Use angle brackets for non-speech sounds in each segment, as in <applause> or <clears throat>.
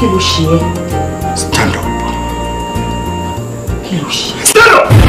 kí ló ṣe é. stand up. kí ló ṣe é. stand up.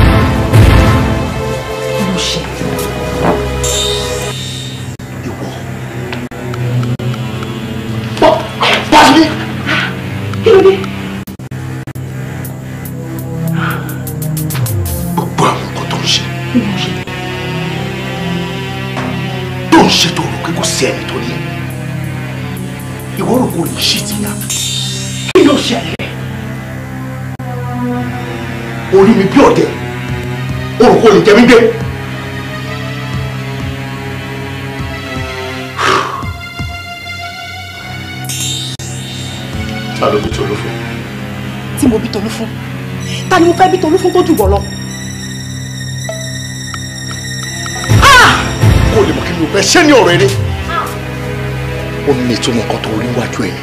orí mi bí ọ̀dẹ̀ orúkọ lè jẹ mí gbé. ta ló bí tolú fún. tí mo bí tolú fún ta ni mo fẹ́ bí tolú fún tó jùbọ̀ lọ. Ah! kò lè mọ̀ kí mi ò fẹ́ ṣé ní ọ̀rọ̀ eré ó ní ìtumọ̀ kan tó rí wájú ẹ̀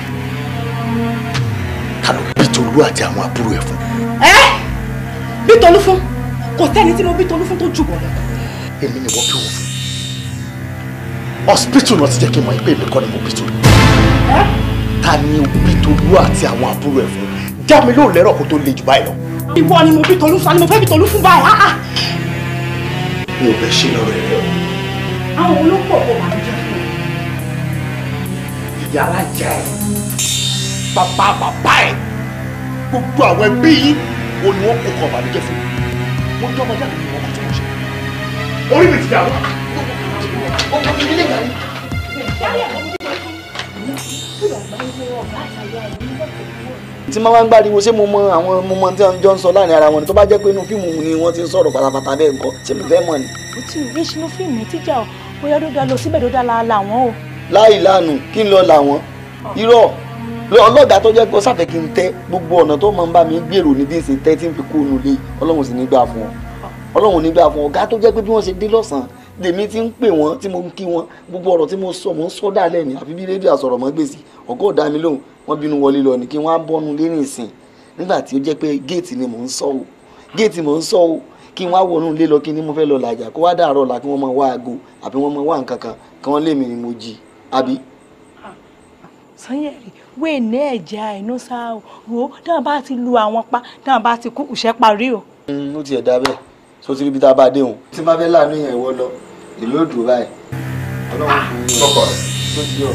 ta ló bí tolú àti àwọn àbúrò ẹ̀ fún. ẹ́ Tolú fún kò sẹ́ni tí mo bí Tolú fún tó jù wọ́n lọ. èmi ni wọ́n bí wọ́n fún hospital náà ti jẹ́ kí n mọ̀ pé èmi kọ́ ni mo bí Tolú. ta ni òbí Tolú àti àwọn àbúrò ẹ̀ fún dá mi lóò lẹ́rọ̀ kó tó le jù báyìí lọ. ìwọ ni mo bí Tolú fún ni mo fẹ́ bí Tolú fún báyìí ah, ah. mi ò fẹ́ ṣe lọ́rọ̀ ẹ̀rẹ́ o. àwọn olóko ọ̀pọ̀ máa ń jẹ́ fún mi. ìyá alájà bàbá bàbá ẹ̀ gbogbo àwọn ẹbí yìí o ni wọn kó kọ bàlújẹ fún mi mo jọ ọmọdé àgbẹ̀ ìwọ̀n kò tó mọ̀ ṣe. orí mi ti dà wá. ọmọ mi nílé gàrí. tí máa wá ń gbáriwo ṣé mo mọ àwọn mo mọ tí wọn jọ ń sọ láàrin ara wọn tó bá jẹ́ pé inú fíìmù ni wọ́n ti ń sọ̀rọ̀ pátápátá bẹ́ẹ̀ nǹkan ṣé mi fẹ́ mọ̀ ni. o ti rí sinú fíìmù tíjà o bóyá ló dá lọ síbẹ̀ ló dá la làwọn o. láì lánàá kí n lọ làwọn irọ́ ọlọ́dà tó jẹ́ pé sáfẹ́ kí n tẹ́ gbogbo ọ̀nà tó máa ń bá mi gbèrò ní bí n ṣe tẹ́ tí n fi kó nulẹ̀ ọlọ́run sì ní gbà fún ọ ọlọ́run ní gbà fún ọ̀gá tó jẹ́ pé bí wọ́n ṣe dé lọ́sàn-án lèmi ti ń pè wọ́n tí mo ń kí wọ́n gbogbo ọ̀rọ̀ tí mo sọ mo ń sọ dálẹ̀ ni àfi bí rédíò àsọ̀rọ̀ mọ́ gbèsè ọ̀gá ọ̀dà mi lòun wọ́n bínú wọlé lọ ní kí wọ́n á bọ́nu lé ní nígbà tí ó jẹ́ pé géètì ni mò ń sọ o géètì mò ń sọ o kí wọ́n á wọnú lé lọ kí ni mo fẹ́ lọ làjà kó wá dàárọ̀ là kí wọ́n máa wá aago àbí wọ́n máa wá nǹkan kan kí wọ́n lé mi ni mo jí àbí Sanyeri wéè ní ẹ̀jẹ̀ àìnú sáà o dáhùn bá ti lu àwọn pa dáhùn bá ti kú ìṣẹ́ parí o. Mm, ó tiẹ̀ dá bẹ́ẹ̀ tó ti rí bí tá a bá dé òun. tí bá fẹ́ láàánú yẹn wọ lọ èmi ò dùn báyìí ọlọ́run fún mi lọ́kọ̀ rẹ̀ tó ti yọ.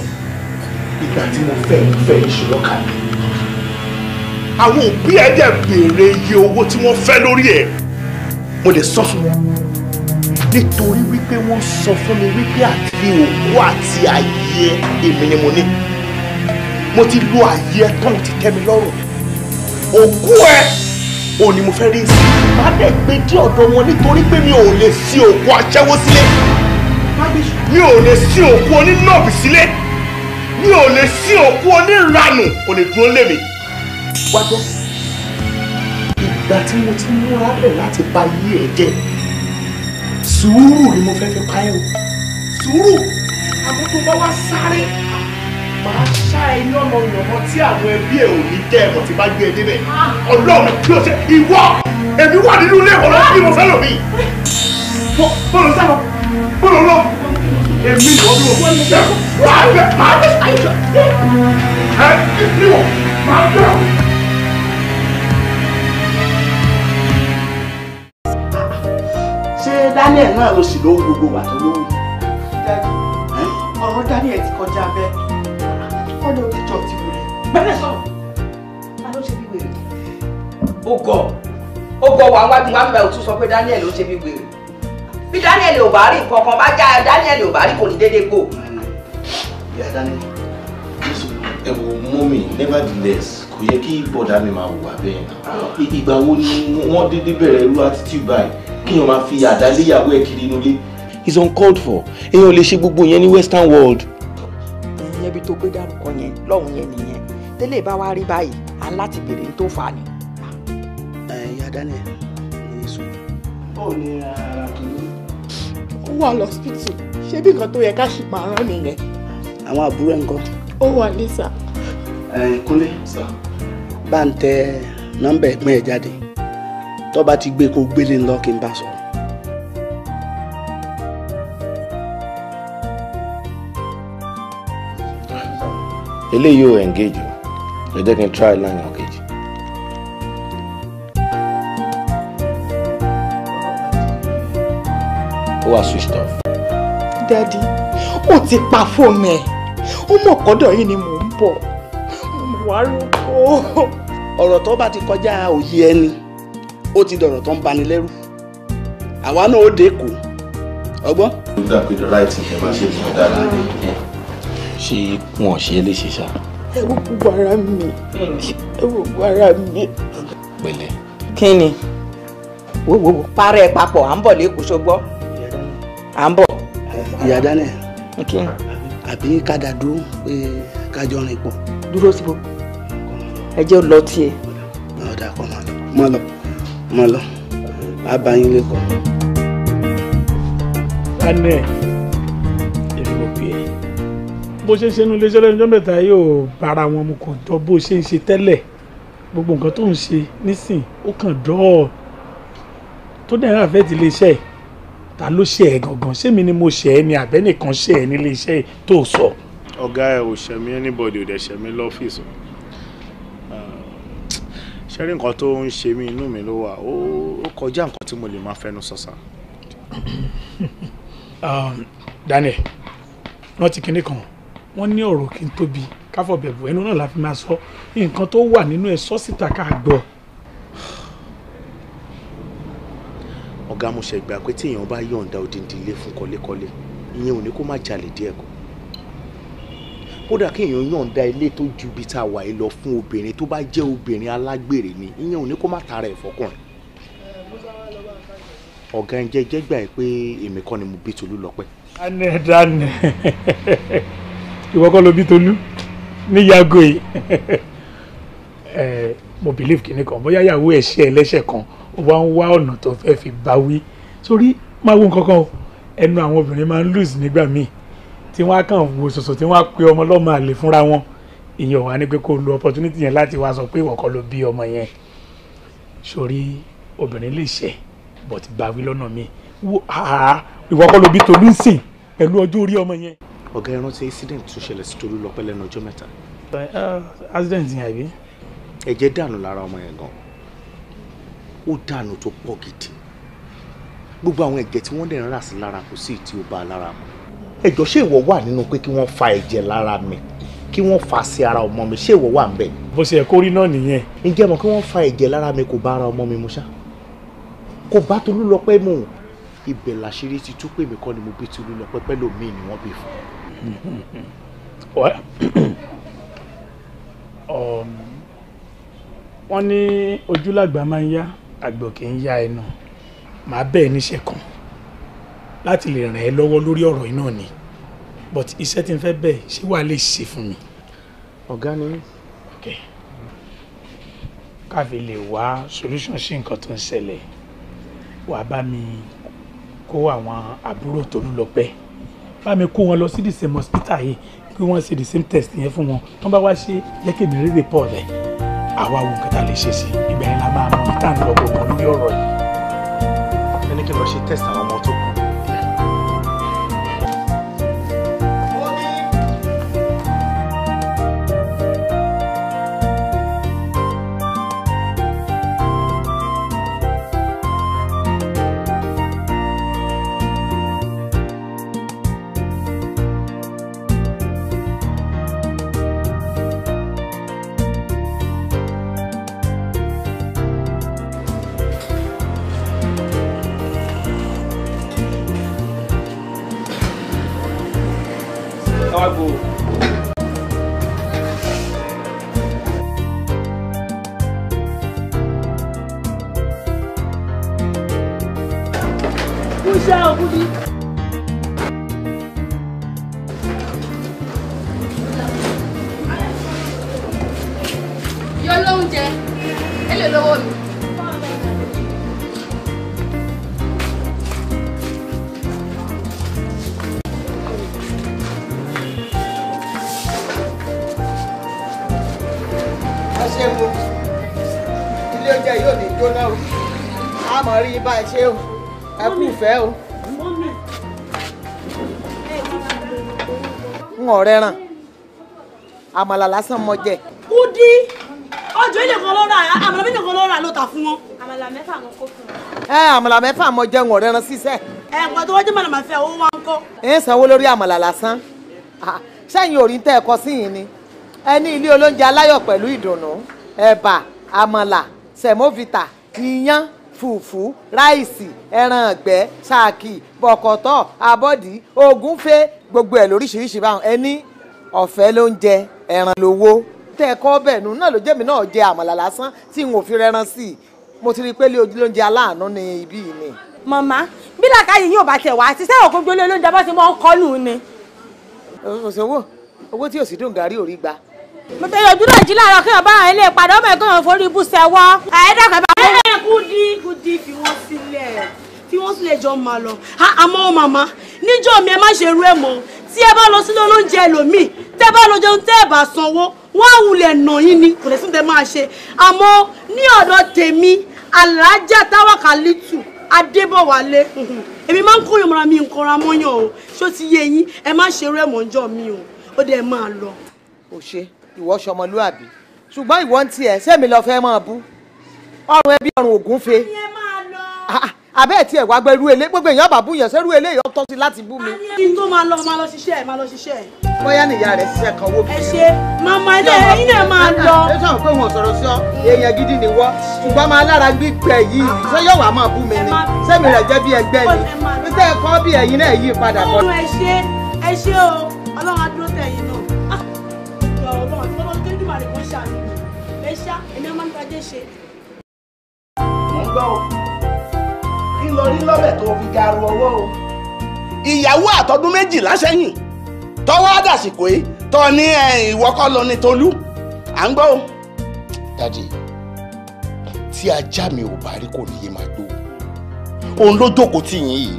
ìgbà tí mo fẹ́ mi fẹ́ iṣu lọ́kà mi. àwọn òbí ẹ dẹ̀ béèrè iye owó tí wọ́n fẹ́ lórí ẹ̀ mo lè sọ fún wọn nítorí wípé wọ́n sọ fún mi wípé àti òkú àti ayé èmi ni mo ní mo ti lo àyè ẹ tán ti tẹ́ mi lọ́rùn òkú ẹ ò ní mo fẹ́ rí sí i má dẹ̀ gbé dé ọ̀dọ̀ wọn nítorí pé mi ò lè sí òkú aṣẹ́wó sílé mi ò lè sí òkú onínàbì sílé mi ò lè sí òkú oníranù kò lè dúró lé mi. wájọ́ ìgbà tí mo ti múra bẹ̀ láti bà yí ẹ̀ jẹ́ sùúrù ni mo fẹ́ fi pa ẹ́ o sùúrù àmọ́ bá wá sáré máa ṣá iná ọmọ ìyànmọ́ tí àwọn ẹbí ẹ̀ ò ní dẹ́ ẹ̀mọ̀ tí bá gbé ẹ débẹ̀ ọlọ́run kí o ṣe ìwọ èmi wà nínú ilé ìwọ lọ́wọ́ mo fẹ́ lò mí bọ́ọ̀lù sábà bọ́ọ̀lù lọ èmi ni bí wọ́n ṣe máa bẹ̀ máa bẹ̀ ẹ níwọ̀ máa bẹ̀ ṣé Daniel náà ló sì lówó gbogbo wà tó lówó. ọ̀rọ̀ Daniel ti kọjá bẹ́ẹ̀ kọ́ ní oníjọ ti wèrè gbẹ́lẹ̀ sọ ta ló ṣe bí wèrè. ó gọ ó gọ wà wá wá mẹ́ òtún sọ pé Daniel ló ṣe bí wèrè bí Daniel ò bá rí nǹkan kan bá já Daniel ò bá rí kò ní déédéé gbò. ìyá Daniel ẹ wo mọ́mì nevertheless kò yẹ kí bọ̀dá mi máa wùwà bẹ́ẹ̀ náà ìgbà wo ni wọ́n dédé bẹ̀rẹ̀ irú attitude báyìí kí wọ́n máa fi àdá léyàwó ẹ̀ kiri inú ilé. it's uncalled for èèyàn lè ṣe gbogbo yẹn ní western world ìyẹn ibi tó gbé dárúkọ yẹn lọ́hùn yẹn nìyẹn tẹ́lẹ̀ bá wá rí báyìí à ń láti bèrè tó fà á ni. ẹ ìyá Daniel ní sùn. ó ní ara tó ní. ó wà lọ́sítì ṣé bí nǹkan tó yẹ ká ṣì máa rán nìyẹn. àwọn àbúrò ẹ̀ ń kọ́. ó wà ní sà. ẹ Kúnlé bá ń tẹ nọ́mbà ẹ̀gbọ́n ẹ̀ jáde tó ti gbé kó gbélé ńlọ kí n bá sọ. eléyìí ò engage o jẹ́ kí n try láyàn kejì. ó wà switched off. dadi ó ti pa fóònù ẹ ó mọ̀ kọ́dọ̀ yìí ni mò ń bọ̀ mo wá rúkọ. ọ̀rọ̀ tó bá ti kọjá òye ẹni ó ti dọ̀rọ̀ tó ń bani lẹ́rù àwa náà ó dé kó ọgbọ́n. ó dà the right thing ẹ máa ṣe fún ọ̀daràn ṣé wọn ò ṣe é lè ṣe ṣá. ẹ wo gbogbo ara mi ẹ wo gbogbo ara mi. pẹ̀lẹ́. kí ni wo wo parẹ́ ẹ papọ̀ à ń bọ̀ lẹ́kọ̀ọ́ ṣọgbọ́ à ń bọ̀. ìyá daniel àbí kádà dúró pé kájọ rìn pọ̀. dúró síbo ẹ jẹ́ lọ tiẹ̀. ọ̀dà kọ́ máa lọ máa lọ abayin lẹ́kọ̀ọ́. daniel èmi ò pè bó ṣe ń ṣe nu iléeṣẹ́ lẹ́nu mẹ́ta yóò bára wọn mu kàn jọ bó ṣe ń ṣe tẹ́lẹ̀ gbogbo nǹkan tó ń ṣe nísìn ó kàn dọ́ọ̀ tó dẹ̀ náà fẹ́ẹ́ ti iléeṣẹ́ ẹ̀ ta ló ṣe ẹ̀ gangan ṣé mi ni mo ṣe ẹ́ ni àbẹ́nìkan ṣe ẹ̀ ní iléeṣẹ́ ẹ̀ tó sọ. ọ̀gá ẹ̀ ò ṣẹ̀mí anybody ò dẹ̀ ṣẹ̀mí lọ́fíìsì ṣẹ́rí nǹkan tó ń ṣe mí inú mi ló wà ó kọjá nǹkan tí mo lè máa fẹnu sọ um, Daniel rántí kinní kan wọ́n ní ọ̀rọ̀ kí n tóbi káfọ̀bẹ̀bù ẹnu náà la fi máa sọ nǹkan tó wà nínú ẹ̀ sọ síta ká gbọ́. ọ̀gá mo ṣe gbà pé tí èèyàn bá yọ̀ǹda odindi ilé fún kọ́lékọ́lé ìyẹn ò ní kó má jalè díẹ̀ kọ́ kódà kí èèyàn yọ̀ǹda ilé tó ju ibi tá a wà yìí lọ fún obìnrin tó bá jẹ́ obìnrin alágbèrè ni ìyẹn ò ní kó má tara ẹ̀ fọkùnrin. ọ̀gá ń jẹ́jẹ́ gbà pé èmi kọ́ ni mo bí Tolú lọ́pẹ́. anẹ danẹ. <laughs> ìwọ kọ́ ló bí Tolú ní yago yìí <laughs> ẹ mo believe kinní kan bóyá ìyàwó ẹ̀ ṣe ẹlẹ́ṣẹ̀ kan ó wá ń wá ọ̀nà tó fẹ́ fi bá wí sórí máa wo nǹkan kan o ẹnu àwọn obìnrin máa ń lose nígbà míì tí wọ́n á kàn wo ṣoṣo tí wọ́n á pe ọmọ lọ́mọ àlè fúnra wọn ìyẹn wà ní pé kó lo opportunity yẹn láti wá sọ pé ìwọ kọ́ ló bí ọmọ yẹn sórí obìnrin lè ṣẹ̀ but bá wí lọ́nà míì ìwọ kọ́ ló bí Tolú ń sìn pẹ̀lú ọjọ́ orí ọmọ yẹn ọ̀gá ẹ rántí accident tó ṣẹlẹ̀ sí Tolú lọ́pẹ́ lẹ́nu ọjọ́ mẹ́ta. Eh, accident yẹn àbí. ẹ̀jẹ̀ dànù lára ọmọ yẹn gan ó dànù tó pọ̀ gidi gbogbo àwọn ẹ̀jẹ̀ tí wọ́n dẹ̀ ń rà sí lára kò sí tí ó bá a lára mu ẹ̀jọ̀ ṣé ìwọ wà nínú pé kí wọ́n fa ẹ̀jẹ̀ lára mi kí wọ́n fa sí ara ọmọ mi ṣé ìwọ wà ń bẹ̀. bó ṣe ẹ̀kọ́ rí náà nìyẹn. ǹjẹ́ mọ̀ kí wọ́n fa ẹ̀jẹ̀ lára mi kò bá ara ọmọ mi mu ṣá kò bá Tolú lọ pẹ́ mọ́ ibẹ̀ làṣírí ti tú pé mi kọ́ ni mo bí Tolú lọ pẹ́ pẹ́ lómi ni wọ́n bí fún un. Um, wọ́n ní ojúlàgbà máa ń yá àgbò kì í yá ẹnu màá bẹ́ẹ̀ níṣẹ́ kan láti lè ràn ẹ́ lọ́wọ́ lórí ọ̀rọ̀ yìí náà ni but iṣẹ́ tí n fẹ́ bẹ́ẹ̀ ṣé wàá lè ṣe fún mi. ọ̀gá ni. ok káfí lè wá solution sí nǹkan tó ń ṣẹlẹ̀ wàá bá mi kó àwọn àbúrò Tolúlọpẹ́ bá mi kó wọn lọ sí the same hospital yìí kí wọ́n ṣe the same test yẹn fún wọn tó bá wá ṣe jẹ́ kí èmi rí report rẹ̀ àwa wo nǹkan tá a lè ṣe sí ìgbà yẹn la máa mọ tá à ń lọ gbogbo lórí ọ̀rọ̀ yìí. ẹni kí n lọ ṣe test àwọn. ọ̀rẹ́ ràn àmàlà lásán mọ jẹ. kudi ọjọ́ ilé kan lọ́ra àmàlà méjì kan lọ́ra ló ta fún wọn. àmàlà mẹ́fà mo kó fún wọn. ẹ àmàlà mẹ́fà mo jẹun ọ̀rẹ́ ràn sísẹ́. ẹ ǹkan tó wọ́n jẹ́ màlàmà fẹ́ owó wa ń kọ́. ẹ ń sanwó lórí àmàlà lásán sẹ́yìn ò rí tẹ́ ẹ kọ sí yìí ni ẹ ní ilé olóúnjẹ aláyọ̀ pẹ̀lú ìdùnnú ẹ̀bà àmàlà sẹ̀móvita iyán fùfú ráìsì ẹran àgbẹ̀ ṣáàkì bọ̀kọ̀tọ̀ àbọ̀dì ògúnfe gbogbo ẹ̀ lóríṣiríṣi báwọn ẹni ọ̀fẹ́ ló ń jẹ ẹran lówó tẹ́ ẹ kọ́ bẹ́ẹ̀ nù náà ló jẹ́ mi náà jẹ àmàlà lásán tí n ò fi rẹran sí i mo ti rí i pé lé ojú ló ń jẹ aláàánú ní ibí yìí ni. màmá bí làkàyè yóò bá tẹ̀ wá àti sẹ́wọ̀n gbogbo ilé olóúnjẹ bá ti mọ́ ń kọ́ ni. òṣòwò owó tí òsì dùn gàrí ò rí gbà. mo fẹ́ yọjú náà jí láàárọ̀ kéèyàn bára ilé ìpàdé ọmọ ẹ̀gbọ́n forí ibùsẹ̀ wọ́. àyẹ̀dàkọ̀ bá wọn. ẹ fi wọ́n sílẹ̀ jọ máa lọ àmọ́ ó màmá níjọ́ mi ẹ má ṣe rú ẹ̀ mọ́ tí ẹ bá lọ sínú olóúnjẹ ẹlòmíì tẹ bá lọ jẹun tẹ ẹ bá sanwó wọn á wulẹ̀ nà yín ni kò lè sí tẹ máa ṣe àmọ́ ní ọ̀dọ̀ tèmi alájà táwákálítù adébọ̀wálé èmi máa ń kóyọ̀ mọ́ra mi nǹkan ra mọ́yàn o ṣó ti yé yín ẹ má ṣe rú ẹ̀ mọ́ ńjọ́ mi o ó dẹ̀ máa lọ. ò ṣe ìwọ ṣọmọlúàbí ṣùgbọ́n ìwọ ń tiẹ̀ sẹ́mi lọ fẹ́ máa bú ọrùn ẹbí ọrùn ògúnfe. ẹ máa lọ. Ah, ah abẹ́ tí ẹ̀ wá gbẹ́rú ele gbogbo èèyàn bàbú yàn sẹ́rú ele yọ tọ́ sí láti bú mi. kí n tó máa lọ máa lọ ṣiṣẹ́ ẹ̀ máa lọ ṣiṣẹ́ ẹ̀. bóyá nìyá rẹ̀ ṣiṣẹ́ kan wó bí. ẹ ṣe màmá ilé ẹyin náà máa lọ. ẹ sọ pé wọn sọ̀rọ̀ sí ọ èèyàn gidi ni wọ ṣùgbọ́n máa lára gbígbẹ yìí ṣé yóò wá máa bú mi ni sẹ́mi rẹ̀ jẹ́ bí ẹgbẹ́ ni níta ẹ̀kọ́ bí ẹ̀yin náà yí padà bọ́. ẹ ṣe ẹ ṣe o ọlọ́run á dúró tẹ̀ yín náà. Ah, ọlọ́run tó lọ rí lọ́bẹ̀ tó fi garu ọwọ́ o. ìyàwó àtọdún méjìlá sẹ́yìn tọwọ́ àdàsìkò yìí tọ ní ìwọ́kọ́ lọ ní Tolú à ń gbọ́ o. dadi tí ajá mi ò bá rí kò níye máa gbó òun ló jókòó tì yín yìí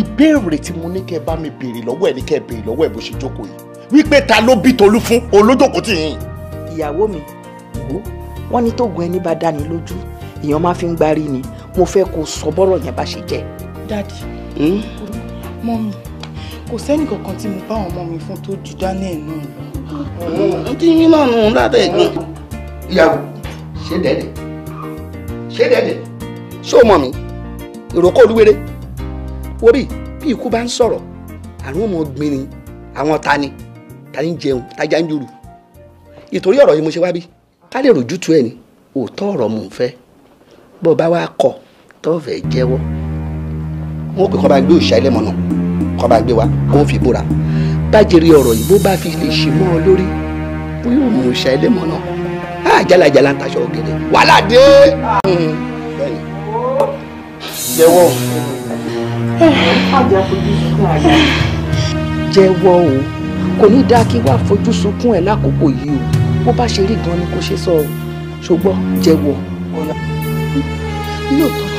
ìbéèrè tí mo ní kẹ́ bá mi béèrè lọ́wọ́ ẹ̀ ní kẹ́ béèrè lọ́wọ́ ẹ̀ bó ṣe jókòó yìí wípé ta ló bí Tolú fún òun ló jókòó tì yín. ìyàwó mi wò wọ́n ní tó gun ẹni bá dá ni lójú èèyàn máa fi ń gbarí ni mo fẹ́ kó sọ bọ́rọ̀ yẹn bá ṣe jẹ́. dadi hmm? mọ́mí kò sẹ́nì kankan tí mo bá àwọn ọmọ mi fún tó jù dáná ẹ̀ náà lọ. n ti yín náà nù ládà ẹ̀gbọ́n. ìyàwó ṣé dẹ́dẹ̀ ṣé dẹ́dẹ̀ ṣé o mọ̀ ìrókò olúwere wo bí ikú bá ń sọ̀rọ̀ àrùn ọmọ gbin ni àwọn ta ni ta ni jẹun tajà ń jùrù ìtorí ọ̀rọ̀ yìí mo ṣe wá bí ká lè rojútu ẹ̀ ni òótọ́ ọ̀rọ̀ mò ń fẹ́ bó bá wá kọ̀ tọ́fẹ̀ jẹ́wọ́ wọn pè kọ́ bá gbé òṣìṣẹ́ ẹlẹ́mọ̀ náà kọ́ bá gbé wa kó fi búra bájẹ̀rì ọ̀rọ̀ yìí bó bá fi lè ṣe mọ́ ọ lórí bó yóò mú òṣìṣẹ́ ẹlẹ́mọ̀ náà á jalajala ń taṣọ gẹ̀dẹ̀ wàhálà dé. jẹ́wọ́ jẹ́wọ́ o kò ní dáa kí wàá fojú sunkún ẹ̀ lákòókò yìí o bó bá ṣe rí gan ni kò ṣe sọ ṣùgbọ́n jẹ́wọ́ lóòótọ́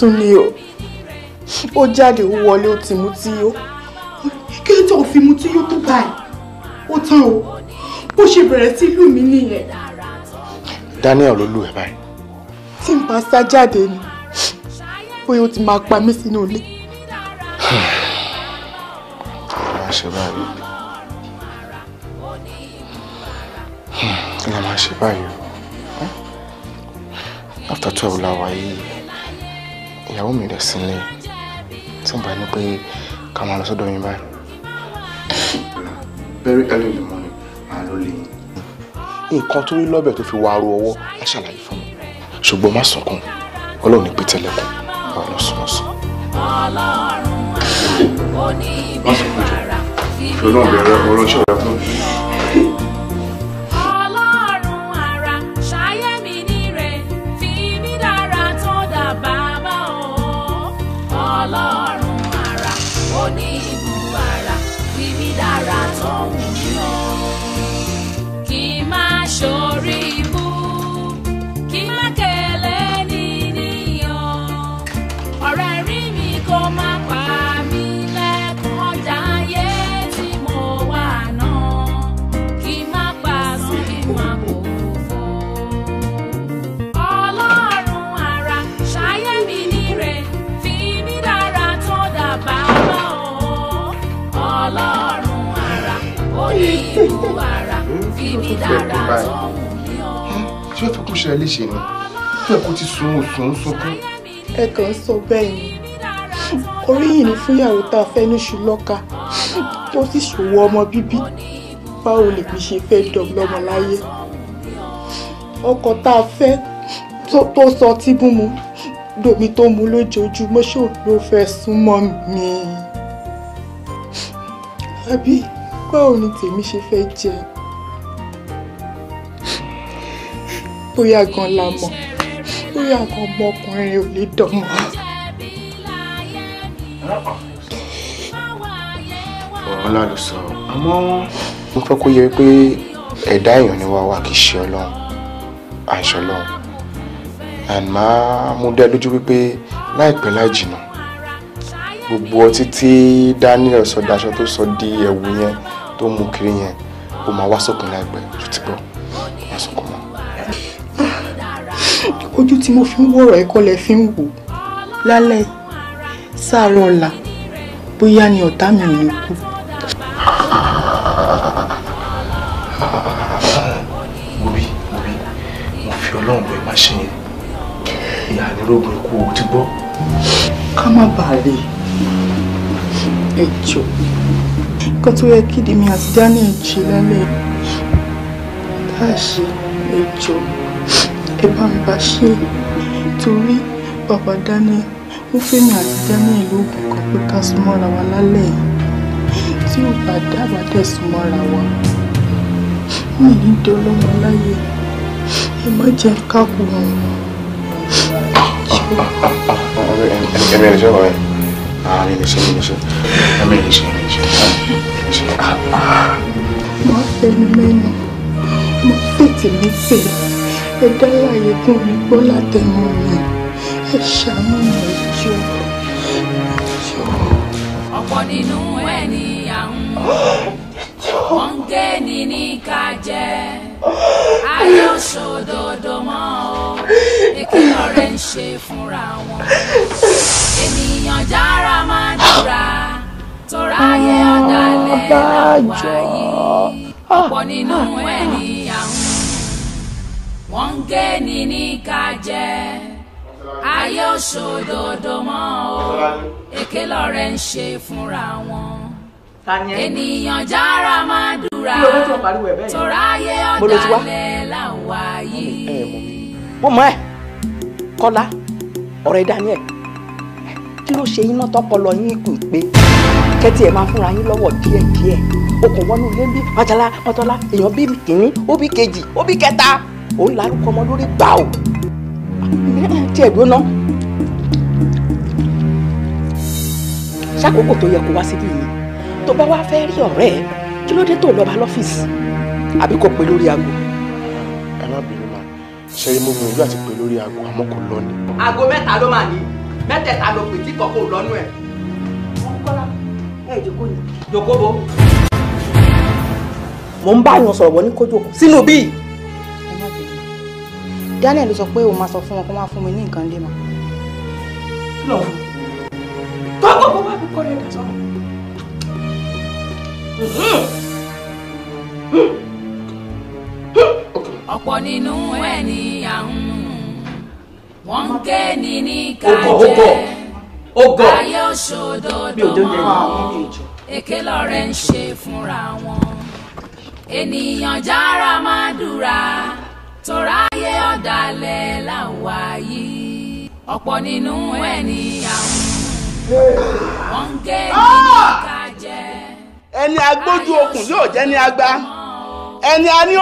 sún ni o ó jáde ó wọlé ó ti mutí yó kí ló tó fi mutí yó tó báyìí ó tán o bó ṣe bẹ̀rẹ̀ sí lù mí nìyẹn. Daniel ló lù ẹ́ báyìí. tí n bá sá jáde ni bóyá ó ti máa pa mí sínú ilé. lọ sọ́dọ̀ yín báyìí. very early in the morning màá lọ lè yín. nǹkan tó rí lọ́bẹ̀ tó fi wá ro ọwọ́ á ṣàlàyé fún mi ṣùgbọ́n má sunkún ọlọ́run ní pétẹ́lẹ́kùn àwọn ọlọ́sọ̀ọ́sọ. ọlọ́run ò ní ìbẹ̀rù ara fi bí ara rẹ̀. ẹ̀ ṣé ó fẹ́ kó ṣe ẹ léṣe ni fẹ́ kó ti sun òsùn sunkún. ẹ kàn ń sọ bẹ́ẹ̀ ni oríyìn ni fúnyàwó tá a fẹ́ ní ṣùlọ́ka tó sì ṣòwò ọmọ bíbí báwo lèmi ṣe fẹ́ dọ̀gbọ́mọ láyé ọkọ tá a fẹ́ tó sọ tí bú mu domi tó mu lójoojúmọ́ ṣó ló fẹ́ súnmọ́ mi àbí báwo ni tèmi ṣe fẹ́ jẹ́ bóyá gan la mọ̀ bóyá gan ọmọkùnrin ò ní dọ̀mọ́. ọ̀rọ̀ ńlá ló sọ àmọ́ mo fẹ́ kó yẹ pé ẹ̀dá èèyàn ni wàá wà kì í ṣe ọlọ́run àìṣe ọlọ́run àmọ́ mo dá lójú wípé láìpẹ́ láì jìnnà gbogbo ọtí tí Daniel sọ daṣọ tó sọ di ẹ̀wù yẹn tó mú kiri yẹn ó máa wá sópin láìpẹ́ tó ti gbọ́. ojú tí mo fi ń wọ̀rọ̀ ẹ̀ kọ́lẹ̀ fi ń wò lálẹ́ sáàárọ̀ ọ̀la bóyá ni ọ̀tá mi ò ní kú. Bobi Bobi mo fi ọlọ́run bọ̀ ẹ ṣe yẹn ìyá àdúrógbò ikú o ti gbọ́. ká má bàa rí ẹ jọ nǹkan tó yẹ kídìmí àti daniel ṣe lálẹ́ tá a ṣe ẹ jọ ẹ bá mi bá ṣe é torí bàbá Daniel ó fẹ́mi àti Daniel lóògùn kan pé ká súnmọ́ra wa lálẹ́ yìí tí ò bá dábàá dẹ̀ súnmọ́ra wa mi ní dọlọ́mọ láyé ẹ má jẹ́ ká kú wọn. ẹ̀mí ah, ẹ̀mí ṣọ́kọ̀ rẹ̀ ààrẹ lè ṣe é lè ṣe ẹ̀mí lè ṣe lè ṣe lè ṣe. Ah, ah, má fẹ́ mi mẹ́nu mo fètè mi fèé ẹ dálàyé fún mi gbọ́ látẹnu mi ẹ ṣàánú mi ẹjọ́ ẹjọ́. ọ̀pọ̀ nínú ẹni àwọn wọ́n ń gé ni ní kájẹ ayé òṣòdodo mọ́ ọ ìkìlọ̀ rẹ̀ ń ṣe fúnra wọn ènìyàn jára máa dúra tọ́ra ayé ọ̀dàlẹ̀ làwọn ayé ọ̀pọ̀ nínú ẹni àwọn wọ́n ń gé ni ní kájẹ ayé òṣòdodo mọ́ o èké lọ́rẹ́ ń ṣe fúnra wọn ènìyàn jára máa dúra tòráyé ọ̀dàlẹ̀ làwa yìí. mo mọ ẹ kọlá ọ̀rẹ́ Daniel kí ló ṣe iná tọpọlọ yín kù pé kẹtì ẹ máa fúnra yín lọ́wọ́ díẹ̀díẹ̀ okùn wọnú ilé bí májàlá mọtọlá èèyàn bí kìíní ó bí kejì ó bí kẹta òun lárúkọ ọmọ lórí gbà o tí ẹ gbóná ṣàkókò tó yẹ kó wá síbí yìí tó bá wá fẹ́ rí ọ̀rẹ́ ẹ kí ló dé tó lọ́ba lọ́fíìsì àbí kò pé lórí aago. ẹ ma ṣe é mo gbìyànjú àti pé lórí aago àmọ́ kò lọ ni. aago mẹ́ta ló máa ní mẹ́tẹ̀ẹ̀ta ló pè tí kọ̀ọ̀kan ò lọ́nu ẹ̀. wọ́n kọ́lá ẹ̀ jòkó ni jòkó bo. mo ń bá yàn sọ̀rọ̀ wọ́n ní kó sínú bíi. Daniel ló sọ pé òun máa sọ fún wọn kó máa fún mi ní nǹkan lé ma. lọ tọ́gbọ́ kó bá mi kọ́ rẹ̀ dàsọ́. ọ̀pọ̀ nínú ẹ̀ ní àrùn wọ́n ń ké ní ní kájẹ́ ayé òṣòdodo mọ́ èké lọ́rẹ́ ń ṣe fúnra wọn ènìyàn jára máa dúra tọ́ra ayé ọ̀dàlẹ̀ là ń wá yìí ọ̀pọ̀ nínú ẹni àwọn wọn ń gé ní ká jẹ. ẹni agbójú okùn yóò jẹ́ ní agba ẹni a ní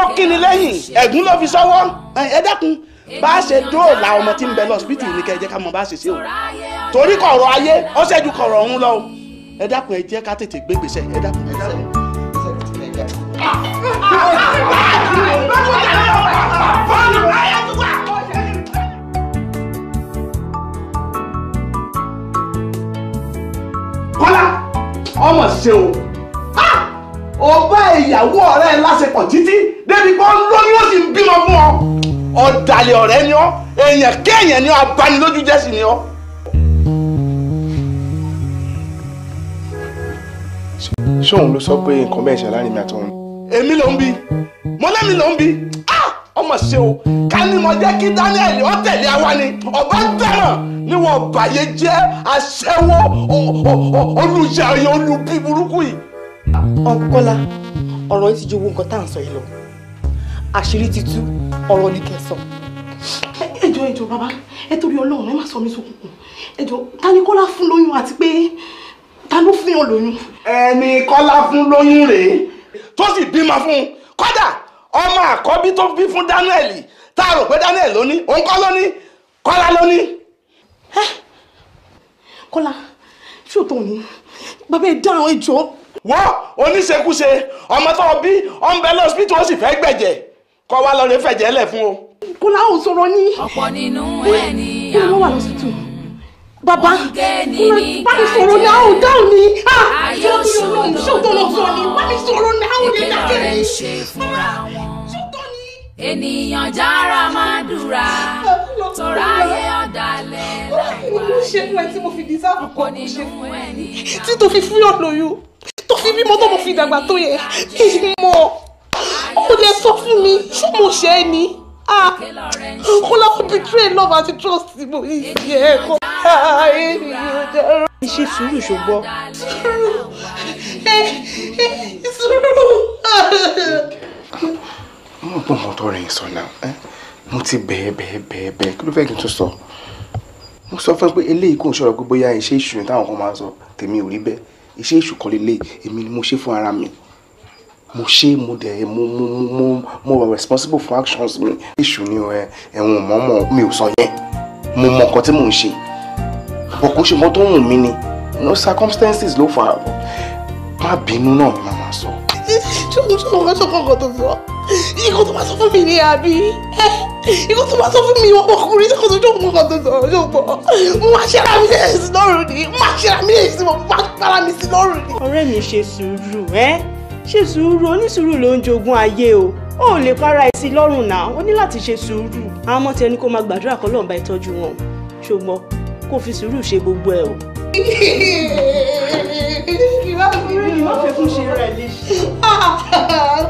ẹ̀gún ló fi sọ́wọ́ ẹ dẹ́kun bá a ṣe dóòlà ọmọ tí ń bẹ lọ́sibítù ní kẹ́ ká mọ bá a ṣe ṣe o torí kọ̀rọ̀ ayé ó ṣẹ́jú kọ̀rọ̀ ọ̀hún lọ o ẹ dákun ẹ jẹ́ ká tètè gbégbèsè ẹ dákun ẹ dákun. Bọ́lá ọmọ ṣe o ọba ìyàwó ọ̀rẹ́ lásìkò títí débi pé ó ń lóyún ó sì ń bímọ fún ọ ọ̀dàlẹ̀ ọ̀rẹ́ ni ọ èèyàn kéèyàn ni ọ abanilójú jẹ́ sí ni ọ. ṣóun ló sọ pé nǹkan bẹ́ẹ̀ ṣe láàrin mi àtọ́run. èmi ló ń bi mọ́lẹ́mi ló ń bi. Ah! ọmọ ṣe o ká ní mo jẹ́ kí Daniel ó tẹ̀lé àwa ni ọba tẹ̀ràn níwọ̀n bàyẹ̀ jẹ́ aṣẹ́wó olùyàyàn olùbí burúkú yìí. ọ̀nkọ́lá ọ̀rọ̀ yìí ti ju owó nǹkan tá à ń sọ yìí lọ àṣírí ti tú ọ̀rọ̀ ní kẹsàn. ẹjọ ẹjọ bàbá ẹ torí Ọlọ́run ẹ má sọ mí sókùnkùn ẹjọ ta ni Kọ́lá fún lóyún àti pé ta ló fún yàn lóyún. ẹni Kọ́lá fún lóyún rèé tó sì bímọ fún un kódà ọmọ àkọ́bí tó bí fún Daniel tá a rò pé Daniel ló ní òun kọ́ ló ní Kọ́lá ló ní. Kọ́lá ṣé òótọ́ ni bàbá ẹ dá àwọn ìjọ. wọ́n oníṣekúṣe ọmọ tó bí ọ̀nbẹ lọ́sibítù ó sì fẹ́ gbẹ̀jẹ̀ kọ́ wa lọ́ọ́ rẹ fẹ̀jẹ̀ lẹ̀ fún o. Kọ́lá ò sọ̀rọ̀ ní. ọ̀pọ̀ nínú ẹni àwọn. kí ló wà lọ́sibítù bàbá bá mi sọ̀rọ̀ náà ò dáhùn mi ayé òṣòro ṣòtòrò fún mi bá mi sọ̀rọ̀ náà ò ní dákẹ́ ah, ènìyàn jára máa dúra ah, tọ́ra ayé ọ̀dàlẹ̀ lápá yìí kò ní fún ẹni tí tó fi fún ọ̀nà yìí tó fi bímọ tó mo fi dàgbà tó yẹ kí n mọ̀ ó lè sọ fún mi ṣé mo ṣe é ni ah kó betray love àti trust mo ìyẹ ẹ̀kọ́ ayé mi ò dẹ́rọ. ṣe sùúrù ṣùgbọ́n sùúrù. mo mọ̀ pé mo tọ́ rẹ̀ sọ náà mo ti bẹ̀ẹ̀ bẹ̀ẹ̀ bẹ̀ẹ̀ bẹ̀ẹ̀ kí ló fẹ́ kí n tún sọ mo sọ fún ẹ pé eléyìí kò ń ṣọ̀rọ̀ pé bóyá iṣẹ́ ìṣù táwọn kan máa sọ tèmi ò rí bẹ́ẹ̀ iṣẹ́ ìṣù kọ́ lélẹ̀ ni mo ṣe fún ara mi mo ṣe mo dẹ̀ mo mo mo mo wà responsible for actions mi èṣù ni ẹ ẹ̀wọ̀n mọ́mọ́ mi ò sọ yẹn mo mọ nǹkan tí mò ń ṣe ọkùnrin ṣe mọ́ tó wù mí ni no circumstances ló fà á má bínú náà ni màmá sọ. ṣùgbọ́n ṣùgbọ́n wọ́n sọ fún ọkọ̀ tó sọ ikú tó bá sọ fún mi ni àbí ikú tó bá sọ fún mi ọkùnrin tó tó mú ọkọ̀ tó sọ ṣùgbọ́n mo máa ṣe ara mi lẹ́yìn sí lọ́rùn ni mo máa ṣe ara mi lẹ́yìn sí mo máa para mi sí lọ́rùn ni. ọ̀rẹ́ mi ṣe sùúrù ẹ́. Eh? ṣe sùúrù onísùúrù ló ń jogún ayé o ó lè para ẹ sí lọ́rùn náà ó ní láti ṣe sùúrù àwọn ọmọ tiẹ̀ ní kó máa gbàdúrà kọ́ lọ́nba ìtọ́jú wọn ṣùgbọ́n kó fi sùúrù ṣe gbogbo ẹ o. ìwà ìwé ni wọ́n fẹ́ fún ṣe rẹ̀ léṣe. Ah,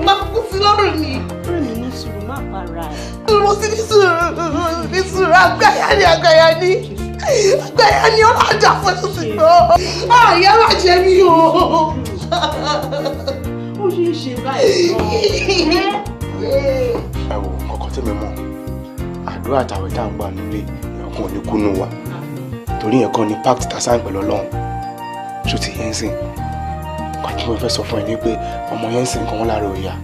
máa kú sí lọ́rùn ni. bẹ́ẹ̀ni ní sùúrù má para ẹ. mo ti ní sùúrù ní sùúrù àgbáyà ni àgbáyà ni àgbáyà ni ọ̀làjà àyà ah, máa jẹ mí o ó ṣe é ṣe báyìí. ẹ wo ọkọ tẹ́mi mọ̀ àdúrà àtàwẹ̀ tá à ń gbà nílé ìyọkùn ò ní kúnnú wa torí yẹn kan ni pact tá a sáà pẹ̀lú ọlọ́run ṣó ti yẹn sìn fẹ́ sọ fún ẹ ni pé ọmọ yẹn sìn kan lára òòyà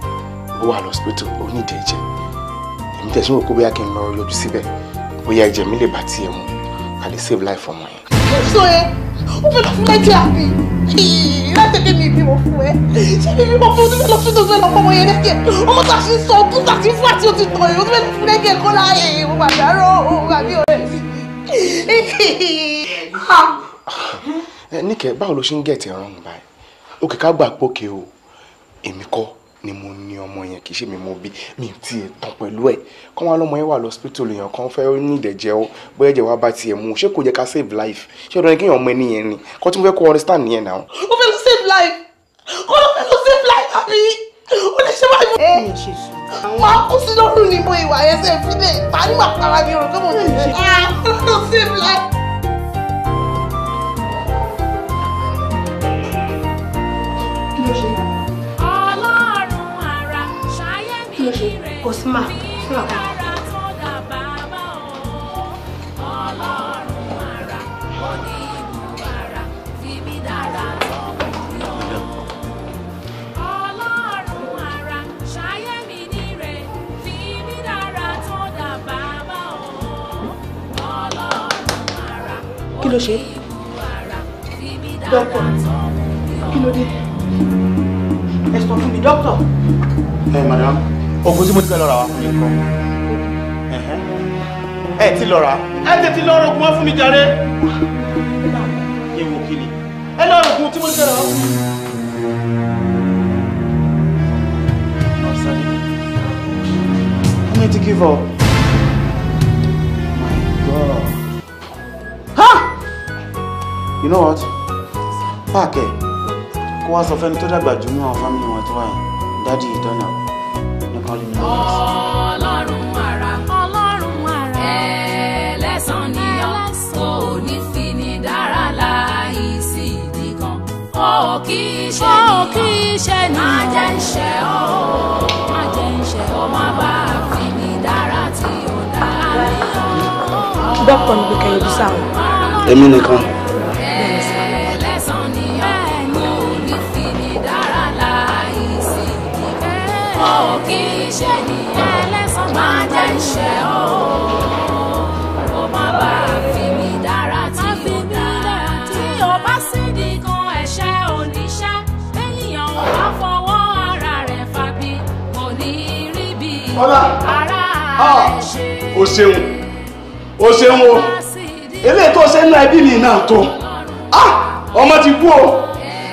ó wà lọ́sibítù ó ní ìdí ẹ̀jẹ̀ èmi tẹ̀sán òkú bóyá kí n lọ yọjú síbẹ̀ bóyá ẹ̀jẹ̀ mi lè bá tiẹ̀ mu a save life ọmọ yẹn. ẹ sọ yẹn ó fẹ́ lọ fún lẹ́jẹ̀ àbí látẹ̀dẹ̀ mi ìbímọ fún ẹ ṣé mi ìbímọ fún ọdún mélòó fún ọdún mélòó fún ọmọ yẹn lẹ́kẹ̀ ọmọ tá a fi sọ ọdún tá a fi fún àti òtítọ́ yẹn ọdún mélòó fún lẹ́kẹ̀ kọ́ láàyè ìwọ àdáró òun àbí ọ̀rẹ́ mi. níkẹ́ báwo ló ṣe ń gẹ̀ẹ́tì ẹ̀rọ ọ̀hún báyìí ó kẹ̀ká gbà pókè o èmi kọ́ ni mo ní ọmọ yẹn kì í ṣe mi mo bí mi ti tán pẹ̀lú ẹ̀ kọ́ wọn lọ́mọ yẹn wà lọ́sípítọ̀ èèyàn kan fẹ́ ní ìdẹ̀jẹ́ o bóyá ẹ̀jẹ̀ wa bá tiẹ̀ mu ṣé kò jẹ́ ká save life ṣé ọ̀dọ́ ni kéèyàn ọmọ ẹni yẹn ni kọ́ tí mo fẹ́ kó understand nìyẹn náà. ó fẹ́ lọ save life kó ló fẹ́ lọ save life àbí ó lè ṣe báyìí. ẹ ẹ ṣe sùn. máa kú sí lọ́rùn ni mo ìwà yẹn sẹ́ẹ̀ fi dé ìparí kò sí mà sí mà kọ́. kí ló ṣe dọ́kítọ̀ kí ló dé ẹ sọ fún mi dọ́kítọ̀. ẹ madam oògùn tí mo ti fẹ́ lọ rà wá fún mi ẹ ti lọ rà ẹ tètè lọ rògùn wá fún mi jàre ewu kìíní ẹ lọ rògùn tí mo ti fẹ́ lọ rà fún I need to give up. My God. Huh? You know what? Park ẹ̀ kó wá sọ fẹ́ni tó dàgbà jù nínú àwọn fámìlì wọn tó wáyé dádì ìdáná call him Lord. Ọlọ́run ara. Ọlọ́run ara. Ẹlẹ́san ni ọ́, kò ní ni o. Má a fi ni dára tí ó dá mi. Dọ́kítọ̀ ni kì í ṣe nìyẹn ẹlẹ́sàn máa jẹ́ ìṣẹ́ o. Ó má bá fi mí dára tí ó dára. Tí o bá sì di kan ẹ̀ṣẹ̀ oníṣẹ́, ènìyàn ò bá fọwọ́ ara rẹ̀ fàbí. Kò ní rí bí ara ah, rẹ̀ ṣe. O ṣeun, o ṣeun o, eléyìí tó ṣe ń ná ẹbí mi náà tó. Ah, ọmọ ti kú o,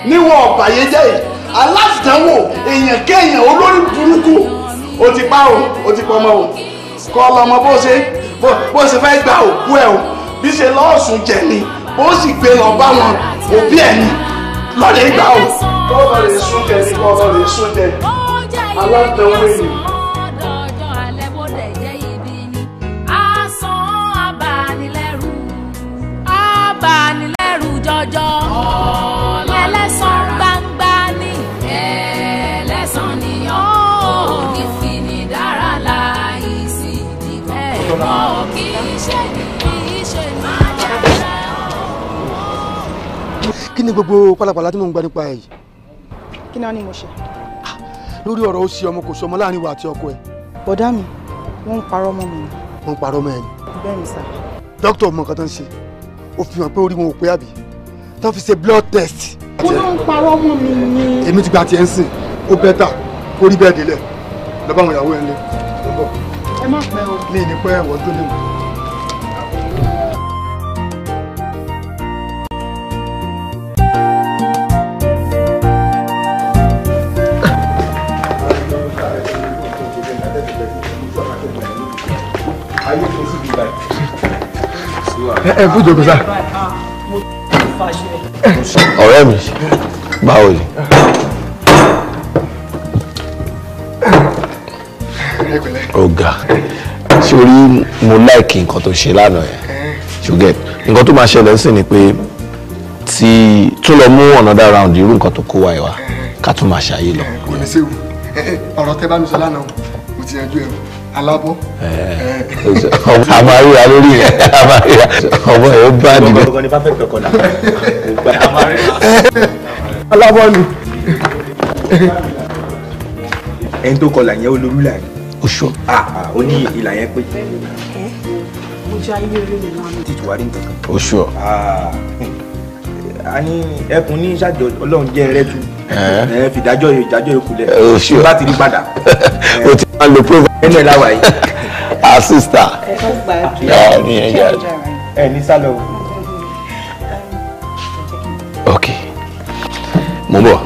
níwọ̀n ọ̀bàyéjẹ́ yìí aládàáwò èèyàn kéèyàn olórí burúkú o ti pa o o ti pọmọ o kọ lọmọ bó ṣe bó ṣe fẹ́ gba òkú ẹ o bí ṣe lọ́ọ̀sùn jẹ ni bó sì gbé lọ bá wọn òbí ẹ ni lọ́ọ̀lẹ̀ gbà o kọ́ lọ́ọ̀lẹ̀ sún jẹ ni kọ́ lọ́ọ̀lẹ̀ sún jẹ aládàáwò èèyàn. abanilẹ́rù kí ni gbogbo pálapàla tí mò ń gba nípa ẹ̀ yìí. kí ni wọ́n ní mo ṣe. Ah, lórí ọ̀rọ̀ ó ṣe ọmọ kò sọmọ láàrin wa àti ọkọ ẹ̀. bọ̀dá mi wọ́n ń parọ́ mọ́ mi wọ́n ń parọ́ mọ́ ẹ ni. bẹ́ẹ̀ ni dókítà ọmọ nǹkan tó ń ṣe ó fi hàn pé orí wọn ò pé àbí tó fi ṣe blood test. wọ́n ló ń parọ́ mọ́ mi ni. èmi ti gba tiẹ̀ ń sìn ó bẹ́tà kó rí bẹ́ẹ̀ délẹ̀ lọ́ bá àwọn ìyàwó o. ní ìnípẹ́ ẹ̀wọ̀n ẹ kú jókòó sá. ọ̀rẹ́ mi báwo ni. ọ̀gá sórí mo láìkì nǹkan tó ṣe lánàá yẹn ṣùgẹ́ nǹkan tó máa ṣẹlẹ̀ sí ni pé tí tún lọ mú another round irú nǹkan tó kó wa ìwà ká tún máa ṣàyè lọ. ọ̀rọ̀ tẹ́ bá mi sọ lánàá mo ti yanjú ẹ̀rù alábọ́ àmọ́ àríwá lórí rẹ̀ àmọ́ àríwá ọmọ ẹ̀ ó bá nìyẹn. ọgọgọ ni bá fẹ́ pẹ̀kọ́ náà àmọ́ àríwá. alábọ́ọ̀lù. ẹni tó kọlà yẹn olórí là ní. oṣù. ó ní ìlà yẹn pé. mo jẹ́ ayé orí mi lánàá. títí wàá rí nǹkan kan. oṣù. Ah, a ní ẹkùn ní ṣáàjọ ọlọ́run jẹ́ ẹrẹ́tù fìdájọ́ ìdájọ́ ìkulẹ̀ oṣù bá ti rí padà. <laughs> o ti máa lo proverb. ẹnu ẹ̀ láwàá yìí sister. ẹ tó gbà kí ẹ ní sálọ o. ok mo bọ̀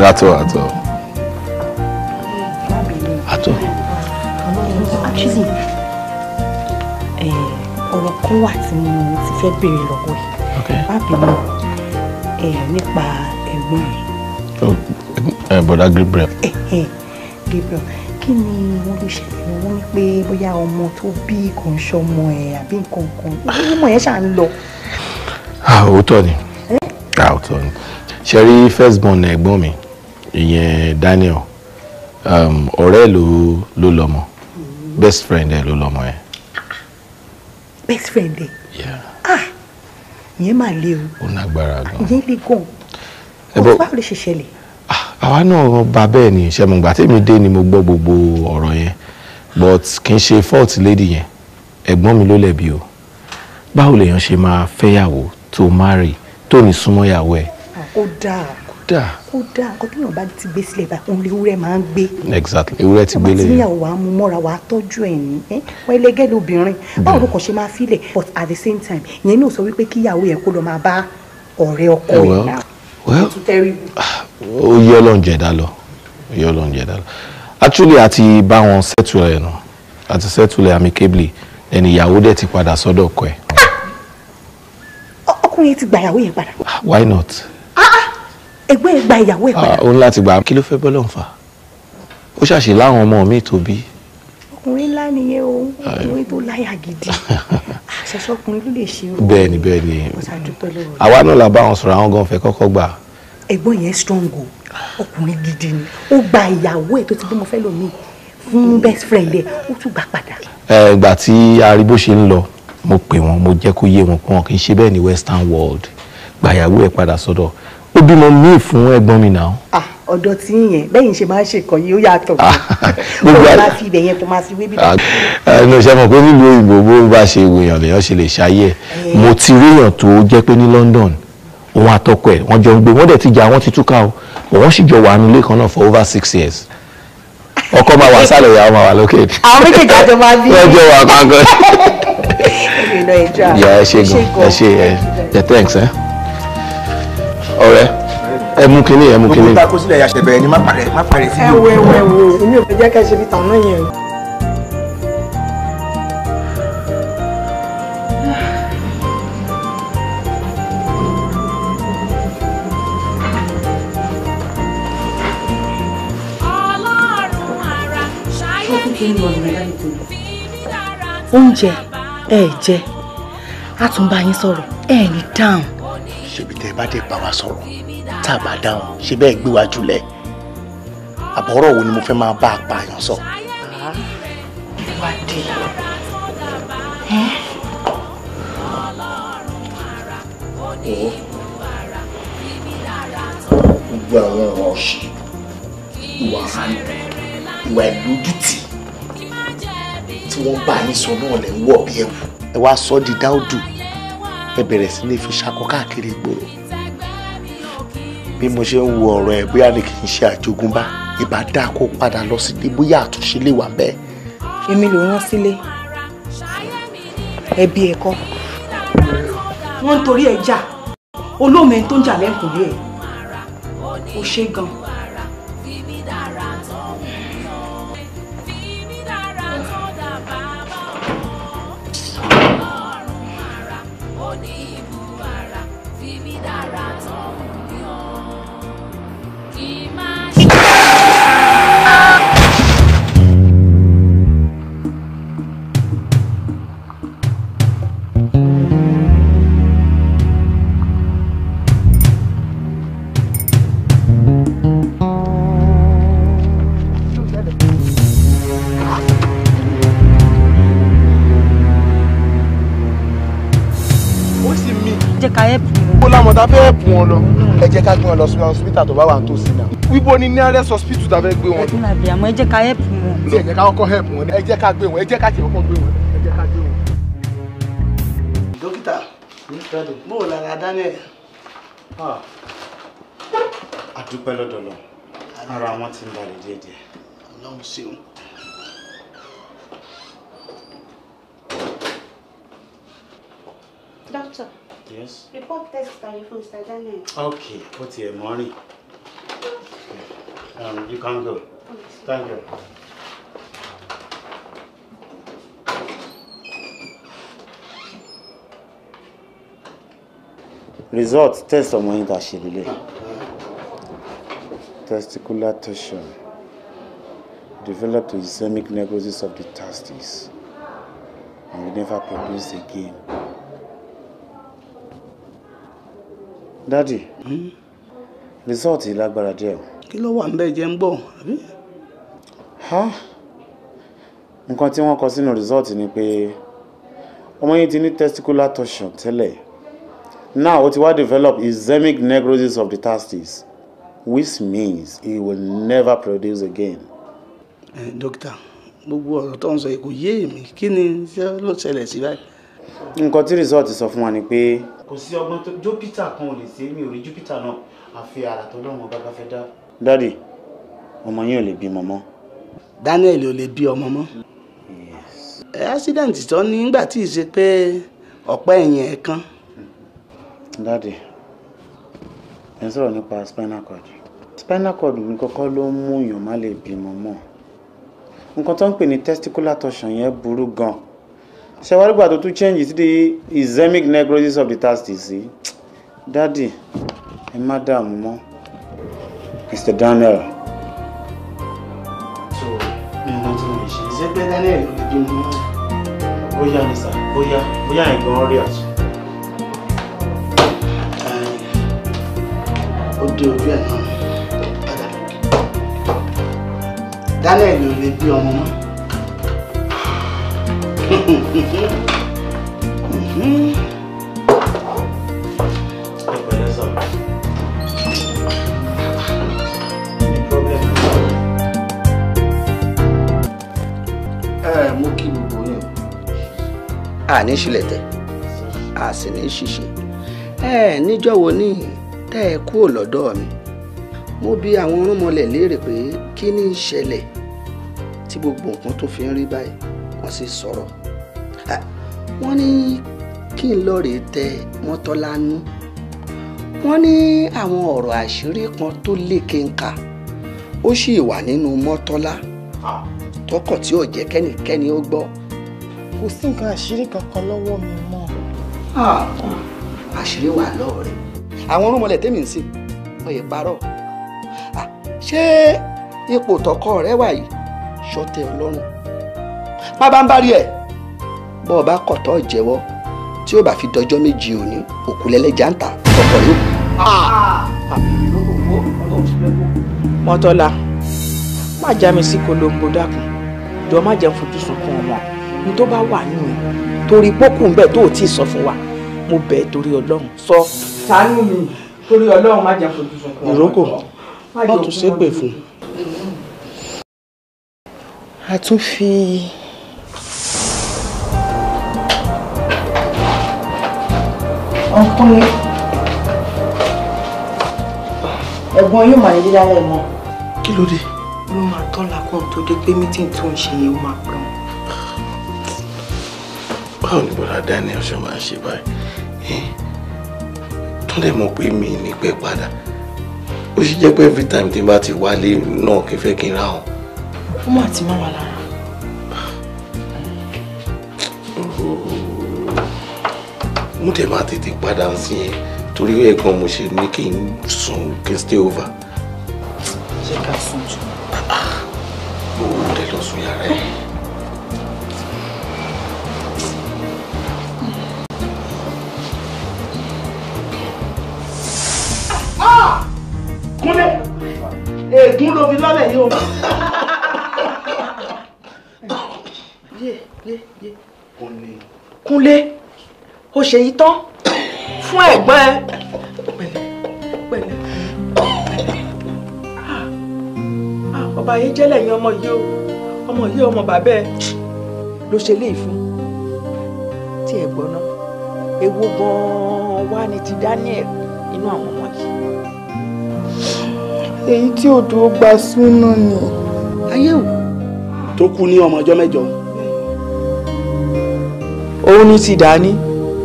látọ̀ àtọ̀ àtọ̀. àkíyèsí ọ̀rọ̀ kan wà tí mo ti fẹ́ béèrè lọ́wọ́ ẹ̀ bábí mi nípa ẹ̀gbọ́n ẹ̀. Oh, bọ̀dá Gabriel. Gabriel kí ni wọ́n lè ṣẹlẹ̀ wọ́n ní pé bóyá ọmọ tó bí kò ṣọmọ ẹ̀ àbí nǹkan kan ọmọ yẹn ṣà ń lọ. òótọ́ ni òótọ́ ni ṣe first born ẹ̀gbọ́n mi ìyẹn Daniel um, ọ̀rẹ́ ló ló lọ́mọ best friend ẹ̀ ló lọ́mọ ẹ̀. best friend ẹ̀. Yeah. ah ìyẹn mà le o. ó nágbára gan. ìyẹn le gan. ò lè ṣe ṣẹlẹ̀ àwa náà bá bẹ́ẹ̀ ni ṣe mọ̀ gbà tèmi dé ni mo gbọ́ gbogbo ọ̀rọ̀ yẹn but kì í ṣe fault lady yẹn ẹ̀gbọ́n mi ló lẹ̀bi o báwo lèèyàn ṣe máa fẹ́yàwó tó marry tó ní súnmọ́yàwó ẹ̀. ó dáa kó dáa kó dáa kó tóyàn bá ti gbé sílẹ̀ báyìí òun ewúrẹ́ máa ń gbé. exactly ewúrẹ́ ti gbélé yẹn. àtìníyàwó wa mú mọ́ra wa tọ́jú ẹ̀ ní wọ́n ẹlẹ́gẹ́ lóbìnrin báwo ló kàn ṣe máa filẹ̀ but at the same time ìyẹn náà sọ wípé kíyàwó yẹn kó lọ máa bá ọ̀rẹ́ ọkọ ẹ̀ náà. well well ó yẹ ọlọ́run jẹ̀dá lọ ó yẹ ọlọ́run jẹ̀dá lọ actually àti bá wọn settle ẹ̀ nù àti settle amicably ẹni ìyàwó dẹ̀ ti padà sọ́dọ̀ ọkọ ẹ̀. Ah! ọkùnrin ti gba ìyàwó yẹn padà. why not. Ah, ah! ẹgbẹ́ ẹ̀ gba ìyàwó ẹ̀ padà. òun láti gbà kí ló fẹ́ bọ́lọ̀ ń fà ó ṣàṣì láwọn ọmọ mi tó bí. ọkùnrin ńlá nìyẹn o ọkùnrin tó láyà gidi <laughs> àṣẹṣọkùnrin ló lè ṣe o. bẹ́ẹ̀ni bẹ́ẹ̀ni àwa náà la bá wọn sọ̀rọ̀ àwọn gan fẹ́ kọ́kọ́ gbà ẹ̀gbọ́n yẹn strong o ọkùnrin gidi ni ó gba ìyàwó ẹ̀ tó ti bímọ fẹ́ lómi fún best friend ẹ̀ ó tún gbà padà. ẹ ìgbà tí arìbó ṣe ń lọ mo pè wọn mo jẹ́ kó yé wọn pé wọn kì í ṣe bẹ́ẹ̀ ní western world gba ìyàwó ẹ̀ padà sọ́dọ̀ ó bímọ míì fún ẹ̀gbọ́n mi náà. ah ọ̀dọ̀ tí yẹn bẹ́yìn ṣe máa ń ṣèkọ̀ yìí ó yàtọ̀ ah, <laughs> ó bá fi ibẹ̀ yẹn kó máa fi wébì. Ah, ẹnu ṣe mọ̀ pé nílùú òyìnbó bó bá ṣe wèèyàn lèèyàn ṣe lè ṣayé òun àtọkọ ẹ̀ wọ́n jọ ń gbé wọ́n dẹ̀ ti jà wọ́n ti túká o òun sì jọ wà nílé kan náà for over six years ọkọ máa wà sálẹ̀ ìyàwó máa wà lókè. àwọn méjèèjì àjọ máa bí. wọ́n jọ wà kankan. ìrìnà <laughs> ẹ ṣe gan ẹ ṣe ẹ ẹ thanks ẹ eh. ọ̀rẹ́ ẹ mú kínní ẹ mú kínní. gbogbo takosílẹ̀ yà ṣẹ̀bẹ̀rẹ̀ ni má parẹ́ má parẹ́ sí i. ẹ wo ẹ wo èmi ò fẹ́ jẹ́ ká ṣe bí tàwọn náà yẹn oúnjẹ ẹ jẹ a tún bá yín sọ̀rọ̀ ẹ ní dáhùn. ṣebí tẹ bá dé bá wa sọ̀rọ̀ tá a bá dáhùn ṣe bẹ́ẹ̀ gbé wa jùlẹ̀ àbọ̀rọ̀ wo ni mo fẹ́ máa bá apààyàn sọ. ìwádìí ẹ gbogbo àwọn ọ̀rọ̀ ìwà ìwà ìlójútì tí wọ́n bá yín sọ náà lẹ̀ ń wọ̀ bí ẹ̀wù. ẹ wá sọ di dáúdù ẹ bẹ̀rẹ̀ sí ní fi ṣakọ káàkiri ìgboro bí mo ṣe ń wo ọ̀rọ̀ ẹ̀ bóyá ni kì í ṣe àjogúnbá ìbá dáa kó padà lọ sílé bóyá àtúnṣe lè wà bẹ́ẹ̀. èmi ló rán sílé ẹbí ẹ̀kọ́ wọ́n ń torí ẹ̀ jà olóòmẹ̀ tó ń jà lẹ́kùnlé ẹ̀ ó ṣe gan wọn lọ ẹ jẹ́ ká gbé wọn lọ sí hospital tó bá wà nítòsí náà. wíbo ni nearest hospital tá a fẹ́ gbé wọn. ẹ̀dùn àbí àmọ́ ẹ jẹ́ ká help wọn. ẹ jẹ́ ká kọ́kọ́ help wọn ẹ jẹ́ ká gbé wọn ẹ jẹ́ ká tiẹ̀ kọ́kọ́ gbé wọn ẹ jẹ́ ká gbé wọn. dókítà bó lára Daniel. a dúpẹ́ lọ́dọ̀ lọ ara wọn ti ń balẹ̀ díẹ̀díẹ̀. ọlọ́run ṣeun. Doctor. Yes. Report test are you from Mr. Daniel? Okay, what's your money? Um, you can go. Thank you. Result test of yín ta ṣe lélẹ̀. Ah, Testicular torsion developed to ischemic necrosis of the testes and we never produced again. dádì hmm? rìsọ́ọ̀tì lágbára díẹ̀ o. kí ló wà níbẹ̀ jẹ́ ń gbọ́ àbí. nǹkan tí wọ́n kọ sínú rìsọ́ọ̀tì ni pé ọmọ yín ti ní testicular torsion tẹ́lẹ̀ now ó ti wá develop ischemic necrosis of the testis, which means he will never produce again. ẹ dókítà gbogbo ọ̀rọ̀ tó ń sọ yìí kò yé èmi kí ni ṣé ló ṣẹlẹ̀ sí báyìí. nǹkan tí rìsọ́ọ̀tì sọ fún wa ni pé kò sí ọgbọ́n tó júpítà kan ò lè ṣe mi ò rí júpítà náà àfi àrà tó lọ́wọ́ bàbá fẹ́ dá. dádì ọmọ yín ò lè bímọ mọ́. Daniel ò lè bí ọmọ mọ́. accident tó ní nígbà tí ì ṣe pé ọ̀pá ẹ̀yìn ẹ̀ kan. dádì ẹ sọ̀rọ̀ nípa spinal cord spinal cord mi kọ́kọ́ ló mú èèyàn má lè bímọ mọ́ nǹkan tó ń pè ní testicular torsion yẹn burú gan-an ṣẹwàrígbà tó tún change sí the ischemic necrosis of the testis sí dádì ẹ má dààmú mọ́ Mr. Daniel. so nǹkan tí mo ṣe ṣe pé Daniel ló dín mú bóyá ní sà bóyá bóyá ẹ̀gbọ́n rí àtún. ó dé ojú ẹ̀ náà padà Daniel ò lè bí ọmọ mọ́ ní ṣílẹ̀tẹ̀ a sì ní ṣìṣe ẹ níjọ́ wo ní tẹ́ ẹ kúrò lọ́dọ̀ mi mo bi àwọn ọ̀rúnmọlẹ̀ léèrè pé kí ni ìṣẹ̀lẹ̀ tí gbogbo nǹkan tó fi ń rí báyìí wọ́n sì sọ̀rọ̀ wọ́n ní kí n lọ rè tẹ mọ́tọ́lá nú wọ́n ní àwọn ọ̀rọ̀ àṣírí kan tó lékè ń kà ó sì wà nínú mọ́tọ́lá tọkọ̀ tí ò jẹ́ kẹ́nikẹ́ni ó gbọ́. kò sí nǹkan àṣírí kankan lọ́wọ́ mi mọ́. àṣírí wà lọ́wọ́ rẹ̀ àwọn orúnmọlẹ̀ tèmi ń sìn wọ́n yẹ parọ́ ṣé ipò tọkọ rẹ wà yìí ṣọtẹ ọlọ́run má bá ń bá rí ẹ̀ bọ́ ọ bá kọ̀tọ́ jẹ́wọ́ tí ó bá fi dọjọ́ méjì òní òkú lẹ́lẹ́jà ń tà ọkọ yóò. mọ́tọ́lá má já mi sí kolombo dákun jọ má jẹun fojú sunkún ọmọ ní tó bá wà nínú ẹ torí pókù ń bẹ tó tí ì sọ fún wa mo bẹ̀ torí Ọlọ́run sọ. ṣàánú mi torí Ọlọ́run má jẹun fojú sunkún ọmọ. ìrókò má ṣépè fún. a tún fi Ọkùnrin. Ẹ̀gbọ́n yóò máa nílé lálẹ́ mọ́. Kí ló dé? Ló máa tán lákùn tó dé pé mítìn tó ń ṣe yẹn ó máa pẹ́ wọn. Báwo ni bọ́dá Daniel ṣe máa ṣe báyìí? Túndé mọ̀ pé mi ní pẹ́ padà. Ó ṣe jẹ́ pé every time tí n bá ti wálé náà kí n fẹ́ kí n ra Ó mà ti máa wà lára. mo dẹ̀ máa tètè padà sí yẹn torí ẹ̀ gan mo ṣe ní kí n sùn kí n stay over. ṣé ká sùn jù. mo ò dẹ̀ lọ sùn yàrá ẹ̀. kúnlẹ̀ ègún ló fi lọ́lẹ̀ yìí o. kúnlẹ̀ ó ṣe yí tán fún ẹ̀gbọ́n ẹ pẹ̀lẹ́ pẹ̀lẹ́ ọba ayé ah, ah, jẹ́ lẹ́yìn ọmọ yìí o ọmọ yìí ọmọ bàbá ẹ ló ṣe léyìí fún tí ẹ gbọ́ ná ewu gan-an wá ní ti Daniel inú àwọn ọmọ yìí. èyí tí odò gba sínú ni. ayé o. tó kú ní ọmọ ọjọ́ mẹ́jọ. òun ní ti dání. Si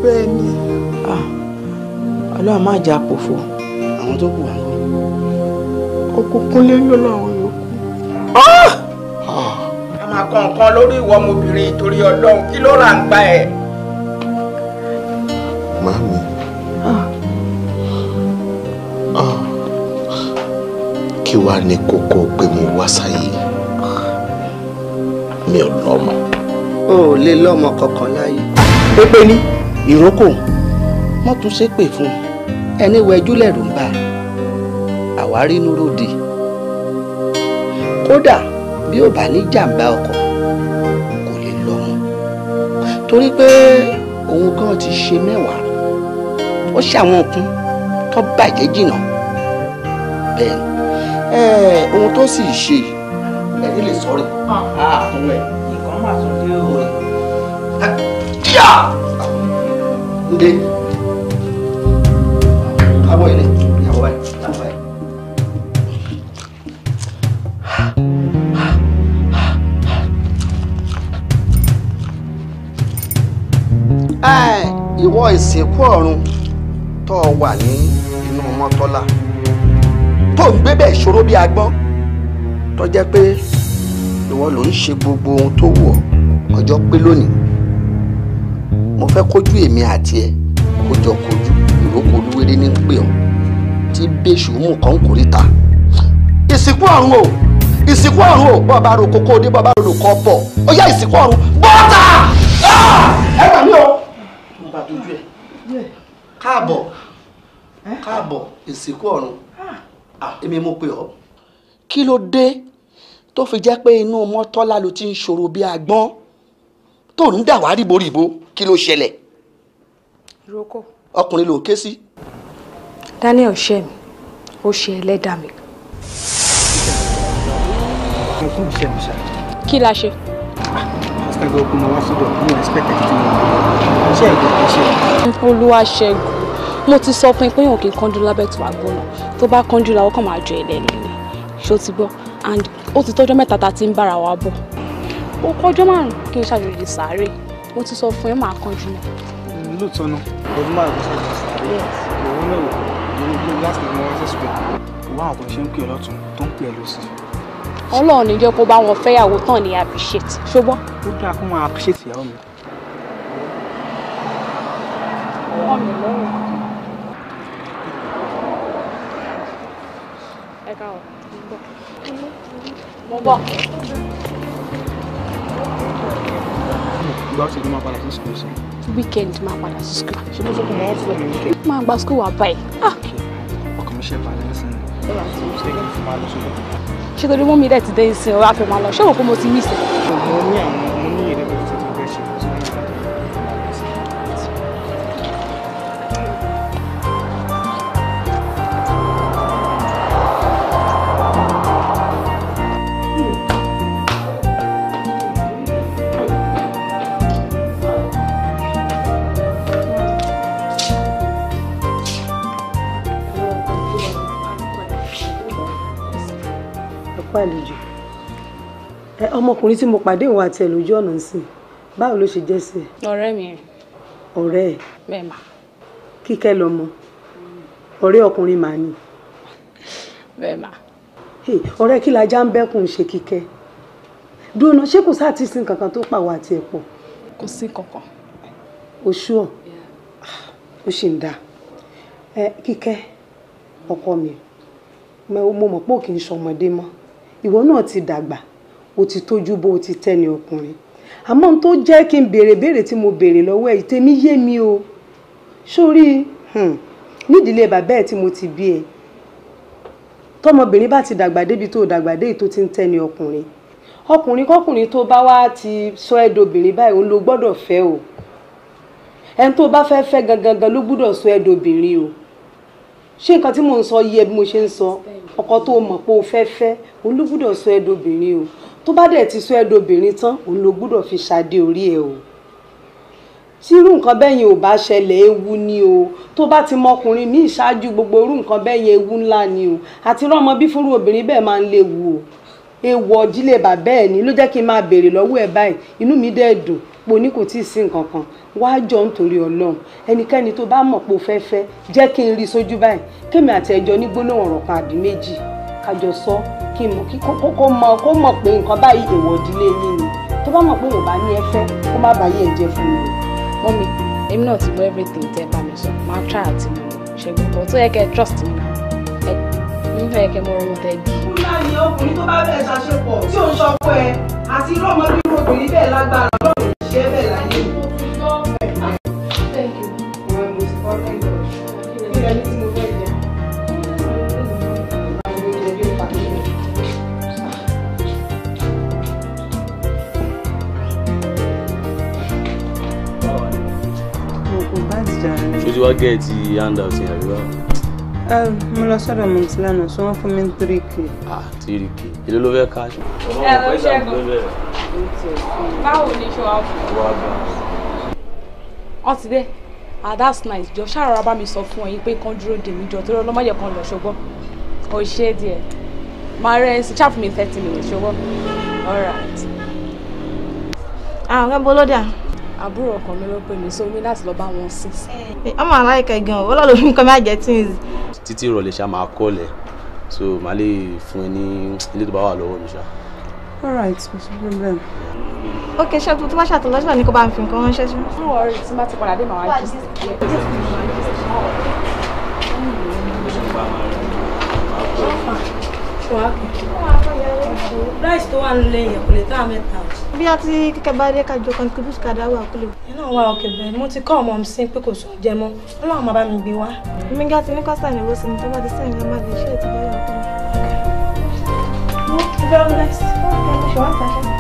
bẹ́ẹ̀ ni. Ah, ọlọ́run má jà pòfo. àwọn tó kù wá ń bọ̀. ọkọ kúnlé ló làwọn yòókù. a ah! ah! máa kọ nǹkan lórí ìwọ ọmọbìnrin torí ọlọ́run kí ló rà ń gba ẹ̀. màámi. kí wàá ní kókó pé mo wá sáyé mi ò lọ́mọ. o ò lè lọ́mọ kankan láyé. pépé ní ìrókò wọn tún ṣépè fún ẹni wẹjú lẹrù ń bá àwárí inú ròde kódà bí ò bá ní jàǹbá ọkọ̀ kò lè lọ mọ́ torí pé òun gan ti ṣe mẹ́wàá ó ṣe àwọn nǹkan tó bàjẹ́ jìnnà bẹ́ẹ̀ ni ohun tó sì ṣe ẹni lè sọ rẹ̀ àtúnwẹ̀. nǹkan máa tún dé òwe ǹdẹ kábọ̀ ilé ìyàwó báyìí láti ìwọ ìsìnkú ọ̀run tó wà ní inú mọ́tọ́lá tó ń gbé bẹ́ẹ̀ ṣòro bí agbọ́n tó jẹ́ pé ìwọ ló ń ṣe gbogbo ohun tó wù ọ́ ọjọ́ pé lónìí fẹ́ kójú èmi àti ẹ kó jọ kojú ìrókò olúwere ní pé ọ tí bẹ́ṣù mú kàn kò ríta. ìsìnkú ọ̀run o ìsìnkú ọ̀run o bọ́ọ̀ bá ro kókó dé bọ́ọ̀ bá ro kọ́ bọ̀ ó yá ìsìnkú ọ̀run bọ́ọ̀tà ah! ẹ gbà mí o. mo bá dojú ẹ káàbọ̀ káàbọ̀ ìsìnkú ọ̀run ah, èmi mo pè ọ́. kí ló dé tó fi jẹ́ pé inú mọ́tọ́lá ló ti ń ṣòro bí agbọ́n tó ń dàwárí boríbo kí ló ṣẹlẹ̀. ìrókò. ọkùnrin ló ń ké sí. Daniel ṣe mi ó ṣe ẹlẹ́dàá mi. kí la ṣe. pásítọ̀ ọkùnrin mo wá sọ́dọ̀ mi ò expect ẹ̀ kí n lọ ṣe ẹ̀gbọ́n mi ṣe. olúwa ṣẹ́gun mo ti sọ fún ẹ pé yàn kì í kánjú lábẹ́ tó agbóná tó bá kánjú làwọn kan máa jọ ẹlẹ́ni ni ṣó ti gbọ́ and ó ti tọ́jọ́ mẹ́ta tá a ti ń bára wa bọ̀ ó kọjọ́ márùn-ún kí n ṣàjòjì sáré mo ti sọ fún ẹ máa kan jùlọ. Mm, lóòótọ́ náà ọdún márùn-ún ló sọ fún mi òun náà ló ń gbé láti mọ ẹsẹ̀ sùpẹ̀ òun àwọn kan ṣe ń pè ọ́ lọ́tún tó ń pè ẹ́ lọ́sì. ọlọ́run níjọ́ kó bá wọn fẹ́yàwó tán ní appreciate ṣùgbọ́n. ó dáa kó máa appreciate ìyàwó mi. ọmọ ìlọrin. ẹ káwọ mo bọ. ìgbà ọ̀sẹ̀ ló máa padà sí school sí. weekend máa padà sí school. ṣé mo fẹ́ kí n bá ọ́fù ẹ̀. máa gba school wà báyìí. Ah! ọkàn mi ṣe balẹ̀ ẹ̀sìn ni. ṣé torí mú mi rẹ̀ ti dé ìsìn ọ̀rọ̀ àfẹ́ máa lọ ṣé òun kó mo ti mí sí. ọ̀gbọ́n ní àwọn gbàlejò ẹ ọmọkùnrin tí mo pàdé ìwà àti ẹ lójú ọ̀nà sí báwo ló ṣe jẹ́ sí ẹ. ọ̀rẹ́ mi. ọ̀rẹ́ ẹ. bẹ́ẹ̀ ma. kíkẹ́ lọmọ ọ̀rẹ́ ọkùnrin màá ni. bẹ́ẹ̀ ma. ọ̀rẹ́ kí lajá ń bẹ́kùn ṣe kíkẹ́ dúró náà ṣé kò sáà ti sin kankan tó pàwọ́ àti ẹ̀ pọ̀. kò sí kankan. oṣù ọ̀ ó ṣì ń dà ẹ kíkẹ́ ọkọ mi mo mọ̀ pé ò kì í ṣọmọdé mọ́ ìwọ náà ti dàgbà o ti tójú bó o ti tẹ́ni ọkùnrin àmọ́ n tó jẹ́ kí n béèrè béèrè tí mo béèrè lọ́wọ́ ẹ̀ tèmi yé mi o sórí hmm, nídìílé bàbá ẹ̀ tí mo ti bí ẹ tọmọbìnrin bá ti dàgbà débi tó dàgbà dé èyí tó ti ń tẹ́ni ọkùnrin ọkùnrin kọkùnrin tó bá wá ti sọ ẹ́ dobìnrin báyìí òun ló gbọ́dọ̀ fẹ́ o ẹni tó bá fẹ́ fẹ́ gangan ló gbọ́dọ̀ sọ ẹ́ dobìnrin o ṣé nǹkan tí mò ń sọ yẹ bí mo ṣe ń sọ ọkọ tó mọ̀ pé o fẹ́ fẹ́ òun ló gbúdọ̀ sọ ẹ́ dobìnrin o tó bá dẹ̀ ti sọ ẹ́ dobìnrin tán òun ló gbúdọ̀ fi ṣàdé orí ẹ o tírú nǹkan bẹ́yìn ò bá ṣẹlẹ̀ ewu ni o tó bá ti mọkùnrin ní ìṣáájú gbogbo irú nǹkan bẹ́yìn ewu ńlá ni o àti rọ́mọ bí fúnrú obìnrin bẹ́ẹ̀ máa ń léwu o èèwọ̀ ìdílé bàbá ẹ̀ ni ló jẹ́ kí n máa béèrè lọ́wọ́ ẹ̀ báyìí inú mi dẹ̀ dùn pé o ní kò tí ì sí nǹkan kan wá jọ nítorí ọlọ́run ẹnikẹ́ni tó bá mọ̀ pé o fẹ́ fẹ́ jẹ́ kí n rí sójú báyìí kémi àti ẹjọ́ ní gbólóhùn ọ̀rọ̀ kan àbí méjì kájọ sọ kí n mọ̀ kí kókó mọ̀ kó mọ̀ pé nǹkan báyìí èèwọ̀ ìdílé yín ni tó bá mọ̀ pé yorùbá ní ẹ fẹ́ kó má bàa yé ẹ jẹ fún mi. mọ́mi èmi náà ti gbọ́ everything tẹ́ bá mi sọ máa try àti mọ̀ ṣègùn kan tó yẹ kẹ́ trust me náà ẹ ń fẹ́ kẹ́ mọ ohun tẹ́ bí. kúnlá ni ọkùnrin tó bá fẹ́ ṣàṣepọ̀ tí ò ń ṣọpọ̀ ẹ àti irú ọmọ bí obìnrin bẹ́ẹ̀ lágbára wá gẹ̀ẹ́tì handout yẹn àbí báwo. mo lọ sọ́dọ̀ mọ̀tí lánàá so wọ́n fún mi three k. ah three k èló ló fẹ́ káàṣì. ẹ lọ ṣẹ́gun báwo ni ṣọ́ wa fún. ọ ti dé ah that's nice jọ ṣàròrà bá mi sọ fún ọ yìí pé kán dúró dèmí jọ torí ọlọ́mọdé kan lọ ṣọgbọ́n ò ṣe díẹ̀ máa rẹ ẹsìn chat for me thirty minutes ṣọgbọ́n all right. àwọn ah, ọ̀gá bolódà àbúrò ọkọ mi ló pè mí so mi láti lọ bá wọn sí. ọmọ aláìka gan owó lọ́ọ́ lórí nǹkan máa jẹ things. títí ìrọ̀lẹ́ ṣá máa kọ́lẹ̀ so màá lè fún ẹ ní ilé tó bá wà lọ́wọ́ mi ṣá. alright kò sí problem. ok ṣé o tó bá ṣàtúnlọ́ṣọ́ ni kò bá ń fi nǹkan ránṣẹ́ sí. no worry tí n bá ti padà dé màá jí price tó wà nílé yẹn kò lè tá a mẹ́ta o. bí a ti kẹ́kẹ́ bá dé kájọ contribute ká dá wà kúlò. iná wa òkè bẹ́ẹ̀ mo ti kọ́ ọmọ mi sí pé kò sùn jẹ mọ́ wọn làwọn máa bá mi gbé wá. mi ga ti ní kọ́sà ní ìwòsàn tó bá ti sẹ́yìn lọ́mọ àgbẹ̀ iṣẹ́ ìtìlẹ́yìn ọkùnrin. mo ti bẹ́ẹ̀ lẹ́sìn. ṣùgbọ́n àtàkùn.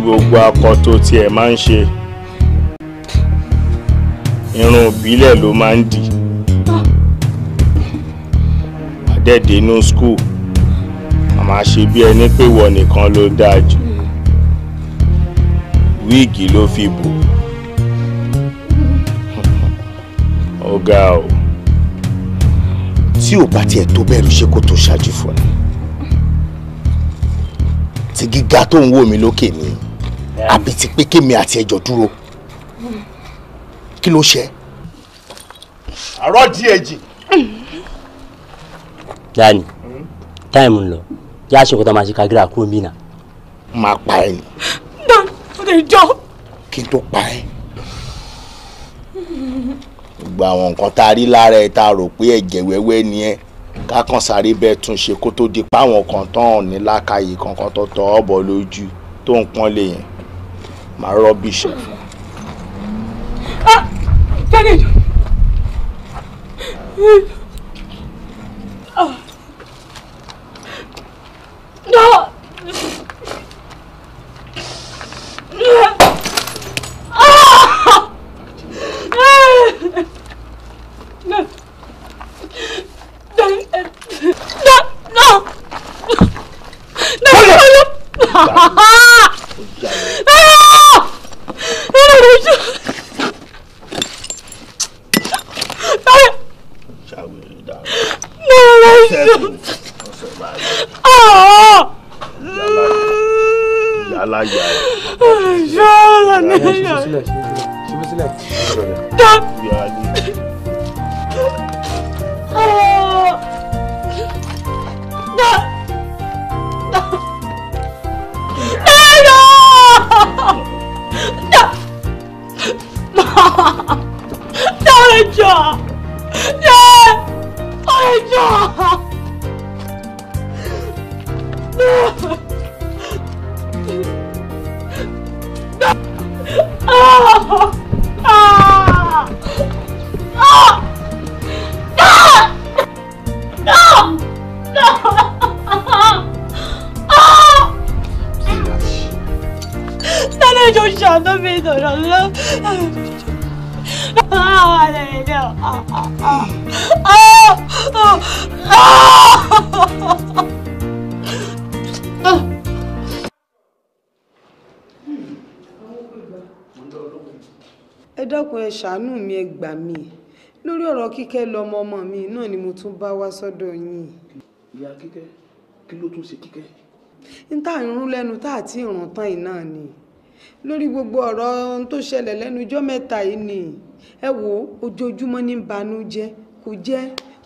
gbogbo akọ tó tiẹ̀ máa ń ṣe irun ìbílẹ̀ ló máa ń dì àdẹ́dẹ́ inú skul àmọ́ ṣe bí ẹni pé ìwọ nìkan ló dáa jù wíìgì ló fi bò ó ga o. tí ò bá tiẹ̀ tó bẹ́ẹ̀rù ṣe kó tó ṣáájú fún ẹ tí gíga tó ń wò mí lókè ni àbí ti pé kémi àti ẹjọ́ dúró kí ló ṣe. àárọ̀ di ẹ̀jì. yanni táìmù ń lọ yá ṣe kọta máa ṣe kagira kúrò mí nà. máa pa ẹ ni. dán o lè jọ. kí n tó pa ẹ. gbogbo àwọn nǹkan tá a rí lára ẹ tá a rò pé ẹ̀jẹ̀ wẹ́wẹ́ ni ẹ ká kàn sáré bẹ́ẹ̀ tún ṣe kó tó di páwọn kan tán ní làákàyè kankan tó tọ́ ọ bọ̀ lójú tó ń pọ́n lè yẹn máa rọ́bìṣì ẹ̀ fún. Ah, ah. No! gbà mí lórí ọ̀rọ̀ kíkẹ́ lọmọ ọmọ mi náà ni mo tún bá wá sọ́dọ̀ yín. ìyá kíkẹ́ kí ló tún ṣe kíkẹ́. n tá à ń rún lẹ́nu tá àti ìrùn tán yìí náà ni lórí gbogbo ọ̀rọ̀ ohun tó ṣẹlẹ̀ lẹ́nu ijọ́ mẹ́ta yìí ni ẹ wo ojoojúmọ́ ní banú jẹ́ kò jẹ́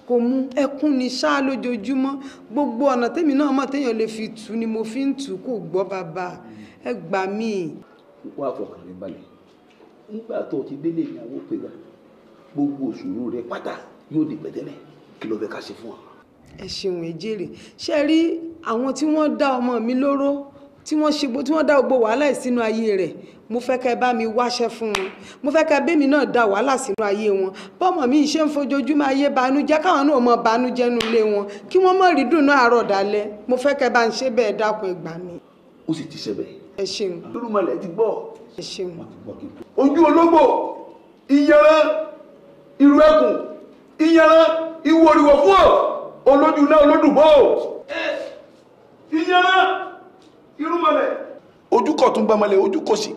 kò mú ẹkún ni ṣáá lójoojúmọ́ gbogbo ọ̀nà tèmi náà mọ̀ téèyàn lè fi tù ni mo fi ń tù kò gbọ́ bàbá ẹ gbà mí. wàá fọkàn rẹ balẹ̀ nígbà tó o ti délé ìyàwó pé báyìí gbogbo òṣùwò rẹ pátá yóò di pẹ̀tẹ́lẹ̀ kí ló fẹ́ ká ṣe fún wa. ẹ ṣeun ejere ṣe rí àwọn tí wọ́n dá ọmọ mi lóró tí wọ́n ṣe tí wọ́n dá gbogbo wàhálà sínú ayé rẹ̀ mo fẹ́ kẹ́ bá mi wáṣẹ́ fún wọn mo fẹ́ kẹ́ bẹ́mi náà dá wàhálà sínú ayé wọn bọ́mọ mi ṣe ń fojoojúmọ́ ayé banújẹ́ káwọn náà mọ banújẹ́ nu ilé wọn kí wọ́n mọ̀ rí dùnú àárọ̀ dalẹ́ mo fẹ́ kẹ́ bá ń ṣe bẹ́ẹ̀ dákun ìgbà mi. ó sì ti ṣe bẹ́ẹ̀. ẹ ṣeun. lórúmọlẹ ti gbọ́. ẹ ṣeun. ojú ológbò iyẹran irú ẹkùn ìyẹran ìwò òrìwò fún ọ olójú náà olódùbọ ìyẹran irúmọlẹ̀. ojú kọ tún gbàmọlẹ ojú sí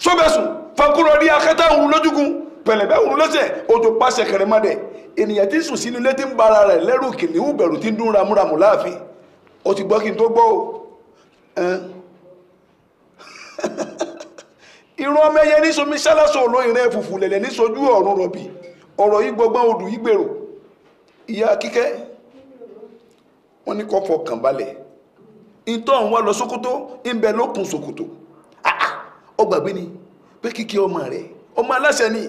sọbẹsùn fakúrọ rí akẹta òun lójúgun pẹlẹbẹ òun lọsẹ ojú pàṣẹ kẹrẹmọdẹ ènìyàn ti sùn sínú ilé ń bara rẹ̀ lẹ́rù kìnìún bẹ̀rù ti ń dún ramúramù láàfin o ti gbọ́ kí n o <laughs> irun ọ̀rọ̀ yìí gbọgbọ́n odù yìí gbèrò ìyá kíkẹ́ wọ́n ní kó fọkàn balẹ̀ ìtọ́ ń wá lọ sókótó ń bẹ lókun sòkòtò ó gbàgbé ni pé kíkẹ́ ọmọ rẹ̀ ọmọ aláṣẹ ni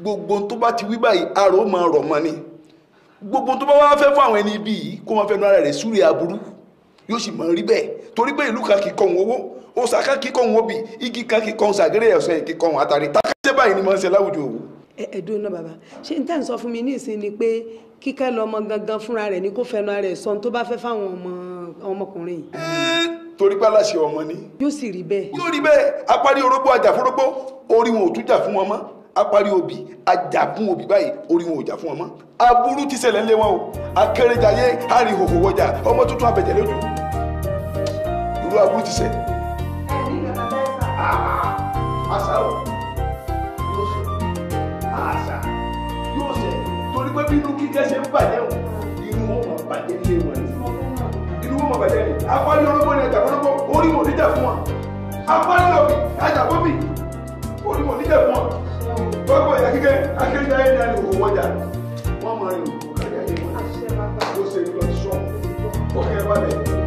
gbogbo tó bá ti wí báyìí àrò máa rọ̀ mọ́ ni gbogbo tó bá wá fẹ́ fún àwọn ẹni ibi yìí kó máa fẹ́nu ara rẹ̀ súre aburú yóò sì máa rí bẹ́ẹ̀ torí pé ìlú kan kì í kọ́ òun owó òòsà kan kì í kọ́ òun obì igi kan kì í kọ́ òun sàgérè ọ̀sẹ̀ kì í kọ́ òun àtàrí tákà ṣé báyìí ni mo ń ṣe láwùjọ òwò. ẹ̀ẹ́dùn náà bàbá ṣé n tẹ́ ń sọ fún mi ní ìsìn ni pé kíkẹ́ lọ́mọ gangan fúnra rẹ̀ ni kò fẹnu ara ẹ̀ sọ tó bá fẹ́ fáwọn ọmọ ọmọkùnrin yìí. torí pálásì ọmọ ni. yóò sì rí bẹ́ẹ̀. yóò rí bẹ́ẹ̀ apárí orógbó ajàfórógbó orí wọn ò tún jà fún wọn mọ́ apárí obì ajàfún obì báyìí orí wọn ò jà fún wọn mọ́ aburú ti ṣẹlẹ̀ lé wọn o akérèjayé àrìnhòhò wọjà o àṣà yóò ṣe torí pé bínú kíkẹ́ ṣe ń bàjẹ́ o inú wọn máa bàjẹ́ ilé wọn ni inú wọn máa bàjẹ́ ni apáni olóko ni ẹ̀jà olóko orí mo níjà fún wọn apáni lọ́bì ẹ̀jà bóbì orí mo níjà fún wọn gbogbo ìyá kíkẹ́ akéjà ayé ni a lè wò wọ́n jà wọ́n máa rìn òkú kájà yé wọn ó ṣe lọ sọ́ọ̀ ó kẹ́ balẹ̀.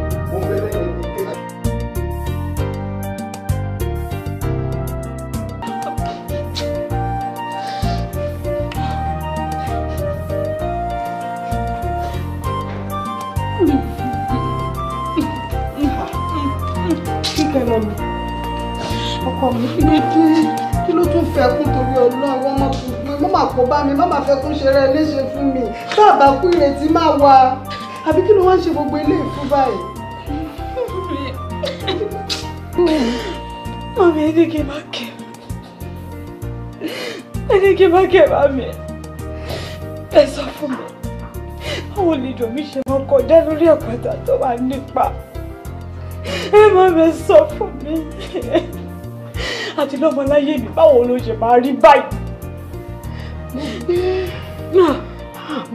ọkọ mi kí ló dé kí ló tún fẹ́ kún torí ọlọ́run wọn má má kó bá mi má má fẹ́ kún ṣeré léṣe fún mi tá a bá kú ìrètí má wà àbí kí ló wá ń ṣe gbogbo eléyìí fún báyìí. Mami, ẹ jẹ́ kí n máa kẹ́. Ẹ jẹ́ kí n máa kẹ́ bá mi. Ẹ sọ fún mi. Báwo ni ìjọ mi ṣe máa kọjá lórí àpáta tó máa nípa? Ẹ má bẹ sọ fún mi àti lọ́mọ láyé mi báwo ló ṣe máa rí báyìí.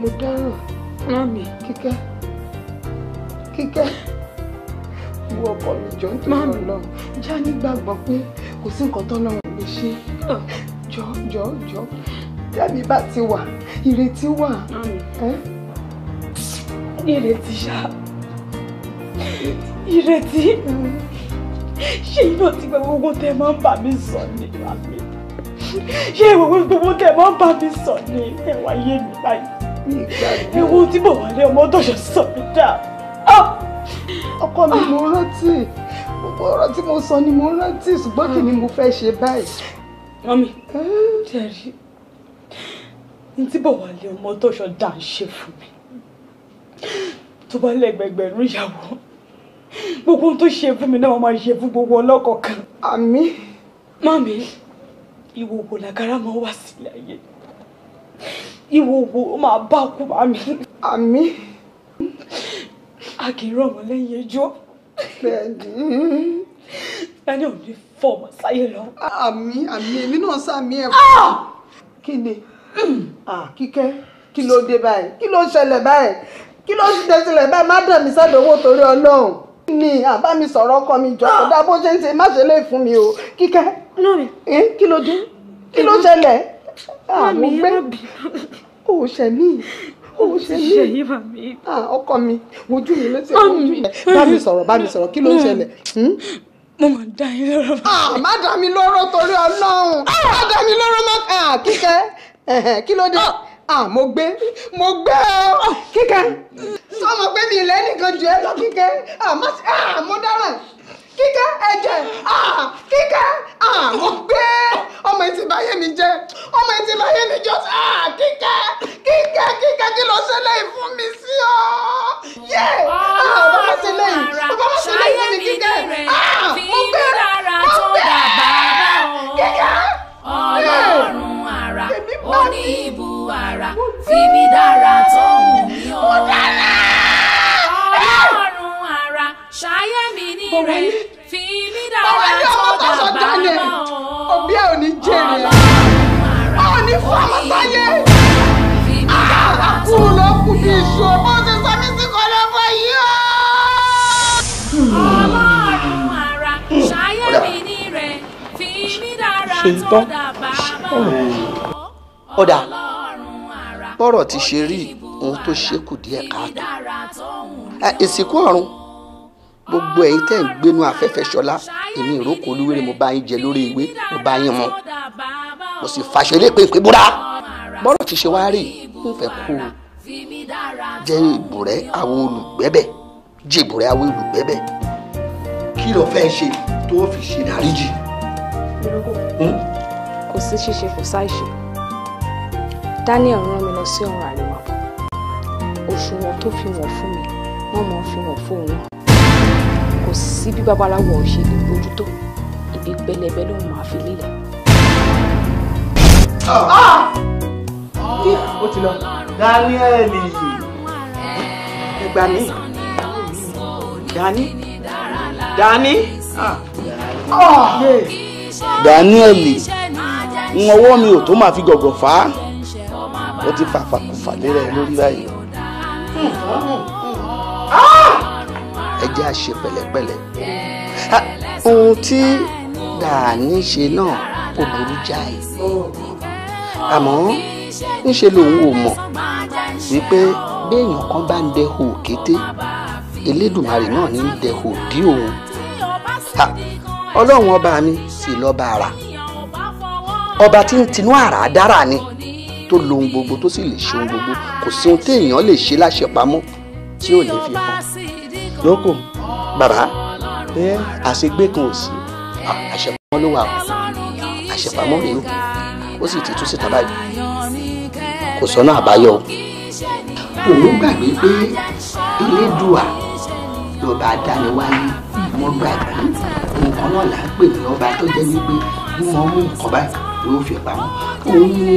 mo dáràn rán mi kíkẹ́ kíkẹ́ bu ọkọ mi jọ nítorí Ọlọ́run já nígbàgbọ́ pé kò sí nǹkan tọ́lọ́run lè ṣe ah. jọ jọ jọ tẹ́mi bá ti wà ìrètí wà ìrètí ṣá ìrètí. Mm ṣé iná ti gbẹ gbogbo tẹ máa ń bà mí sọ ni wà mí ṣé ìwòwé gbogbo tẹ máa ń bà mí sọ ni ẹ wá yé mi báyìí ewu tí mo wà ní ọmọ tọ̀ṣọ̀ sọ mi dà ah! ọkọ mi mo rántí gbogbo ọ̀rọ̀ tí mo sọ ni mo rántí ṣùgbọ́n kí ni mo fẹ́ ṣe báyìí. mọ́mí tẹ̀rí ní tí bò wà lé ọmọ tọ̀ṣọ̀ dà ń ṣe fún mi tó bá lẹ́gbẹ̀gbẹ̀rún ìyàwó gbogbo ohun tó ṣe fún mi náà máa ṣe fún gbogbo ọlọ́kọ̀ọ̀kan. àmín. mami ìwọ wo làgàrà máa wá sílẹ̀ ayé ìwọ wo máa bá kú mami. àmín. a kì í rọ̀mọ́ lẹ́yìn ẹjọ́. bẹ́ẹ̀ni. ẹni ò ní fọmọ sáyé lọ. àmín àmín èmi náà sàmì ẹ̀ fún. Ah! kí ni kíkẹ́ kí ló dé báyìí kí ló ṣẹlẹ̀ báyìí kí ló ṣe dé sílẹ̀ báyìí má dàn mí sádòwò torí ọlọ́run ni àbá mi sọ̀rọ̀ ọkọ mi jọ kó dá bó ṣe ń ṣe má ṣe lè fún mi o kíkẹ́ kí ló dé kí ló ṣẹlẹ̀ àmú gbé o ṣẹ mí o ṣẹ mí ọkọ mi ojú mi ló ti ojú mi bá mi sọ̀rọ̀ bá mi sọ̀rọ̀ kí ló ń ṣẹlẹ̀ hmm? mo máa dá yín lóró. má dá mi lóró torí ọlọ́run má dá mi lóró má kíkẹ́ kí ló dé. Ah! ah mo gbé mo gbé ọ kíkẹ́ sọmọ pé mi ilẹ̀ nìkan jù ẹ lọ kíkẹ́ ah mo ah mo dáràn kíkẹ́ ẹ̀jẹ̀ ah kíkẹ́ ah mo gbé ọmọ etí báyé mi jẹ ọmọ etí báyé mi jọ ah kíkẹ́ kíkẹ́ kíkẹ́ kí ló ṣẹlẹ̀ ìfún mi sí ọ yé ah ọba má ṣe lẹ́yìn ọba má ṣe lẹ́yìn fún mi kíkẹ́ ah mo gbé mo gbé kíkẹ́ ọlọ́run ó ní ìbú ara fi mí dára tó wù mí o. ọlọ́run ara ṣayé mi ní rẹ̀ fi mí dára tó dàgbà mọ́ o. òbí ẹ̀ ò ní jèrè ọ̀ ní fọmọ sáyé ló ah, kù bí iṣu bó ṣe sọ mí sí kọlọ́bọ yìí o. ọlọ́run ara ṣayé mi ní rẹ̀ fi mí dára tó dàgbà mọ́ o ọ̀dà bọ́rọ̀ ti ṣe rí ohun tó ṣekù díẹ̀ káàtó ìsìnkú ọ̀run gbogbo ẹ̀yin tẹ́ ń gbénu afẹ́fẹ́ ṣọlá èmi ìrókò olúwèrè mo bá yín jẹ lórí ìwé mo bá yín mu mo sì fàṣẹ lépè pé búra bọ́rọ̀ ti ṣe wá rí ń fẹ́ kó o jẹ́ ìbùrẹ́ àwọn olùgbẹ́bẹ̀ jẹ́ ìbùrẹ́ àwọn olùgbẹ́bẹ̀ kí ló fẹ́ ṣe tó fi ṣe dáríjì. Hm? kò sí ṣíṣe kò sáì ṣe. Daniel rán mi lọ sí ọ̀run àríwá òṣùwọ̀n tó fi wọ̀n fún mi wọ́n mọ̀ fi wọ̀n fún òun kò sí bí babaláwo ò ṣe lè bójú tó ibi pẹlẹbẹ ló máa fi lílẹ̀. Ah! Ah! ó ti lọ Daniel ìgbà mi Dani Dani ah! Daniel ọwọ́ mi ò tó máa fi gọ̀gọ̀ fà á ó ti fàfàkùfà lérẹ̀ lórí báyìí ẹ jẹ́ a ṣe pẹ̀lẹ́pẹ̀lẹ́ ohun tí dàní ṣe náà kò burú jáì àmọ́ níṣe lòun ò mọ̀ wípé béèyàn kan bá ń dẹ kété Elédùmarè náà ní ń dí òun ọlọ́run ọba mi sì lọ́ba ara ọba tí ń tinú àrà dára ni tó lohun gbogbo tó sì lè ṣe ohun gbogbo kò sí ohun téèyàn lè ṣe láṣepamọ́ tí ò ní fi hàn. lóko bàbá bẹ́ẹ̀ àṣegbé kan ò sí àṣepamọ́ ló wà o àṣepamọ́ rèé o ó sì ti tú síta báyìí kò sọ́nà àbáyọ o. òun gbàgbé pé elédùà lọ́ba adániwáyé wọ́n gbàgbé nǹkan náà là ń pè ní ọba tó jẹ́ wípé bí wọ́n mú nǹkan báyìí yóò fi pamọ́ òun ni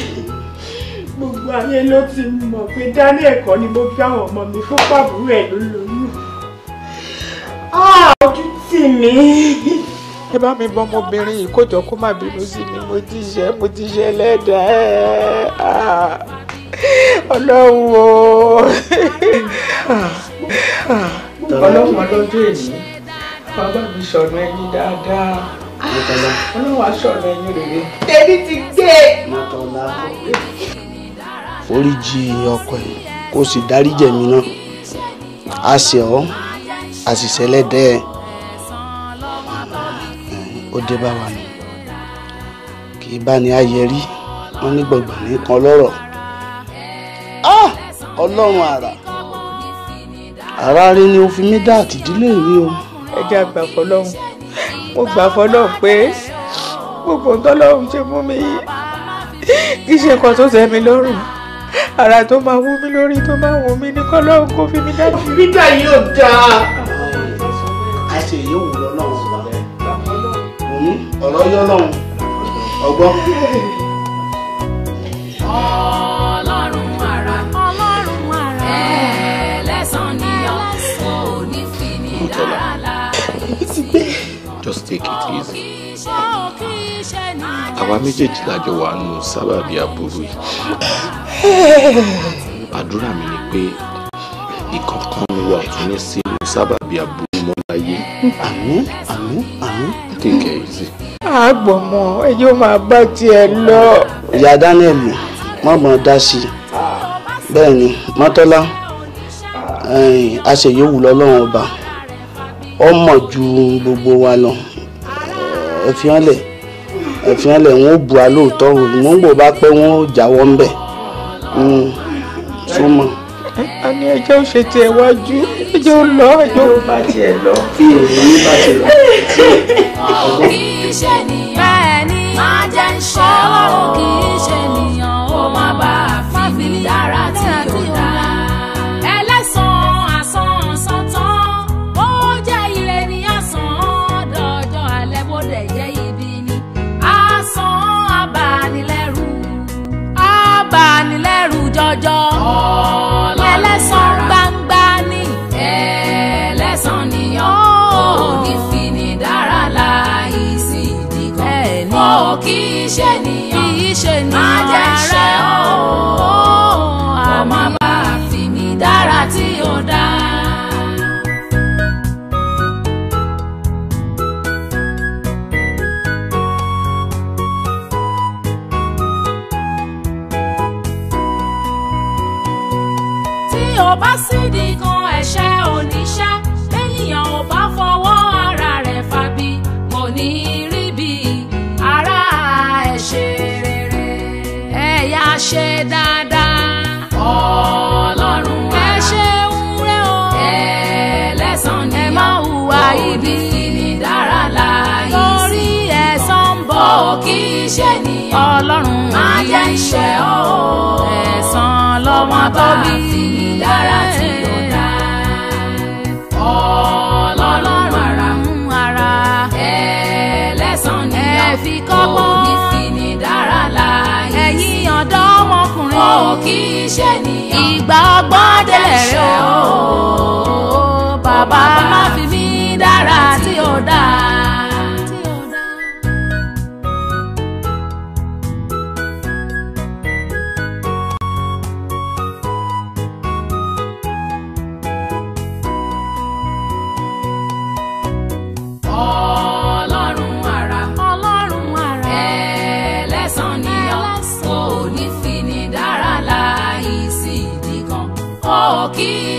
gbogbo ayé ló ti mọ̀ pé Daniel kọ́ ni mo gbé àwọn ọmọ mi fún pàbúrò ẹ̀ ló lóyún. ojú tì mí. ẹ bá mi bọ́ ọmọbìnrin yìí kó jọ kó má bínú sí mi mo ti ṣe mo ti ṣe ẹlẹ́dàá ẹ̀ ọlọ́run o. ọlọ́run ọlọ́jọ́ èyí bàbá mi sọ̀nà ẹyin dáadáa ọlọ́run aṣọ̀nà ẹyin rèé. tèmi ti gbé. mọ́tò ọ̀la kò gbé foríjì ọkọ ẹ̀ kó sì dáríjì mi náà a sì ọ́ a sì ṣẹlẹ́dẹ́ ẹ̀ ó dé bá wa ni kì í bá ní ayẹrí wọn ní gbọ̀ngbọ̀n nìkan lọ́rọ̀ ọlọ́run àrà àrà rẹ ni o fi mí dá àtìdílé mi o. ẹ jẹ́ àgbà fọlọ́run mo gbà fọlọ́run pé gbogbo tọ́lọ́run ṣe fún mi yìí kì í ṣe nǹkan tó tẹ́ mi lọ́rùn ara tó máa wú mi lórí tó máa wù mí ní kọ́lọ́hún kó fi mi dájú. peter yóò dáa. a ṣe èyí wù lọ́lọ́run ọ̀rọ̀ yọ lọ́run ọgbọ́n. ọlọ́run ara ọlọ́run ara just take it easy àwa méjèèjì lájọ wà nù sábàbí aburú yìí àdúrà mi ni pé ìkọ̀ọ̀kan wa tún ní sínú sábàbí aburú mọ́ láyé àmín àmín àmín kéèké yìí sí. àgbọ̀mọ̀ ẹ yóò máa bá tiẹ̀ lọ. ìyá daniel mọ̀mọ́ dá sí i bẹ́ẹ̀ ni mọ́tọ́lá aṣèyíwù lọ́lọ́run ọba ó mọ̀ ju gbogbo wa lọ ẹ̀fíọ́lẹ̀ ẹ̀fíọ́lẹ̀ wọn ò bu alóòótọ́ wọn gbọ́ bá pẹ́ wọn ò jáwọ́ ńbẹ̀ tó hmm, mọ̀. a ní ẹjọ́ ò ṣe tiẹ̀ wájú ẹjọ́ ò lọ ẹjọ́ ò bá tiẹ̀ lọ tí èyí bá tiẹ̀ lọ. iṣẹ́ nìyẹn máa jẹ́ ń ṣe ọlọ́run kì í. jọjọ. ẹlẹ́sàn gbangba ni. ẹlẹ́sàn nìyàn òní oh. fi ni dára láì sí ìdí kan. O, kì í ṣe nìyàn má jẹ́ ṣe ọ́. bá sídìí kan ẹ̀ṣẹ̀ oníṣẹ́ lẹ́yìn ò bá fọwọ́ ara rẹ̀ fabi kò ní rí bí ara ẹ̀ ṣe rere. ẹ yá ṣe dáadáa. ọlọ́run ara ẹ ṣeun rẹ o. ẹlẹ́sàn ni ẹ má hùwà ibi ni dára láàyè sí. torí ẹ̀san ń bọ̀ kì í ṣe nìyẹn. ọlọ́run yìí má jẹ́ ìṣẹ́ o. ẹ̀san ọmọ bá sí yàrá tí ó dá. ọlọ́run ara mú ara ẹlẹ́sàn ni àfi kọ́gbọ́n ní sinmi dára láàyè. ẹ̀yin ọ̀dọ́ ọmọkùnrin ìgbà ọgbọ́n dẹ̀ o bàbá má fi mí dára tí ó dá.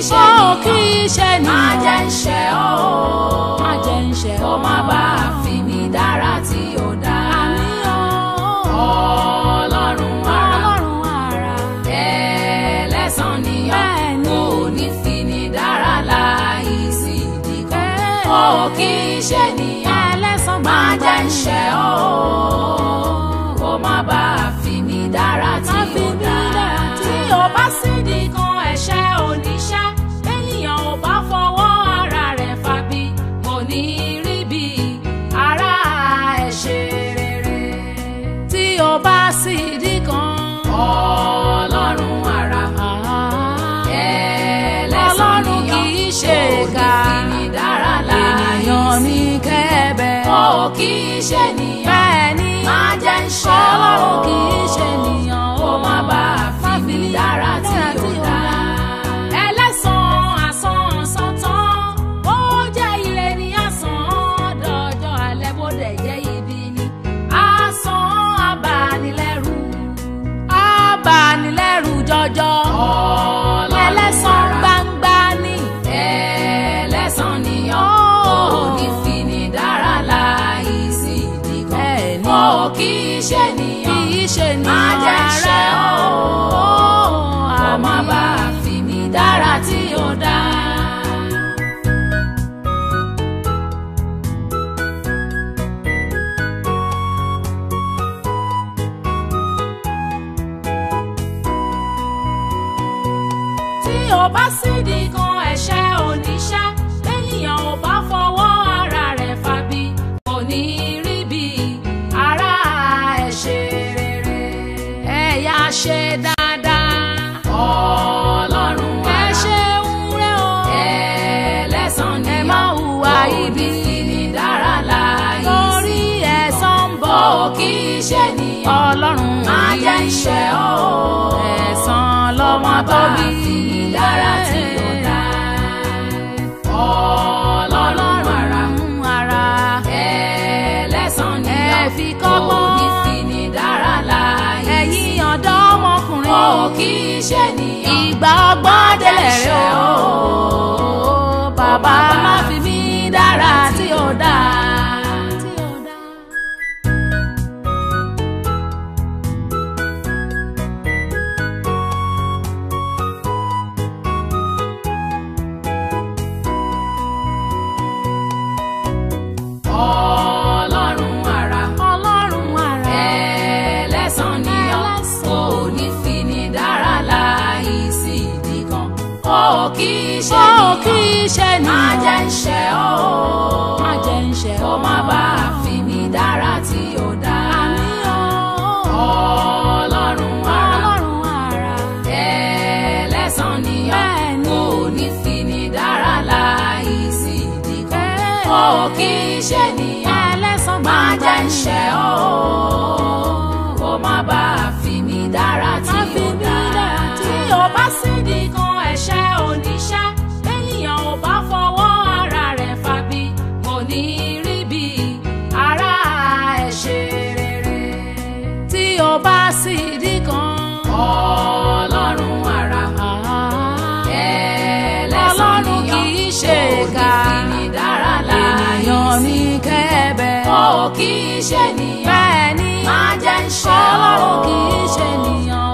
iṣẹ́ ni. ó kí iṣẹ́ ni. má jẹ́ ń ṣe ọ́. má jẹ́ ń ṣe ọ́. kó má bàa. ọlọ́run kì í ṣe nìyàn. bẹ́ẹ̀ni má jẹ́ ń ṣe o. ọlọ́run kì í ṣe nìyàn. kó má bá a fi mi dára tí yóò dá. ẹlẹ́sàn-án asán san tán ó jẹ́ ilé ní asán dọ́jọ́ alẹ́ bó dẹ̀ jẹ́ ibi ni. asán abanilẹ́rù abanilẹ́rù jọjọ. ọ̀ọ́. ṣe nìyàn kì í ṣe nìyàn rárá ọmọ bá fi mí dára tí ó dá. tí o bá sì di kan. ọlọ́run má jẹ́ ìṣẹ́ o ẹ̀san lọ́mọ tó bí dára tí ó dá ọlọ́run ara ara ẹlẹ́san ni ẹ̀fi kọ́gbọ́n ní fini dára láàyè ẹ̀yin ọ̀dọ́ ọmọkùnrin o kì í ṣe nìyàn ìgbà ọgbọ́n délẹ̀ rẹ o bàbá má fi mi dára tí ó dá. ń ṣe ọ́ o. má jẹ́ ń ṣe ọ́. kó má bàa fi mi dára tí ó dá. ọlọ́run ara. ọlọ́run ara. ẹlẹ́sàn ni kò ní fi mi dára láì sí ìdí kan. ó kì ṣe nìyẹn. má jẹ́ ń ṣe ọ́. ní kẹ́bẹ̀. o kì í ṣe nìyàn. bẹ́ẹ̀ ni má jẹ́ ń ṣe ọlọ́run kì í ṣe nìyàn.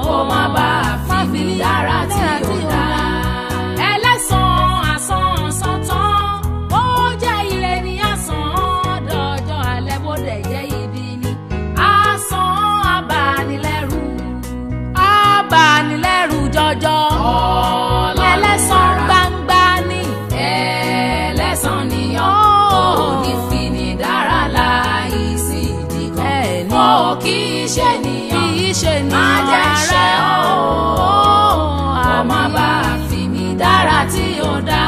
ṣe ni ààrẹ ooo àmọ́ bá fi mí dára tí ó dá.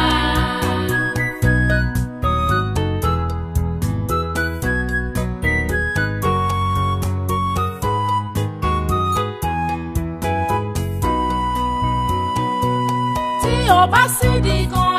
tí o bá sì di kan.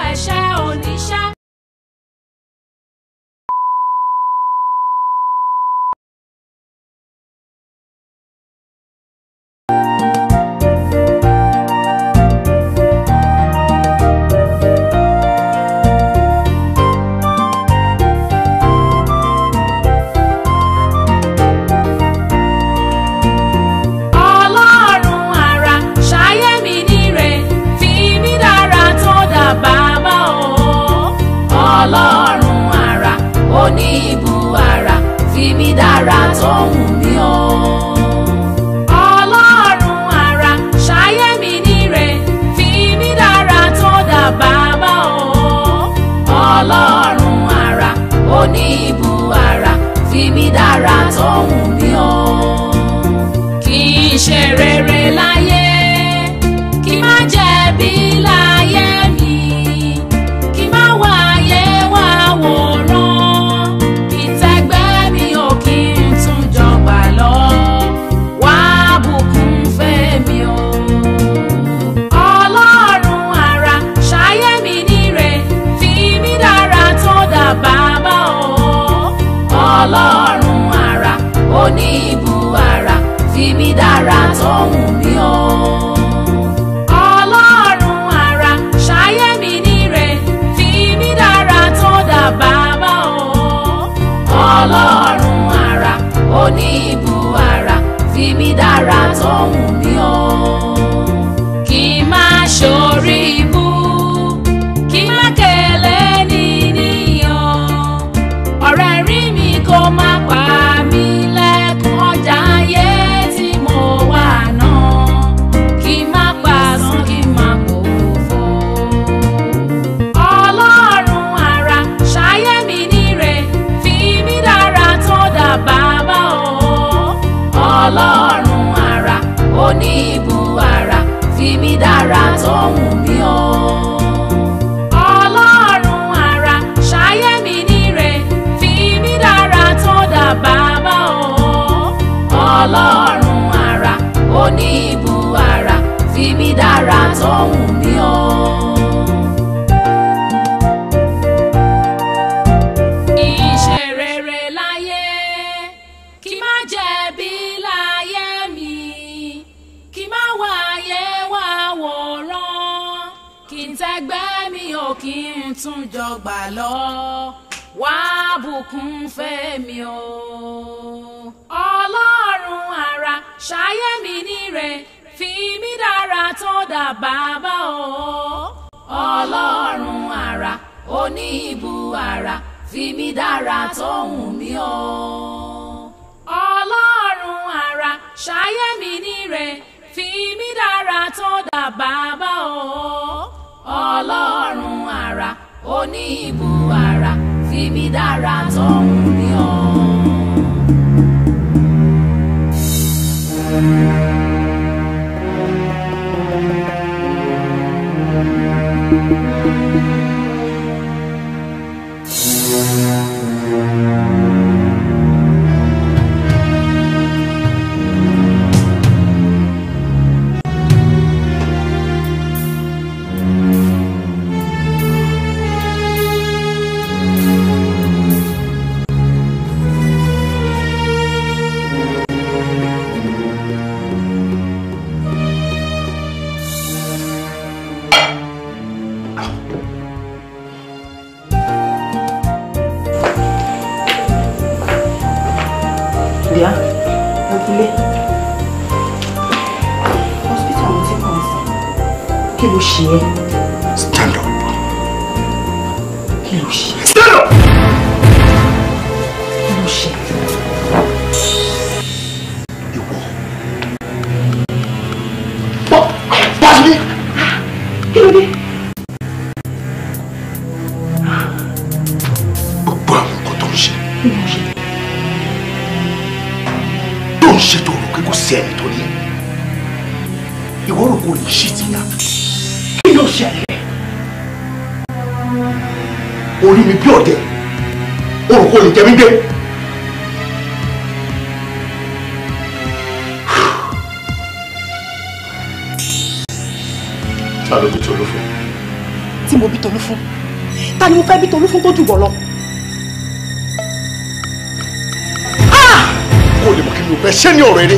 bẹ́ẹ̀ ṣé ní ọ̀rọ̀ eré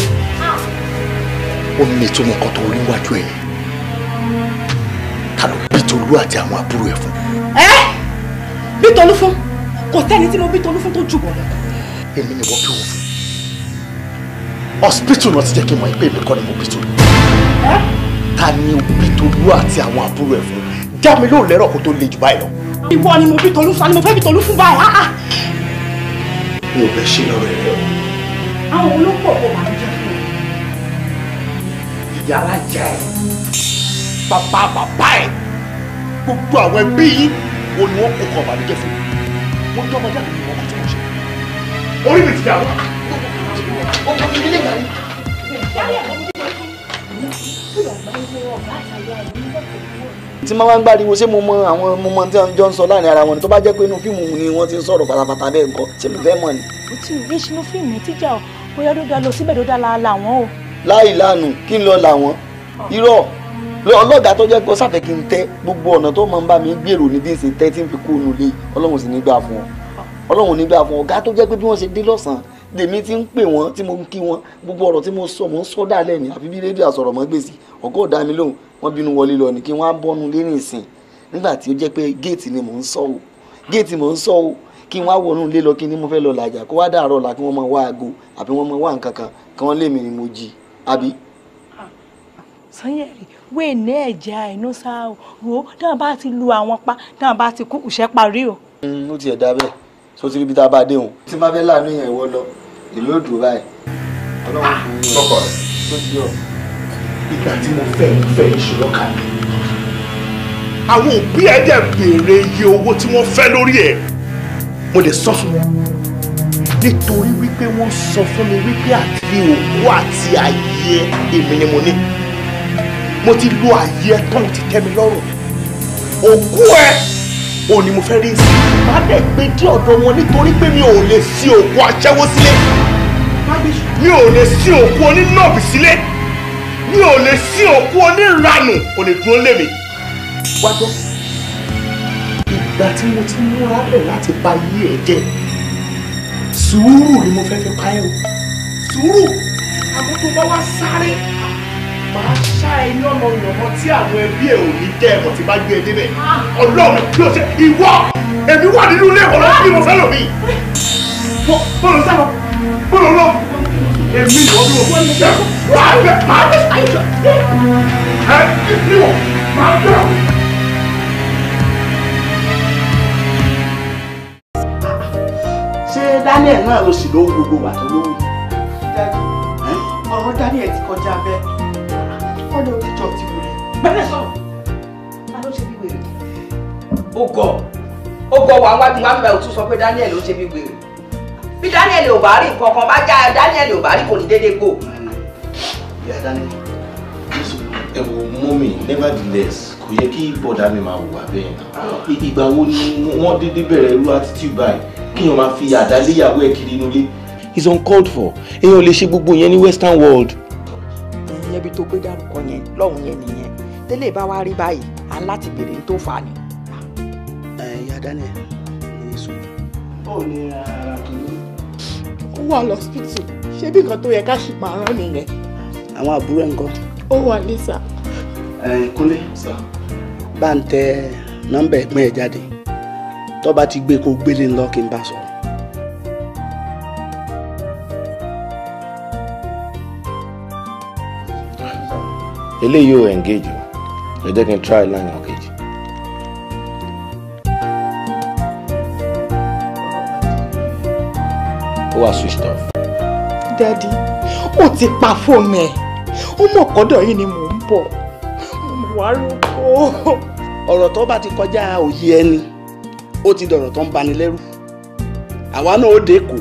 ó ní ìtumọ̀ kan tó rí wájú ẹ̀ ta ló bí Tolú àti àwọn àbúrò ẹ̀ fún. ẹ bí Tolú fún kò sẹ́ni tí mo bí Tolú fún tó jù bọ̀ lọ. èmi ni wọ́n bí wọ́n fún hospital náà ti jẹ́ kí n mọ̀ pé èmi kọ́ ni mo bí Tolú. ta ni bí Tolú àti àwọn àbúrò ẹ̀ fún já mi lóò lẹ́rọ̀ kó tó le jù báyìí lọ. ìwọ ni mo bí Tolú fún àni mo fẹ́ bí Tolú fún báyìí. Ah, ah. mi ò fẹ́ ṣe lọ́rọ̀ ẹ̀ o àwọn olóko kò máa jẹ fún mi. ìyá alájà ẹ bàbá bàbá ẹ gbogbo àwọn ẹbí yìí wo ni wọn kò kọ ìbànújẹ́ fún mi wọn jọ ọmọdé àgbẹ̀ wọn kò tó wọn ṣe orí mi ti dà wọn. ọmọ mi nílé yàrá tí máa ń gbàdíwò ṣé mo mọ àwọn mo mọ tí wọn jọ ń sọ láàrin ara wọn tó bá jẹ́ pé inú fíìmù ni wọ́n ti ń sọ̀rọ̀ pátápátá bẹ́ẹ̀ nǹkan ṣé mi fẹ́ mọ̀ ni. o ti rí sinú fíìmù tíjà o bóyá ló dá lọ síbẹ̀ ló dá la làwọn o. láì lànà kí n lọ làwọn irọ́ ọlọ́dà tó jẹ́ pé sáfẹ́ kí n tẹ́ gbogbo ọ̀nà tó máa ń bá mi gbèrò ní bí n ṣe tẹ́ tí n fi kú ònú lé ọlọ́run sì ní gbà fún ọ ọlọ́run ní gbà fún ọ̀gá tó jẹ́ pé bí wọ́n ṣe dé lọ́sàn-án lèmi ti ń pè wọ́n tí mo ń kí wọ́n gbogbo ọ̀rọ̀ tí mo sọ mò ń sọ dálẹ́ ni àfi bí rédíò àsọ̀rọ̀ mọ́ gbèsè ọ̀gá ọ̀dà mi lòun wọ́n bínú wọlé lọ ni kí wọ́n á bọ́nu lé kí n wá wọnú lé lọ kí ni mo fẹ́ lọ làjà kó wá dàárọ̀ là kí wọ́n máa wá aago àbí wọ́n máa wá nǹkan kan kí wọ́n lé mi ni mo jí àbí. Ah, Sanyẹ̀rì wé ní ẹ̀jẹ̀ àìnú sáà o dáhùn bá ti lu àwọn pa dáhùn bá ti kú ìṣẹ́ parí o. Hmm, ó tiẹ̀ dá bẹ́ẹ̀ sọ ti rí ibi tá a bá dé òun. tí má fẹ́ láàánú yẹn wọ lọ èmi ò dùn báyìí ọlọ́run fún mi lọ́kọ̀ rẹ̀ tó ti yọ. ìgbà tí mo fẹ́ fẹ́ ìṣòro kan. àwọn òbí ẹ̀ dẹ̀ ẹ̀ mo dẹ̀ sọ fún wọn nítorí wípé wọ́n sọ fún mi wípé àti òkú àti ayé èmi ni mo ní mo ti lo ayé tán ti tẹ́ mi lọ́rùn òkú ẹ ò mo fẹ́ rí sí má dẹ̀ gbé dí ọ̀dọ̀ wọn nítorí pé mi ò lè sí òkú aṣẹ́wó sílé mi ò lè sí òkú onínàbì sílé mi ò lè sí òkú onírànù kò dúró lé mi wájú ìgbà tí mo ti múra bẹ̀ láti ba yí ẹ̀ jẹ́ sùúrù ni mo fẹ́ fi pa ẹ́ o sùúrù àmọ́ tó bá wá sáré máa ṣá ẹ ọ̀nà ìrànwọ́ tí àwọn ẹbí ẹ ò ní dẹ́ ẹ̀mọ̀ tí bá gbé ẹ débẹ̀ ọlọ́run kí o ṣe ìwọ èmi wà nínú ilé ìwọ lọ́wọ́ mo fẹ́ lò mí bọ́ọ̀lù sábà bọ́ọ̀lù lọ èmi ni bí mo fẹ́ lò mí máa bẹ̀ máa bẹ̀ àyíṣọ́ ẹ níwọ̀ máa bẹ̀ ọ́. Daniel náà ló sì lówó gbogbo wà tó lówó. ọ̀rọ̀ Daniel ti kọjá bẹ́ẹ̀ ọ̀dọ̀ òtijọ́ ti wù rẹ̀. bẹ́ẹ̀ sọ ta ló ṣe bí wèrè. ó gọ̀ ó gọ̀ wà wá wá bẹ̀ òtún sọ pé Daniel ló ṣe bí wèrè bí Daniel ò bá rí nǹkan kan bá já Daniel ò bá rí kò ní déédéé gbò. ìyá Daniel ẹ wo mọ́mì nevertheless kò yẹ kí bọ̀dá mi máa wù wá bẹ́ẹ̀ náà ìgbà wo ni wọ́n déédéé bẹ̀rẹ̀ irú attitude báyìí kéèyàn máa fi àdá léyàwó ẹ̀ kiri inú ilé. is uncalled for èèyàn lè ṣe gbogbo yẹn ní western world. ìyẹn ibi tó gbé dárúkọ yẹn lọ́hùn yẹn nìyẹn tẹ́lẹ̀ bá wá rí báyìí à ń láti bèrè tó fà á ni. ìyá Daniel ní sùn. ó ní ara tó ní. ó wà lọ́sítítù ṣé bí nǹkan tó yẹ ká ṣì máa rán nìyẹn. àwọn àbúrò ẹ̀ ń kọ́. ó wà ní sà. Kúnlé bá ń tẹ nọ́mbà ẹ̀gbọ́n ẹ̀ jáde tó bá ti gbé kó gbélé ńlọ kí n bá sọ. eléyìí ò engage o ẹ jẹ́ kí n try láyàn kejì. ó wà switched off. dadi ó ti pa fóònù ẹ ó mọ̀ kọ́dọ̀ yìí ni mò ń bọ̀ mo wá rò ọ̀rọ̀ tó bá ti kọjá òye ẹni ó ti dọ̀rọ̀ tó ń bani lẹ́rù àwa náà ó dé kù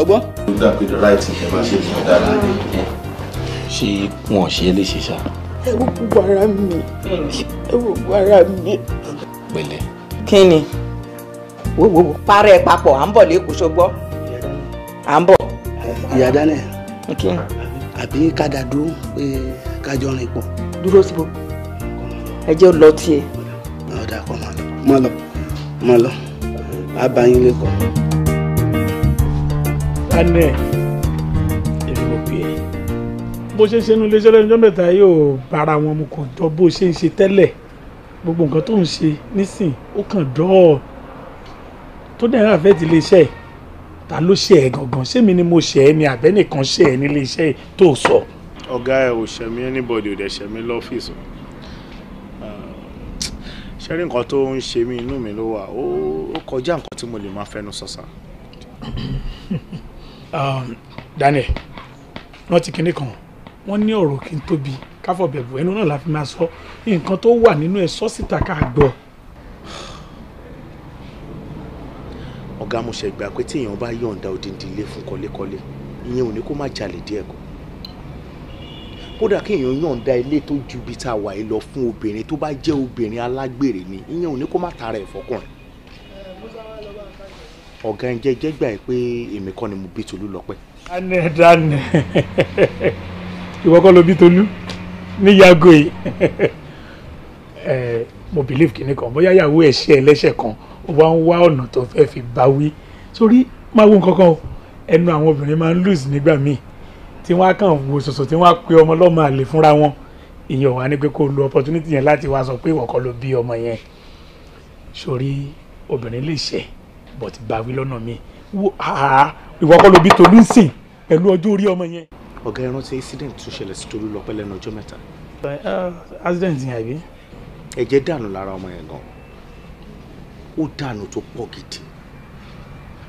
ọgbọ́n. ó dà pé the right thing máa ṣe fún ọ̀daràn àdéhùn. ṣé wọn ò ṣe é léṣe ṣá. ẹ wo gbogbo ara mi ẹ wo gbogbo ara mi. pẹ̀lẹ́. kí ni wo wo parẹ́ à ń bọ̀ lẹ́kọ̀ọ́ ṣọgbọ́ à ń bọ̀. ìyá daniel àbí kádà dúró pé kájọ rìn pọ̀. dúró síbò ẹ jẹ́ lọ tiẹ̀. ọ̀dà kọ́ máa lọ mo lọ abayín lẹkọọ. ane, èmi mo pè é bó ṣe ń ṣe inú iléeṣẹ́ lẹ́nu ọjọ́ mẹ́ta yóò bára wọn mu kàn jọ bó ṣe ń ṣe tẹ́lẹ̀ gbogbo nǹkan tó ń ṣe nísìn ó kàn dọ́ọ̀ tó dẹ̀ rà fẹ́ẹ́ ti iléeṣẹ́ yìí ta ló ṣe ẹ gangan ṣé mi ni mo ṣe ẹ ni àbẹ́nìkan ṣe ẹ nílé iṣẹ́ tó sọ. ọ̀gá ẹ̀ ò ṣẹ̀mí anybody ò dẹ̀ ṣẹ̀mí lọ́fíìsì o ṣẹ́rí nǹkan tó ń ṣe mí inú mi ló wà ó kọjá nǹkan tí mo lè máa fẹnu sọ sá. <coughs> Um, Daniel wọ́n ti kinní kan wọ́n ní ọ̀rọ̀ kí n tóbi káfọ̀ bẹ̀bù ẹnu náà la fi máa sọ nǹkan tó wà nínú ẹ̀ sọ síta ká gbọ́. ọ̀gá mo ṣẹ̀gbà pé tí èèyàn bá yọ̀ǹda odindi ilé fún kọ́lékọ́lé ìyẹn ò ní kó má jalè díẹ̀ kù kódà kéèyàn yọ̀ǹda ilé tó ju ibi tá a wà yìí lọ fún obìnrin tó bá jẹ́ obìnrin alágbèrè ni ìyẹn ò ní kó má tara ẹ̀ fọkùnrin. ọ̀gá ń jẹ́jẹ́ gbà ẹ́ pé èmi kọ́ ni mo bí Tolú lọ́pẹ́. dáná dáná ìwọ kọ́ ló bí Tolú ní yago yìí mo believe kìíní kan bóyá ìyàwó ẹ̀ ṣe ẹlẹ́ṣẹ̀ kan ó wá ń wá ọ̀nà tó fẹ́ fi bá wí sórí máa wo nǹkan kan ẹnu àwọn obìnrin máa ń lose nígbà míì tí wọ́n á kàn wo ṣoṣo tí wọ́n á pe ọmọ lọ́mọ àlè fúnra wọn ìyẹn wà ní pé kó lo opportunity yẹn láti wá sọ pé ìwọ kọ́ ló bí ọmọ yẹn sórí obìnrin lè ṣe but báwí lọ́nà mi ìwọ kọ́ ló bí Tolú ń sìn pẹ̀lú ọjọ́ orí ọmọ yẹn. ọ̀gá ẹ rántí accident tún ṣẹlẹ̀ sí Tolú lọ́pẹ́ lẹ́nu ọjọ́ mẹ́ta. Eh, accident yẹn àbí. ẹ̀jẹ̀ dànù lára ọmọ yẹn gan ó dànù tó pọ̀ gidi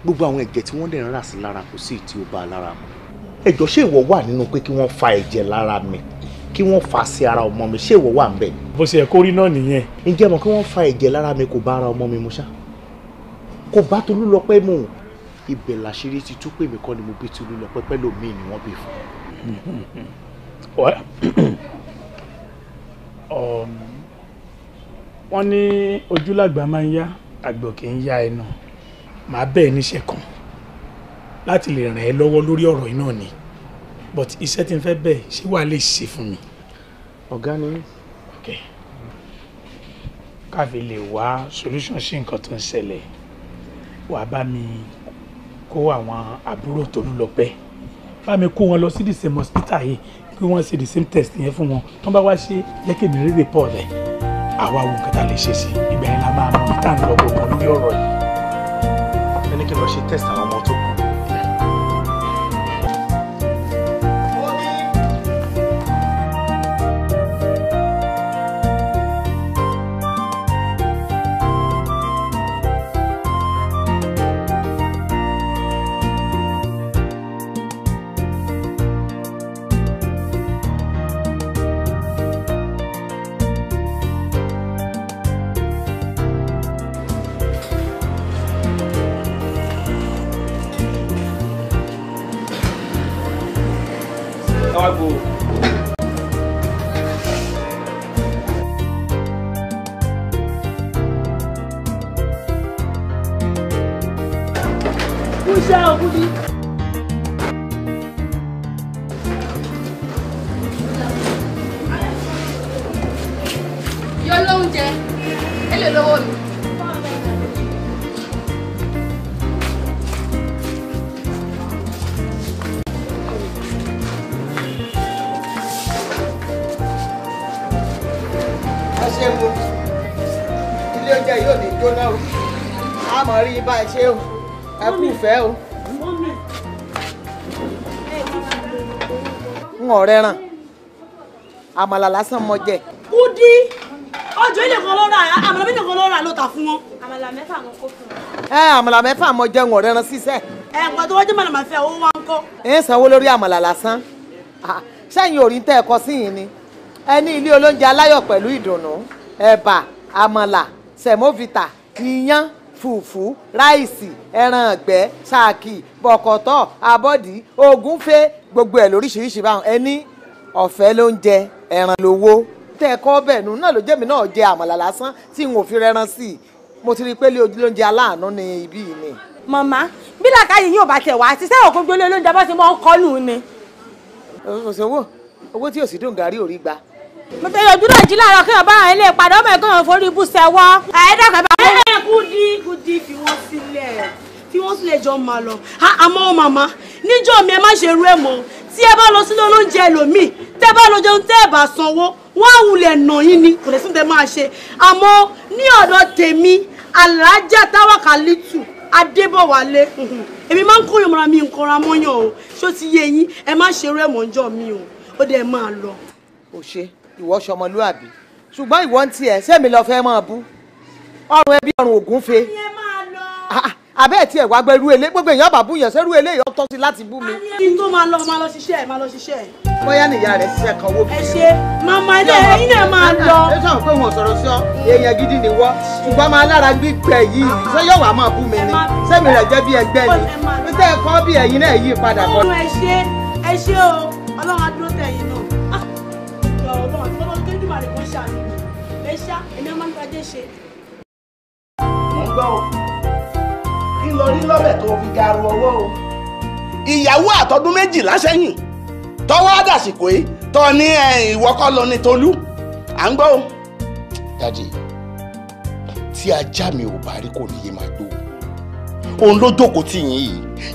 gbogbo àwọn ẹ̀jẹ̀ tí wọ́n dẹ̀ ń rà sí lára kò sí ìtì ó bá a lára mu ẹjọ́ ṣé ìwọ wà nínú pé kí wọ́n fa ẹ̀jẹ̀ lára mi kí wọ́n fà á sí ara ọmọ mi ṣé ìwọ wà ń bẹ̀. bó ṣe ẹ̀kọ́ rí náà nìyẹn. ǹjẹ́ mọ̀ kí wọ́n fa ẹ̀jẹ̀ lára mi kò bá ara ọmọ mi mu ṣá kò bá Tolú lọ pẹ́ mu ibẹ̀ làṣírí ti tú pé mi kọ́ ni mo bí Tolú lọ pẹ́pẹ́ lómi ni wọ́n bí fún. <clears throat> Um, wọ́n ní ojúlàgbà máa ń yá àgbò kì í yá ẹnu màá bẹ́ẹ̀ níṣẹ́ kan láti lè ràn ẹ́ lọ́wọ́ lórí ọ̀rọ̀ yìí ni but iṣẹ́ tí n fẹ́ bẹ́ẹ̀ ṣé wàá lè ṣe fún mi. ọ̀gá ni. ok káfi lè wá solution sí nǹkan tó ń ṣẹlẹ̀ wà á bá mi kó àwọn àbúrò Tolúlọpẹ́ bá mi kó wọn lọ sí the same hospital yìí kí wọ́n ṣe the same test yẹn fún wọn tó ń bá wá ṣe jẹ́ kí èmi rí report rẹ̀ àwa wo nǹkan tá a lè ṣe sí ìgbà yẹn la máa mọ tá à ń lọ gbogbo lórí ọ̀rọ̀ yìí. ẹni kí n lọ ṣe test àwọn ọmọ 不。fẹ́ o. n ò rẹran àmàlà lásán mo jẹ. kudi ọjọ́ ilé kan lọ́ra àmàlà méjì kan lọ́ra ló ta fún wọn. àmàlà mẹ́fà mo kó fún wọn. ẹ àmàlà mẹ́fà mo jẹ n ò rẹran sísẹ. ẹ nǹkan tó wọ́n jẹ́ màlàmà fẹ́ owó wa ń kọ́. ẹ ń sanwó lórí àmàlà lásán sẹ́yìn ò rí tẹ́ ẹ kọ sí yìí ni ẹ ilé olóúnjẹ aláyọ̀ pẹ̀lú ìdùnnú ẹ̀bà àmàlà sẹ̀móvita iyán fùfú ráìsì ẹran àgbẹ̀ ṣáàkì bọ̀kọ̀tọ̀ abọ́dí ògúnfe gbogbo ẹ̀ lóríṣiríṣi báwọn ẹni ọ̀fẹ́ ló ń jẹ ẹran lówó tẹ́ẹ̀kọ́ bẹ̀ nù náà ló jẹ́mi náà jẹ àmàlà lásán tí n ò fi rẹran sí i mo ti rí i pé lé ojú lóúnjẹ aláàánú ni ibí yìí ni. màmá bí làkàyè yóò bá tẹ̀ wá àti sẹ́wọ̀n gbogbo ilé olóúnjẹ bá ti mọ́ ń kọ́ ni. òṣòwò owó tí òsì dùn gàrí ò rí gbà mo fẹ́ yọjú náà jí láàárọ̀ kí wọ́n bá àwọn ilé ìpàdé ọmọ ẹ̀gbọ́n òfin orí ibùsẹ̀ wọ́. ẹ̀ẹ́dọ́gbẹ̀bà Kudi Kudi fi wọ́n sílẹ̀ fi wọ́n sílẹ̀ jọ máa lọ. Àmọ́ màmá níjọ́ mi ẹ má ṣe rú ẹ̀ mọ́ tí ẹ bá lọ sílé olóúnjẹ ẹlòmíì tẹ́ bá lọ jẹun tẹ́ ẹ bá sanwó wọ́n á wulẹ̀ nà yín ni kò lè sí tẹ́ máa ṣe. Àmọ́ ní ọ̀dọ̀ tèmi alájà Táwàkálítù Adébọ̀wálé <laughs> èmi máa ń kóyọ̀ mọ́ra mi nǹkan ra mọ́yàn o ṣó ti yé yín ẹ má ṣe rú ẹ̀ mọ́ ńjọ́ mi o ó dẹ̀ máa lọ. òṣè ìwọ ṣọmọlúàbí ṣùgbọ́n ìwọ ń tiẹ̀ sẹ́mi lọ fẹ́ máa bú ọrùn ẹbí ọrùn ògúnfe ah, ah, abẹ́ tí ẹ̀ wá gbẹ́rú ele gbogbo èèyàn bàbú yàn sẹ́rú ele yọ tọ́ sí láti bú mi. kí n tó máa lọ máa lọ ṣiṣẹ́ ẹ̀ máa lọ ṣiṣẹ́ ẹ̀. bóyá nìyá rẹ̀ ṣiṣẹ́ kan owó bìí. ẹ ṣe màmá ilé ẹyin náà máa ah, lọ. ẹ sọ̀rọ̀ pé wọn sọ̀rọ̀ sí ọ èèyàn gidi ni wọ́ ṣùgbọ́n máa lára gbígbẹ yìí ṣé yóò wá máa bú mi ni sẹ́mi rẹ̀ jẹ́ bí ẹgbẹ́ ni níta ẹ̀kọ́ bí ẹ̀yin náà yí padà kọ́. ẹ ṣe ẹ ṣe o ọlọ́run á dúró tẹ̀ yín náà gbọ́ o kí ìyàwó àtọdún méjìlá sẹ́yìn tọwọ́ àdàsìkò yìí tọ́ ní ìwọ́kọ́ lọ ní tolú à ń gbọ́ dadi tí ajá mi ò bá rí kò níye máa gbó òun ló jókòó tì yín yìí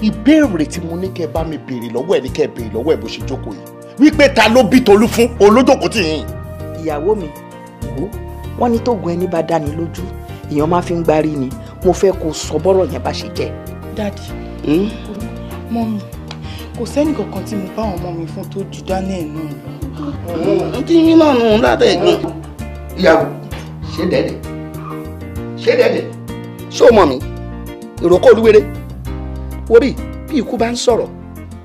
ìbéèrè tí mo ní kẹ́ bá mi béèrè lọ́wọ́ ẹ̀ ní kẹ́ béèrè lọ́wọ́ ẹ̀ bó ṣe jókòó yìí wípé ta ló bí tolú fún olójókòó tì yín. ìyàwó mi wò ní tó gun ẹni bá dá ní lójú èèyàn máa fi ń gbárí ni mo fẹ́ kó sọ bọ́rọ̀ yẹn bá ṣe jẹ́. dadi mọ mi kò sẹ́ni kankan tí mo bá àwọn ọmọ mi fún tó ju dáná ẹ̀ náà lọ. n ti yín náà nù látẹ̀gbọ́n. ìyàwó ṣé dẹ́dẹ̀ ṣé dẹ́dẹ̀ ṣé o mọ̀ mi ìrókò olúwere wo bí bí ikú bá ń sọ̀rọ̀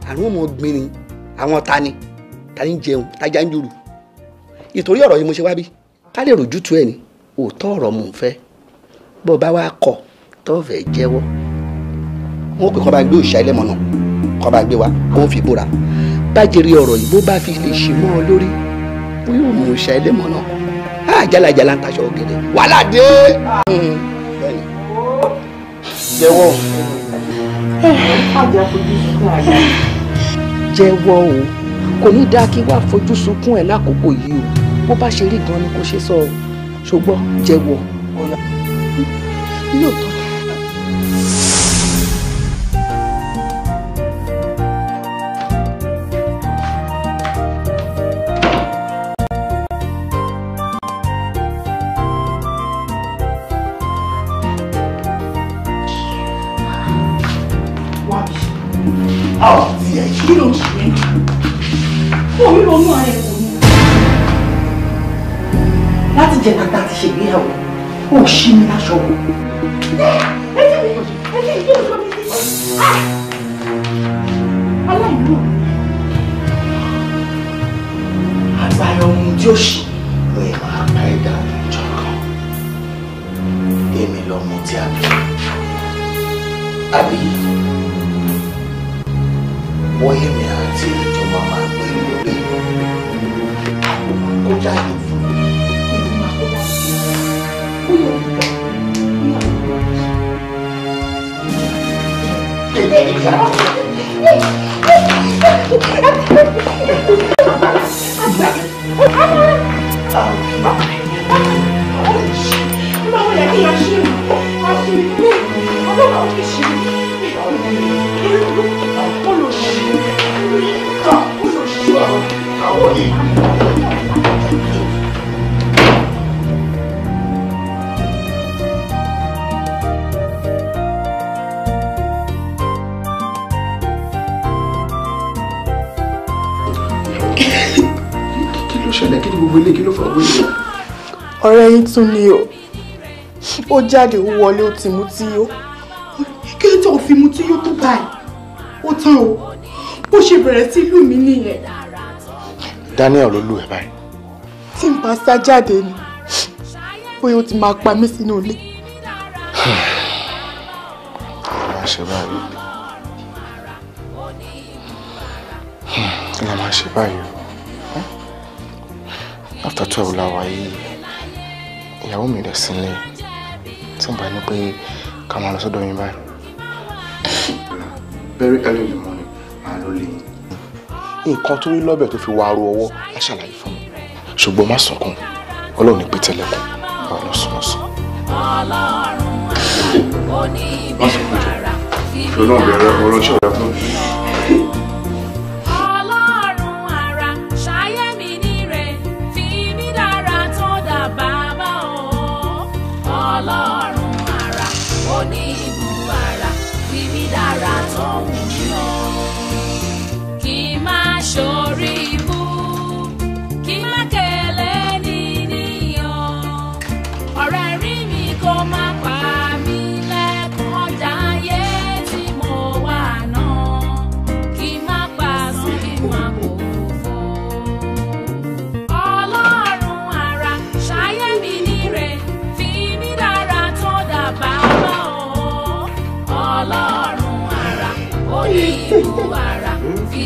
àrùn ọmọ gbin ni àwọn ta ni ta ni jẹun tajà ń jùrù ìtòrí ọ̀rọ̀ yìí mo ṣe wá bí ká lè rojútu ẹ̀ ni òótọ́ ọ̀rọ̀ mò ń fẹ́ bó o bá wá kọ̀ tó fẹ́ jẹ́wọ́ wọn pè kọ́ bá gbé òṣìṣẹ́ ẹlẹ́mọ̀ náà kọ́ bá gbé wa kó o fi búra bájẹ̀rì ọ̀rọ̀ yìí bó bá fi lè ṣe mọ́ ọ lórí wọn yóò mú òṣìṣẹ́ ẹlẹ́mọ̀ náà á ah, jalajala ń taṣọ gẹ̀dẹ̀ wàhálà dé. jẹ́wọ́ jẹ́wọ́ o kò ní dáa kí wàá fojú sunkún ẹ̀ lákòókò yìí o bó bá ṣe rí gan ni kò ṣe sọ ṣùgbọ́n jẹ́wọ́ lóòótọ́ ni. láti jáde ó wọlé ó ti mutí yó kí ló tó fi mutí yó tó báyìí ó tán o bó ṣe bẹ̀rẹ̀ sí lù mí nìyẹn. Daniel ló lù ẹ́ báyìí. tí n bá sá jáde ni bóyá ó ti máa pa mí sínú ilé. kí la máa ṣe báyìí kí after twelve la wà yìí ìyàwó mi rẹ̀ sílẹ̀ pé ká máa lọ sọ́dọ̀ yín báyìí. <laughs> very early in the morning màá lọ lè. nǹkan tó rí lọ́bẹ̀ tó fi wá aró ọwọ́ á ṣàlàyé fún mi ṣùgbọ́n má sọkún ọlọ́run ní pété lẹ́kùn àwọn ọlọ́sùn ọ̀sùn. ọlọ́run oníbẹ̀rẹ̀ ara fi mí lára sí.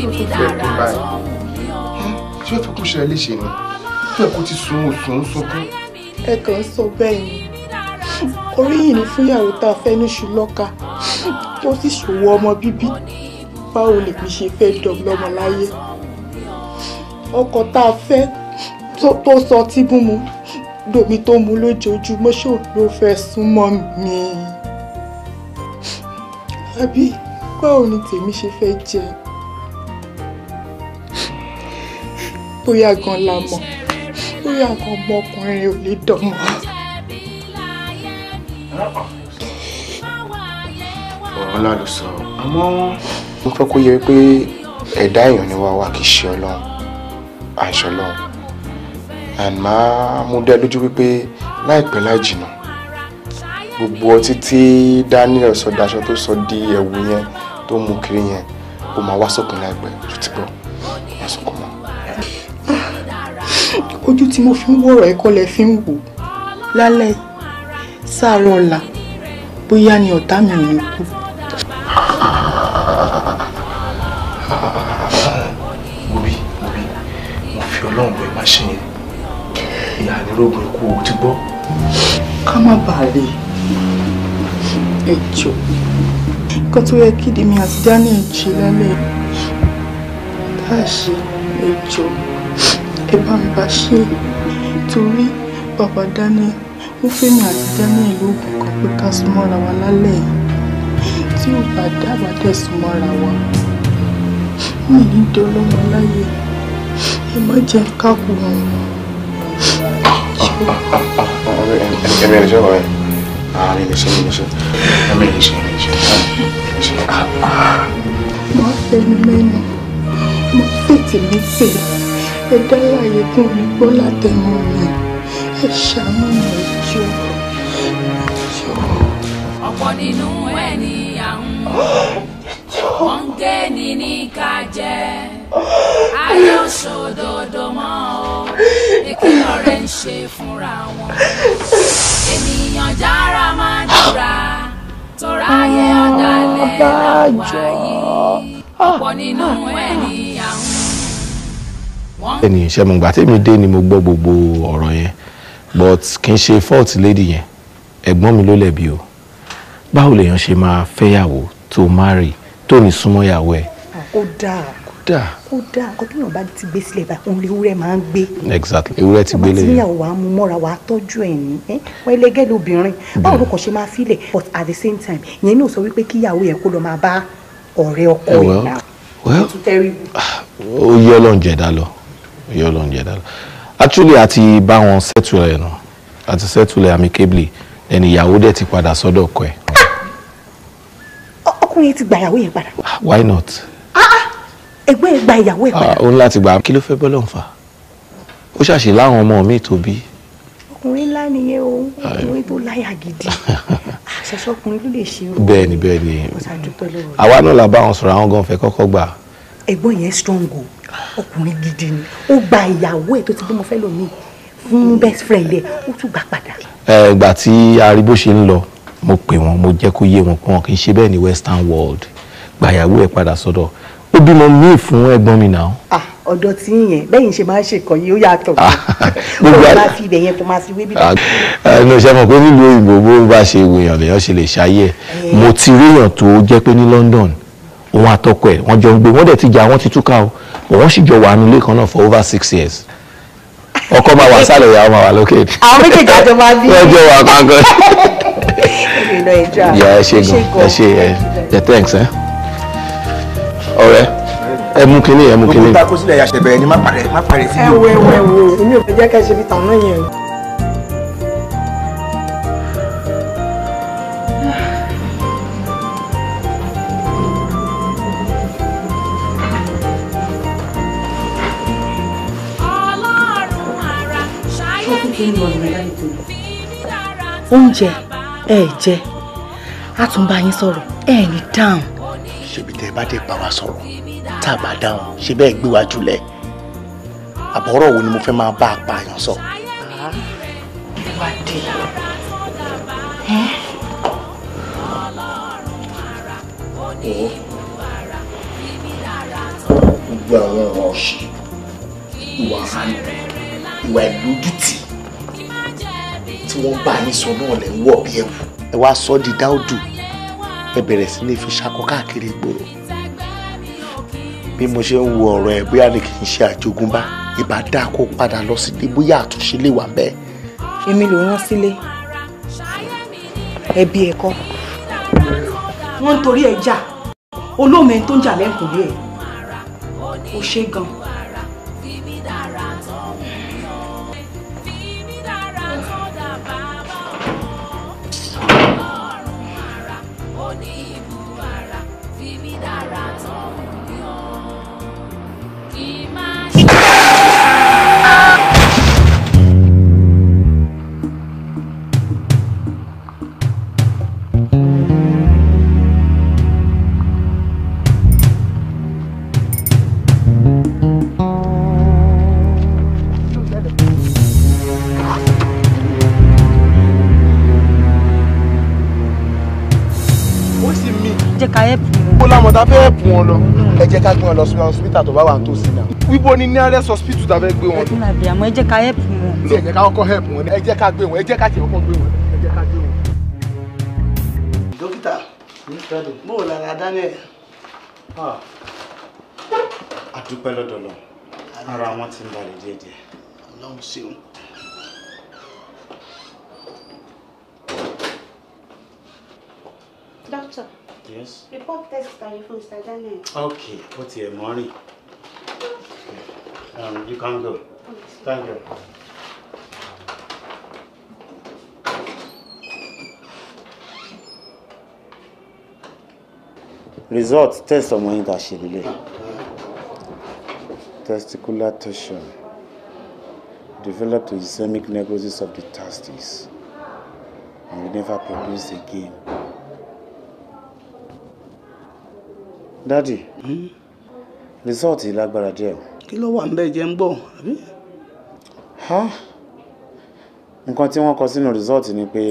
tó tún fẹ́ kú báyìí léṣe ni fẹ́ kó ti sun òsùn ń sunkún. ẹ kàn ń sọ bẹ́ẹ̀ ni oríyìn ni fúnyàwó tá a fẹ́ níṣu lọ́ka tó sì ṣòwò ọmọ bíbí báwo lèmi ṣe fẹ́ dọ̀gbọ́mọ láyé ọkọ tá a fẹ́ tó sọ tí bú mu domi tó mu lójoojúmọ́ ṣó ló fẹ́ súnmọ́ mi àbí báwo ni tèmi ṣe fẹ́ jẹ́ bóyá gan la mọ̀ bóyá gan ọmọkùnrin ò ní dọ̀mọ́. ọ̀rọ̀ ńlá ló sọ àmọ́ mo fẹ́ kó yẹ pé ẹ̀dá èèyàn ni wàá wà kì í ṣe ọlọ́run àìṣe ọlọ́run and máa mú dá lójú wípé láìpẹ́ láì jìnnà gbogbo ọtí tí Daniel sọ daṣọ tó sọ di ẹ̀wù yẹn tó mú kiri yẹn ó máa wá sókun láìpẹ́ tó ti gbọ́ wá sókun ojú tí mo fi ń wọ̀rọ̀ ẹ kọ́ lẹ fi ń wò lálẹ́ sáàárọ̀ ọ̀la bóyá ni ọ̀tá mi ò ní kú. Bobi Bobi mo fi ọlọ́run bọ ẹ ṣe yẹn ìyá àdúrógbò ikú o ti gbọ́. ká má bàa rí ẹ jọ nǹkan tó yẹ kídìmí àti Daniel ṣe lálẹ́ tá a ṣe ẹ jọ ẹ bá mi bá ṣe é torí bàbá Daniel ó fẹ́mi àti Daniel lóògùn kan pé ká súnmọ́ra wa lálẹ́ yìí tí ò bá dábà dẹ̀ súnmọ́ra wa mi ní dọlọ́mọ láyé ẹ má jẹ́ ká wọn. ẹ̀mí ẹ̀ lè ṣe ọ̀rọ̀ rẹ̀ ààrẹ ah, lè ṣe ẹ̀mí lè ṣe ẹ̀mí lè ṣe ah, ah, fẹ́ mi mẹ́nu mo fẹ́ tèmi fẹ́ ẹ dálàyé fún mi gbọ́ látẹnu mi ẹ ṣàánú mi ẹjọ́ ẹjọ́. ọ̀pọ̀ nínú ẹni àrùn wọ́n ń gé ni ní ká jẹ́ ayé òṣòdodo mọ́ ọ ìkìlọ̀ rẹ̀ ń ṣe fúnra wọn ènìyàn jára máa dúra tọ́ra ayé ọ̀dàlẹ̀ làwọn ayé ọ̀pọ̀ nínú ẹni ẹni ìṣẹ́mu gbà dé ni mo gbọ́ gbogbo ọ̀rọ̀ yẹn but kì í ṣe fault lady yẹn ẹ̀gbọ́n mi ló lẹ̀bi o báwo lèèyàn ṣe máa fẹ́yàwó tó marry tó ní súnmọ́ yàwó ẹ̀. ó dáa ó dáa ó dáa nǹkan tó bá ti gbé sílẹ̀ bá òun ewúrẹ́ máa ń gbé. exactly ewúrẹ́ ti gbélé yẹn. àti níyàwó wa mú mọ́ra wa tọ́jú ẹ̀ ní wọ́n ẹlẹ́gẹ́ lóbìnrin báwo ló kàn ṣe máa filẹ̀ but at the same time ìyẹn náà sọ wípé kíyàwó yẹn kó lọ máa bá ọ̀rẹ́ ọkọ yẹn náà. Ah, ó yẹ ọlọ́run lọ yóò ló ń jẹ dáadáa actually àti bá wọn settle ẹ̀ nù àti settle amicably ẹni ìyàwó dẹ̀ ti padà sọ́dọ̀ ọkọ ẹ̀. Ah! ọkùnrin ti gba ìyàwó yẹn padà. Ah, why not. Ah, ẹgbẹ́ ẹ̀ gba ìyàwó ẹ̀ padà. òun láti gbà kí ló fẹ́ bọ́lọ̀ ń fà ó ṣàṣì láwọn ọmọ mi tó bí. ọkùnrin ńlá nìyẹn o ọkùnrin tó láyà gidi <laughs> àṣẹṣọ ọkùnrin ló lè ṣe o. bẹ́ẹ̀ni bẹ́ẹ̀ni àwa náà la bá wọn sọ̀rọ̀ àwọn gan fẹ́ kọ́kọ́ gbà. ẹ̀gbọ́n yẹn strong o ọkùnrin gidi ni ó gba ìyàwó ẹ̀ tó ti bímọ fẹ́lò mi fún best friend ẹ̀ ó tún gbà padà. ẹ ìgbà tí arí bó ṣe ń lọ mo pè wọn mo jẹ́ kó yé wọn pé wọn kì í ṣe bẹ́ẹ̀ ní western world gba ìyàwó ẹ̀ padà sọ́dọ̀ ó bímọ míì fún ẹ̀gbọ́n mi náà. ah ọ̀dọ̀ tí yẹn bẹ́yìn ṣe máa ń ṣèkọ yìí ó yàtọ̀ ah, ó bá fi ibẹ̀ yẹn kó máa fi wébí. Ah, ẹnu ṣe mọ̀ pé nílùú òyìnbó bó bá ṣe wèèyàn lèèyàn ṣe lè ṣayé eh. mo ti ríyàn tó jẹ́ pé ní London òun àtọkọ ẹ̀ wọ́n jọ ń gbé wọ́n dẹ̀ ti jà wọ́n ti túká o wọ́n sì jọ wà nílé kan náà for over six years ọkọ máa wà sálẹ̀ ìyàwó máa wà lókè. àwọn méjèèjì àjọ máa bí. wọ́n jọ wà kankan. ìyá ẹ ṣe gan ẹ ṣe ẹ ẹ thanks ẹ ọ̀rẹ́ ẹ mú kínní ẹ mú kínní. òkúta kó sílẹ̀ yà ṣẹ̀bẹ̀rẹ̀ ni má parẹ́ má parẹ́ sí i. ẹ wo ẹ wo ẹ wo èmi ò fẹ́ jẹ́ ká ṣe bí tàwọn náà yẹn oúnjẹ ẹ jẹ a tún bá yín sọ̀rọ̀ ẹ ní dáhùn. ṣebí tẹ bá dé bá wa sọ̀rọ̀ tá a bá dáhùn ṣe bẹ́ẹ̀ gbé wa jùlẹ̀ àbọ̀rọ̀ wo ni mo fẹ́ máa bá apààyàn sọ. ìwádìí ẹ. gbogbo àwọn ọ̀rọ̀ ọ̀sìn ìwà àánú ìwà tí wọ́n bá yín sọ náà lẹ̀ ń wọ̀ bí ẹ̀wù. ẹ wá sọ di dáúdù ẹ bẹ̀rẹ̀ sí ní fi ṣakọ káàkiri ìgboro bí mo ṣe ń wo ọ̀rọ̀ ẹ̀ bóyá ni kì í ṣe àjogúnbá ìbá dáa kó padà lọ sílé bóyá àtúnṣe lè wà bẹ́ẹ̀. èmi ló rán sílé ẹbí ẹkọ wọn ń torí ẹ jà olóòmẹ tó ń jà lẹ́kùnlé ẹ ó ṣe gan-an. wọn lọ ẹ jẹ́ ká gbé wọn lọ sí hospital tó bá wà nítòsí náà. wíbo ni nearest hospital tá a fẹ́ gbé wọn lọ. ẹ jẹ́ ká help wọn. ẹ jẹ́ ká kọ́kọ́ help wọn ẹ jẹ́ ká gbé wọn ẹ jẹ́ ká tiẹ̀ kọ́kọ́ gbé wọn ẹ jẹ́ ká gbé wọn. dókítà bó o lára Daniel. àdúpẹ́ lọ́dọ̀ lọ ara wọn ti ń balẹ̀ díẹ̀díẹ̀. ọlọ́run ṣeun. Doctor. Yes. Report test you from Mr. Daniel. Okay, put your money. Um, you can go. Thank you. Result test ọmọ yín ta ṣe lélẹ̀. Ah. Testicular torsion developed to ischemic necrosis of the testes and we never produced again. dádì hmm? rìsọ́ọ̀tì lágbára díẹ̀ o. kí ló wà níbẹ̀ jẹ́ ń gbọ́ àbí. nǹkan tí wọ́n kọ sínú rìsọ́ọ̀tì ni pé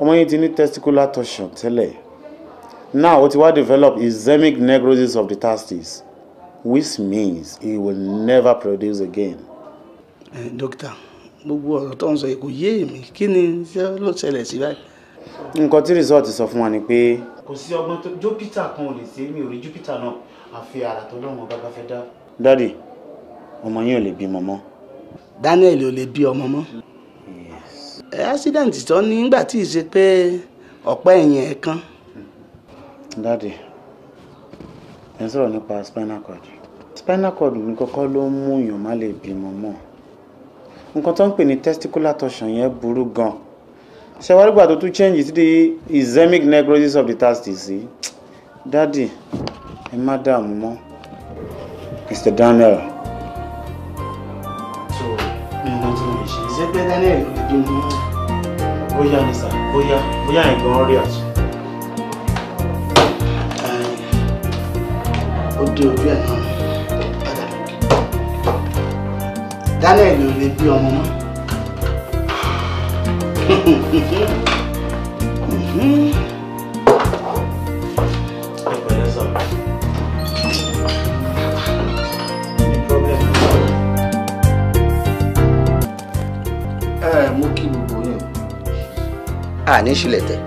ọmọ yín ti ní testicular torsion tẹ́lẹ̀ now ó ti wá develop ischemic necrosis of the testes which means he will never produce again. ẹ eh, dókítà gbogbo ọ̀rọ̀ tó ń sọ yìí kò yé èmi kí ni ṣé ló ṣẹlẹ̀ sí báyìí. nǹkan tí rìsọ́ọ̀tì sọ fún wa ni pé kò sí ọgbọ́n tó júpítà kan ò lè ṣe mi ò rí júpítà náà àfi àrà tó lọ́wọ́ bàbá fẹ́ dá. dádì ọmọ yín ò lè bímọ mọ́. Daniel ò lè bí ọmọ mọ́. accident tó ní nígbà tí ì ṣe pé ọ̀pá ẹ̀yìn ẹ̀ kan. dádì ẹ sọ̀rọ̀ nípa spinal cord spinal cord ní kọ́kọ́ ló ń mú èèyàn má lè bímọ mọ́ nǹkan tó ń pè ní testicular torsion yẹn burú gan-an ṣe wá nígbà tó tún change sí the ischemic necrosis of the thirties sí dádì ẹ má dààmú mọ́ mr daniel. so nǹkan tí mo ṣe ṣe pé daniel dìde mú bóyá ní sà bóyá bóyá ìgbọ́n rí àtún. ó dé ojú ẹ̀ náà daniel ò lè bí ọmọ mọ́ ní ṣílẹ̀ tẹ̀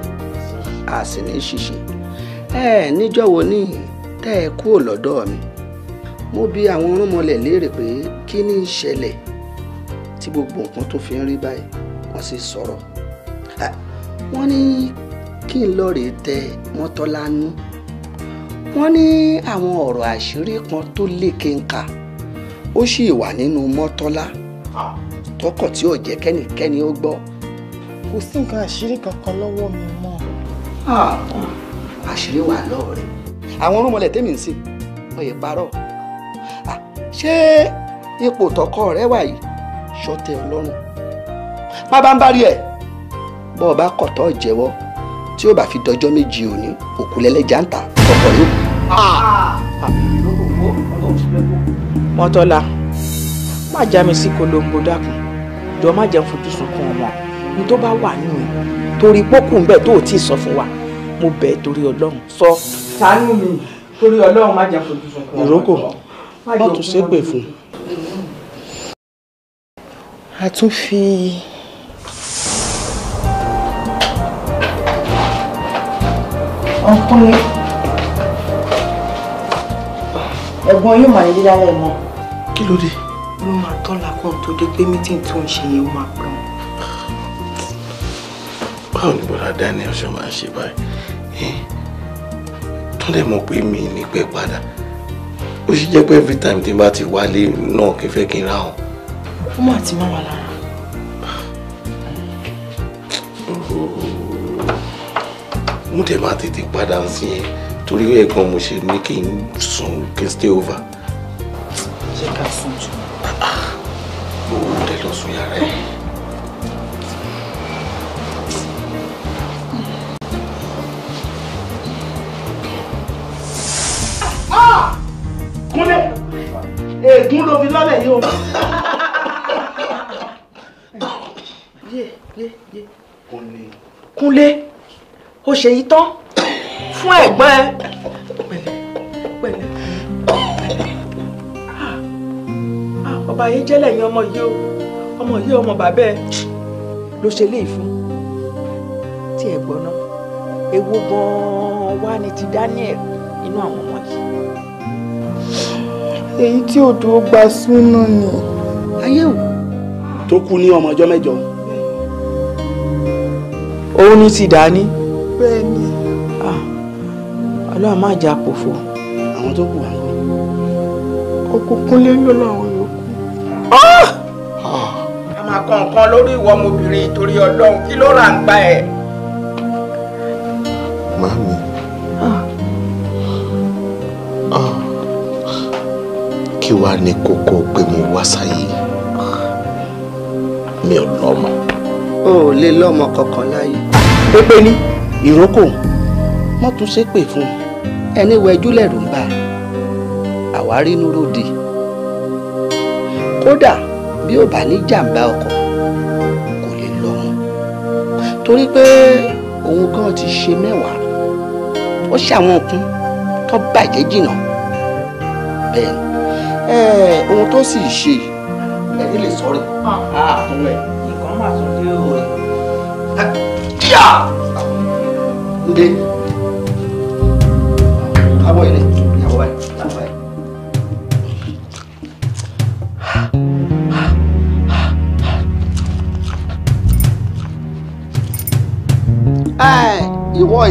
a sì ní ṣìṣe ẹ níjọ́ wo ní tẹ́ ẹ kúrò lọ́dọ̀ mi mo bi àwọn ọ̀rọ̀mọlẹ̀ léèrè pé kí ni ìṣẹ̀lẹ̀ tí gbogbo nǹkan tó fi ń rí báyìí wọ́n sì sọ̀rọ̀ wọ́n ní kí n lọ rè tẹ mọ́tọ́lánú wọ́n ní àwọn ọ̀rọ̀ àṣírí kan tó lékè ń kà ó sì wà nínú mọ́tọ́lá tọkọ̀ tí ò jẹ́ kẹ́nikẹ́ni ó gbọ́. kò sí nǹkan àṣírí kankan lọ́wọ́ mi mọ́. àṣírí wà lọ́wọ́ rẹ̀ àwọn orúnmọlẹ̀ tèmi ń sìn wọ́n yẹ parọ́ ṣé ipò tọkọ rẹ wà yìí ṣọtẹ ọlọ́run má bá ń bá rí ẹ̀ bọ́ ọ bá kọ̀tọ́ jẹ́wọ́ tí ó bá fi dọjọ́ méjì òní òkú lẹ́lẹ́jà ń tà ọkọ̀ yóò. mọ́tọ́lá má já mi sí kolombo dákun jọ má jẹun fojú sunkún ọmọ ní tó bá wà nínú ẹ torí pókù ń bẹ tó o tí ì sọ fún wa mo bẹ̀ ẹ́ torí ọlọ́run sọ. ṣàánú mi torí ọlọ́run má jẹun fojú sunkún ọmọ. ìrókò má tún ṣépè fún un. a tún fi ọkùnrin ẹ̀gbọ́n yóò máa ní dídálẹ̀ mọ́. kí ló dé. ló máa tán lákàn tó dé pé mítìn tó ń ṣe yẹn ó máa pẹ́ wọn. báwo ni bọ́dà Daniel ṣe máa ń ṣe báyìí tó dẹ̀ mọ̀ pé mi ní padà ó ṣe jẹ́ pé every time tí n bá ti wálé náà kí n fẹ́ kí n ra ó mà ti máa wà lára. mo dẹ̀ máa tètè padà sí yẹn torí ẹ̀ gan mo ṣe ní kí n sùn kí n stay over. ṣé ká sùn jù. owó dẹ̀ lọ sùn yàrá ẹ̀. Ah! kúnlẹ̀ ègún ló fi lọ́lẹ̀ yìí o. kúnlẹ̀ ó ṣe yí tán fún ẹ̀gbọ́n ẹ. pẹ̀lẹ́ pẹ̀lẹ́ ọba ah, yìí jẹ́ lẹ́yìn ọmọ yìí o ọmọ yìí ọmọ bàbá ẹ ló ṣe léyìí fún tí ẹ gbọ́ náà ewu gan-an wá ní ti Daniel inú àwọn ọmọ yìí. èyí tí odò gba sínú ni. ayé wò. tó kú ní ọmọ ọjọ́ mẹ́jọ òun ní ti dání. Si bẹ́ẹ̀ ni. Ah, ọlọ́run má jà pòfo. àwọn tó kù wá ń gbọ́. ọkọ kúnlé ló láwọn yòókù. a ah! ah. máa kọ nǹkan lórí ìwọ ọmọbìnrin torí ọlọ́run kí ló rà ń gba ẹ̀. màmí. kí wàá ní kókó pé mo wá sáyé mi ò lọ́mọ. o ò lè lọ́mọ kankan láyé. pépé ní ìrókò wọ́n tún ṣépè fún ẹni wẹjú lẹ́rù ń bá àwárí inú ròde kódà bí ò bá ní jàǹbá ọkọ̀ kò lè lọ mọ́ torí pé òun gan ti ṣe mẹ́wàá ó ṣàwọn òkun tó bàjẹ́ jìnnà bẹ́ẹ̀ ẹ ohun tó sì ṣe ẹni lè sọ rẹ̀ àtúnwẹ̀. Ah. Ah, nǹkan máa tún dé o. Ah, ǹdẹ abọ́ ilé ìyàwó ẹ̀ láti ẹ̀.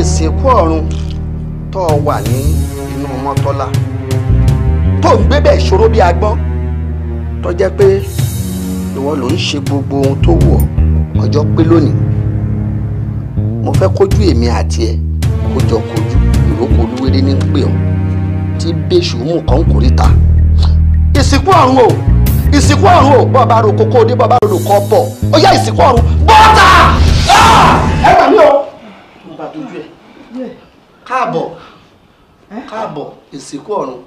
ìsìnkú ọ̀run tó wà ní inú mọ́tọ́lá tó ń gbé bẹ́ẹ̀ ṣòro bí agbọ́n tó jẹ́ pé ìwọ ló ń ṣe gbogbo ohun tó wù ọ́ ọjọ́ pé lónìí mo fẹ́ kójú èmi àti ẹ kó jọ kojú ìrókò olúwerè ní pè ọ́ tí bẹ́sù mú kàn ń kórìíta ìsìnkú ọ̀run o ìsìnkú ọ̀run o bọ́ọ̀ bá ro kókó dé bọ́ọ̀ bá ro olùkọ́ bọ̀ ó yá ìsìnkú ọ̀run bọ́ọ̀tà ẹ gbà mí o mo bá dojú ẹ káàbọ̀ káàbọ̀ ìsìnkú ọ̀run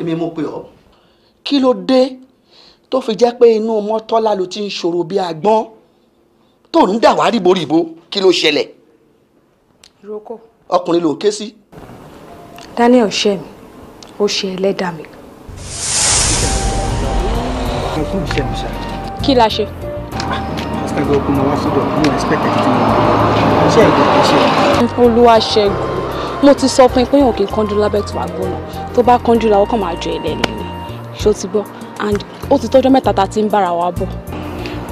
èmi mo pè ọ́ kí ló dé tó fi jẹ́ pé inú mọ́tọ́lá ló ti ń ṣòro bí agbọ́n tó ń dàwárí boríbo kí ló ṣẹlẹ̀. ìrókò. ọkùnrin ló ké sí. Daniel ṣe mi ó ṣe ẹlẹ́dàá mi. kí la ṣe. pásítọ̀ ọkùnrin náà wá sọ́dọ̀ mú ẹ̀sìpẹ̀tẹ̀ tí mo ń ṣe ẹ̀gbọ́n kì í ṣe. olúwa ṣẹ́gun mo ti sọ fún yín pé yàn kì í kánjú lábẹ́ tó wà gbọ́nà tó bá kánjú làwọn kan máa jọ ẹlẹ́nu ni ṣó ti gbọ́ and ó ti tọ́jọ́ mẹ́ta tá a ti ń bára wa bọ̀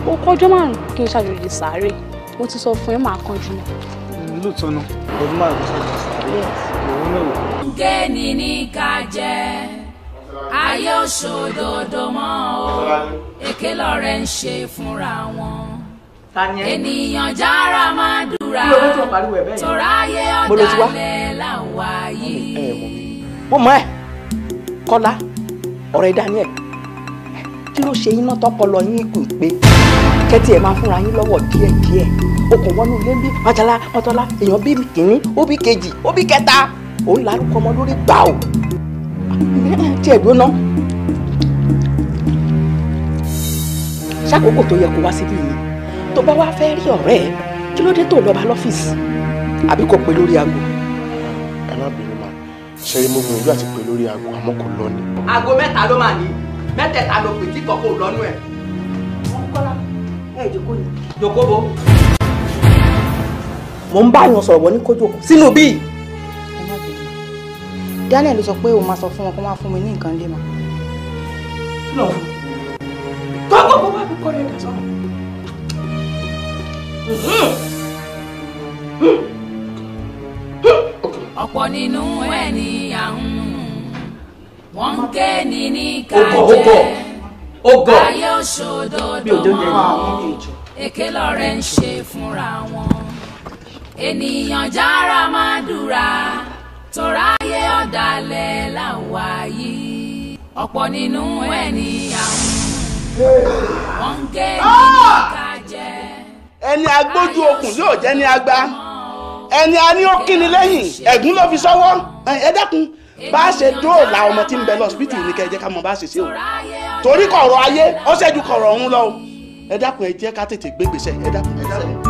ó kọjọ́ márùn-ún kí n ṣàjòjì sáré mo ti sọ fún yín máa kan jùlọ. Mm, lóòótọ́ náà ọdún máa lọ sọ́dọ̀ òun náà wò. gẹ́ni ní ká jẹ́ ayé òṣòdodo mọ́ o èké lọ́rẹ́ ń ṣe fúnra wọn ènìyàn jára máa dúra tọ́ra ayé ọ̀dàlẹ̀ làwọn ayé. bó mọ ẹ kọlá ọ̀rẹ́ Daniel kí ló ṣe iná tọpọlọ yín kù pé kẹtì máa fúnra yín lọ́wọ́ díẹ̀díẹ̀ okùn wọnú ilé ń bí pátálá pátálá èèyàn bí kìíní ó bí kejì ó bí kẹta òun larúkọ ọmọ lórí gbà ó tiẹ̀ gbóná ṣàkókò tó yẹ kó wá síbí yìí tó bá wá fẹ́ rí ọ̀rẹ́ ẹ kí ló dé tó lọ́ba lọ́fíìsì àbí kò pé lórí aago. ẹ má bínú ma ṣe é mo gbìyànjú àti pé lórí aago àmọ́ kò lọ ni. aago mẹ́ta ló máa ní mẹ́tẹ̀ẹ̀ta ló pè tí kò kò lọ́nú ẹ̀. wọ́n ẹ̀ jòkó ni. jòkó bo mò ń bá yàn sọ̀rọ̀ wọ́n ní kó jókòó sínú bíi. Daniel sọ pé òun máa sọ fún wọn kó máa fún mi ní nǹkan lé ma. lọ gbọ́dọ̀ kó bá mi kọ́ ẹ̀ dàsọ́. ọ̀pọ̀ nínú ẹ̀ ni àwọn wọn ń ké ní ní kájẹ́ ayé òṣòdodo mọ́ èké lọ́rẹ́ ń ṣe fúnra wọn ènìyàn jára máa dùrà tọ́ráyé ọ̀dàlẹ̀ là ń wá yìí ọ̀pọ̀ nínú ẹni àwọn wọ́n ń gé ní kájẹ́. ẹni agbójú okùn yóò jẹ́ ní agba ẹni a ní ó kíni lẹ́yìn ẹ̀gún ló fi sọ́wọ́ ẹ dẹ́kun bá a ṣe dóòlà ọmọ tí ń bẹ lọ́sibítù ní kẹ́ ká mọ bá ṣe ṣe o torí kọ̀rọ̀ ayé ó ṣẹ́jú kọ̀rọ̀ ọ̀hún lọ o ẹ dákun ẹ jẹ́ ká tètè gbégbèsè ẹ dákun ẹ dákun.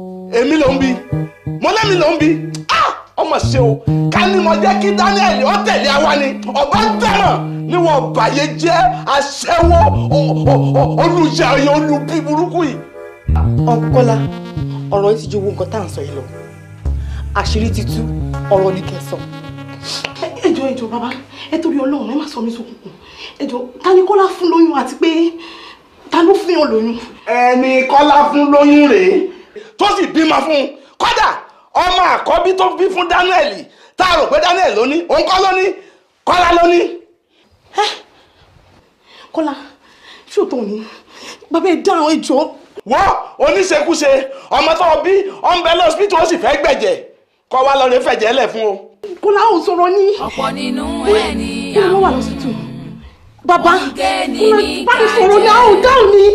èmi ló ń bi mo lẹ́mi ló ń bi ah! ọmọ ṣe o ká ní mo jẹ́ kí Daniel ó tẹ̀lé àwa ni ọba dẹ̀ràn níwọ̀n bàyẹ̀ jẹ́ aṣẹ́wó olùjẹ̀yẹ olùbí burúkú yìí. ọ̀nkọ́lá ọ̀rọ̀ yìí ti ju owó nǹkan tá à ń sọ yìí lọ àṣírí ti tú ọ̀rọ̀ ní kẹsàn. ẹ jọ̀ọ́ ẹ jọ̀ọ́ bàbá ẹ torí Ọlọ́run ẹ má sọ mí sókùnkùn ẹ jọ̀ọ́ ta ni Kọ́lá fún lóyún àti pé ta ló fún yàn lóyún. ẹni Kọ́lá fún lóyún rèé tó sì bímọ fún un kódà ọmọ àkọ́bí tó bí fún Daniel tá a rò pé Daniel ló ní òun kọ́ ló ní Kọ́lá ló ní. Kọ́lá ṣòtò ni bàbá ẹ dá àwọn ìjọ. wọ́n oníṣekúṣe ọmọ tó bí ọ̀nbẹ lọ́sibítù ó sì fẹ́ gbẹ̀jẹ̀ kọ́ wa lọ́ọ́ rẹ fẹ̀jẹ̀ lẹ̀ fún o. Kọ́lá ò sọ̀rọ̀ ní. ọ̀pọ̀ nínú ẹni àwọn. kí ló wà lọ́sibítù bàbá ah! bá mi sọ̀rọ̀ náà ó dáhùn mi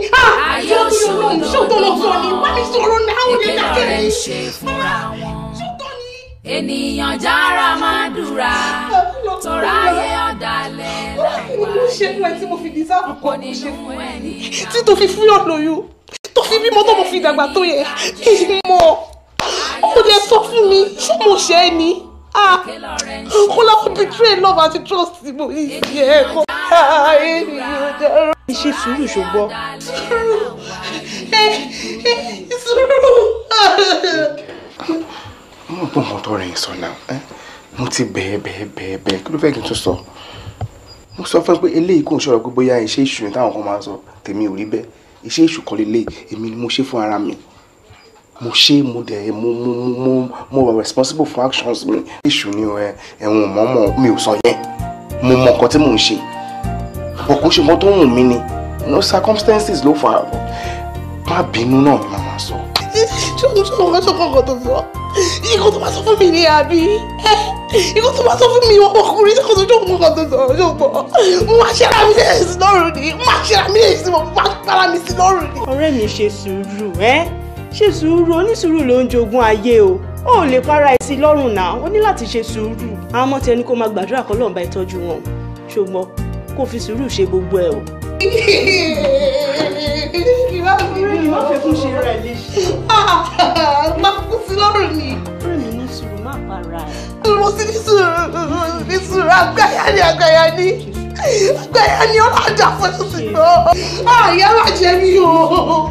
ayé òṣòro wọn ṣòtò lọ fún ọ ni bá mi sọ̀rọ̀ náà ó lè dákẹ́ rẹ̀ ṣe fúnra ah! wọn ènìyàn jára máa dúra tọ́ra ayé ọ̀dàlẹ̀ làwọn àyè ọkọ nínú ẹni tí tó fi fúyọ̀ lóyún tó fi bímọ tó mo fi dàgbà tó yẹ kí n mọ ó lè sọ fún mi ṣé mo ṣe é ni ah kó láwọn betray love àti trust tí mo yí yẹ kó ayé mi ò dára. ṣe sùúrù ṣùgbọ́n. sùúrù. mo mọ̀ pé mo tọrọ yín sọ náà mo ti bẹ̀ẹ̀ bẹ̀ẹ̀ bẹ̀ẹ̀ bẹ̀ẹ̀ kí ló fẹ́ kí n tún sọ mo sọ fún ẹ pé eléyìí kò ń ṣọ̀rọ̀ pé bóyá iṣẹ́ ìṣù ni táwọn kan máa ń sọ tèmi ò rí bẹ́ẹ̀ iṣẹ́ ìṣù kan lélẹ̀ èmi ni mo ṣe fún ara mi mo ṣe mo dẹ̀ mo mo mo mo wà responsible for actions mi èṣù ni ẹ ẹ̀hún mọ́mọ́ mi ò sọ yẹn mo mọ nǹkan tí mò ń ṣe bọ̀ kó ṣe nǹkan tó wùn mí ni no circumstances ló fà á má bínú náà ni màmá sọ. ṣọ́kùn ṣọ́kùn wá ṣọ́kùn ọkọ̀ tó sọ ikú tó bá sọ fún mi ni àbí ikú tó bá sọ fún mi ọkùnrin ṣọ́kùn tó ṣọ́kùn ọkọ̀ tó sọ ṣọ́kùn mo máa ṣe ara mi lẹ́yìn sí lọ́rùn ni mo máa ṣe ara mi lẹ́yìn sí mo máa para mi sí lọ́rùn ni. ọ̀rẹ́ mi ṣe sùúrù ẹ́. Eh? ṣe sùúrù onísùúrù ló ń jogún ayé o ó lè para ẹ sí lọ́rùn náà ó ní láti ṣe sùúrù àwọn ọmọ tẹni kó máa gbàdúrà kọ́ lọ́nba ìtọ́jú wọn ṣùgbọ́n kó fi sùúrù ṣe gbogbo ẹ o. ìwà òfin ni wọ́n fẹ́ fún ṣe rẹ̀ léṣe. máa kú sí lọ́rùn ni. bẹ́ẹ̀ni ní sùúrù má para ẹ̀. mo ti ní sùúrù ní sùúrù àgbáyà ni àgbáyà ni àgbáyà ni ọ̀làjà fọ́ṣọ̀ṣì ah, náà. àyà máa jẹ mí o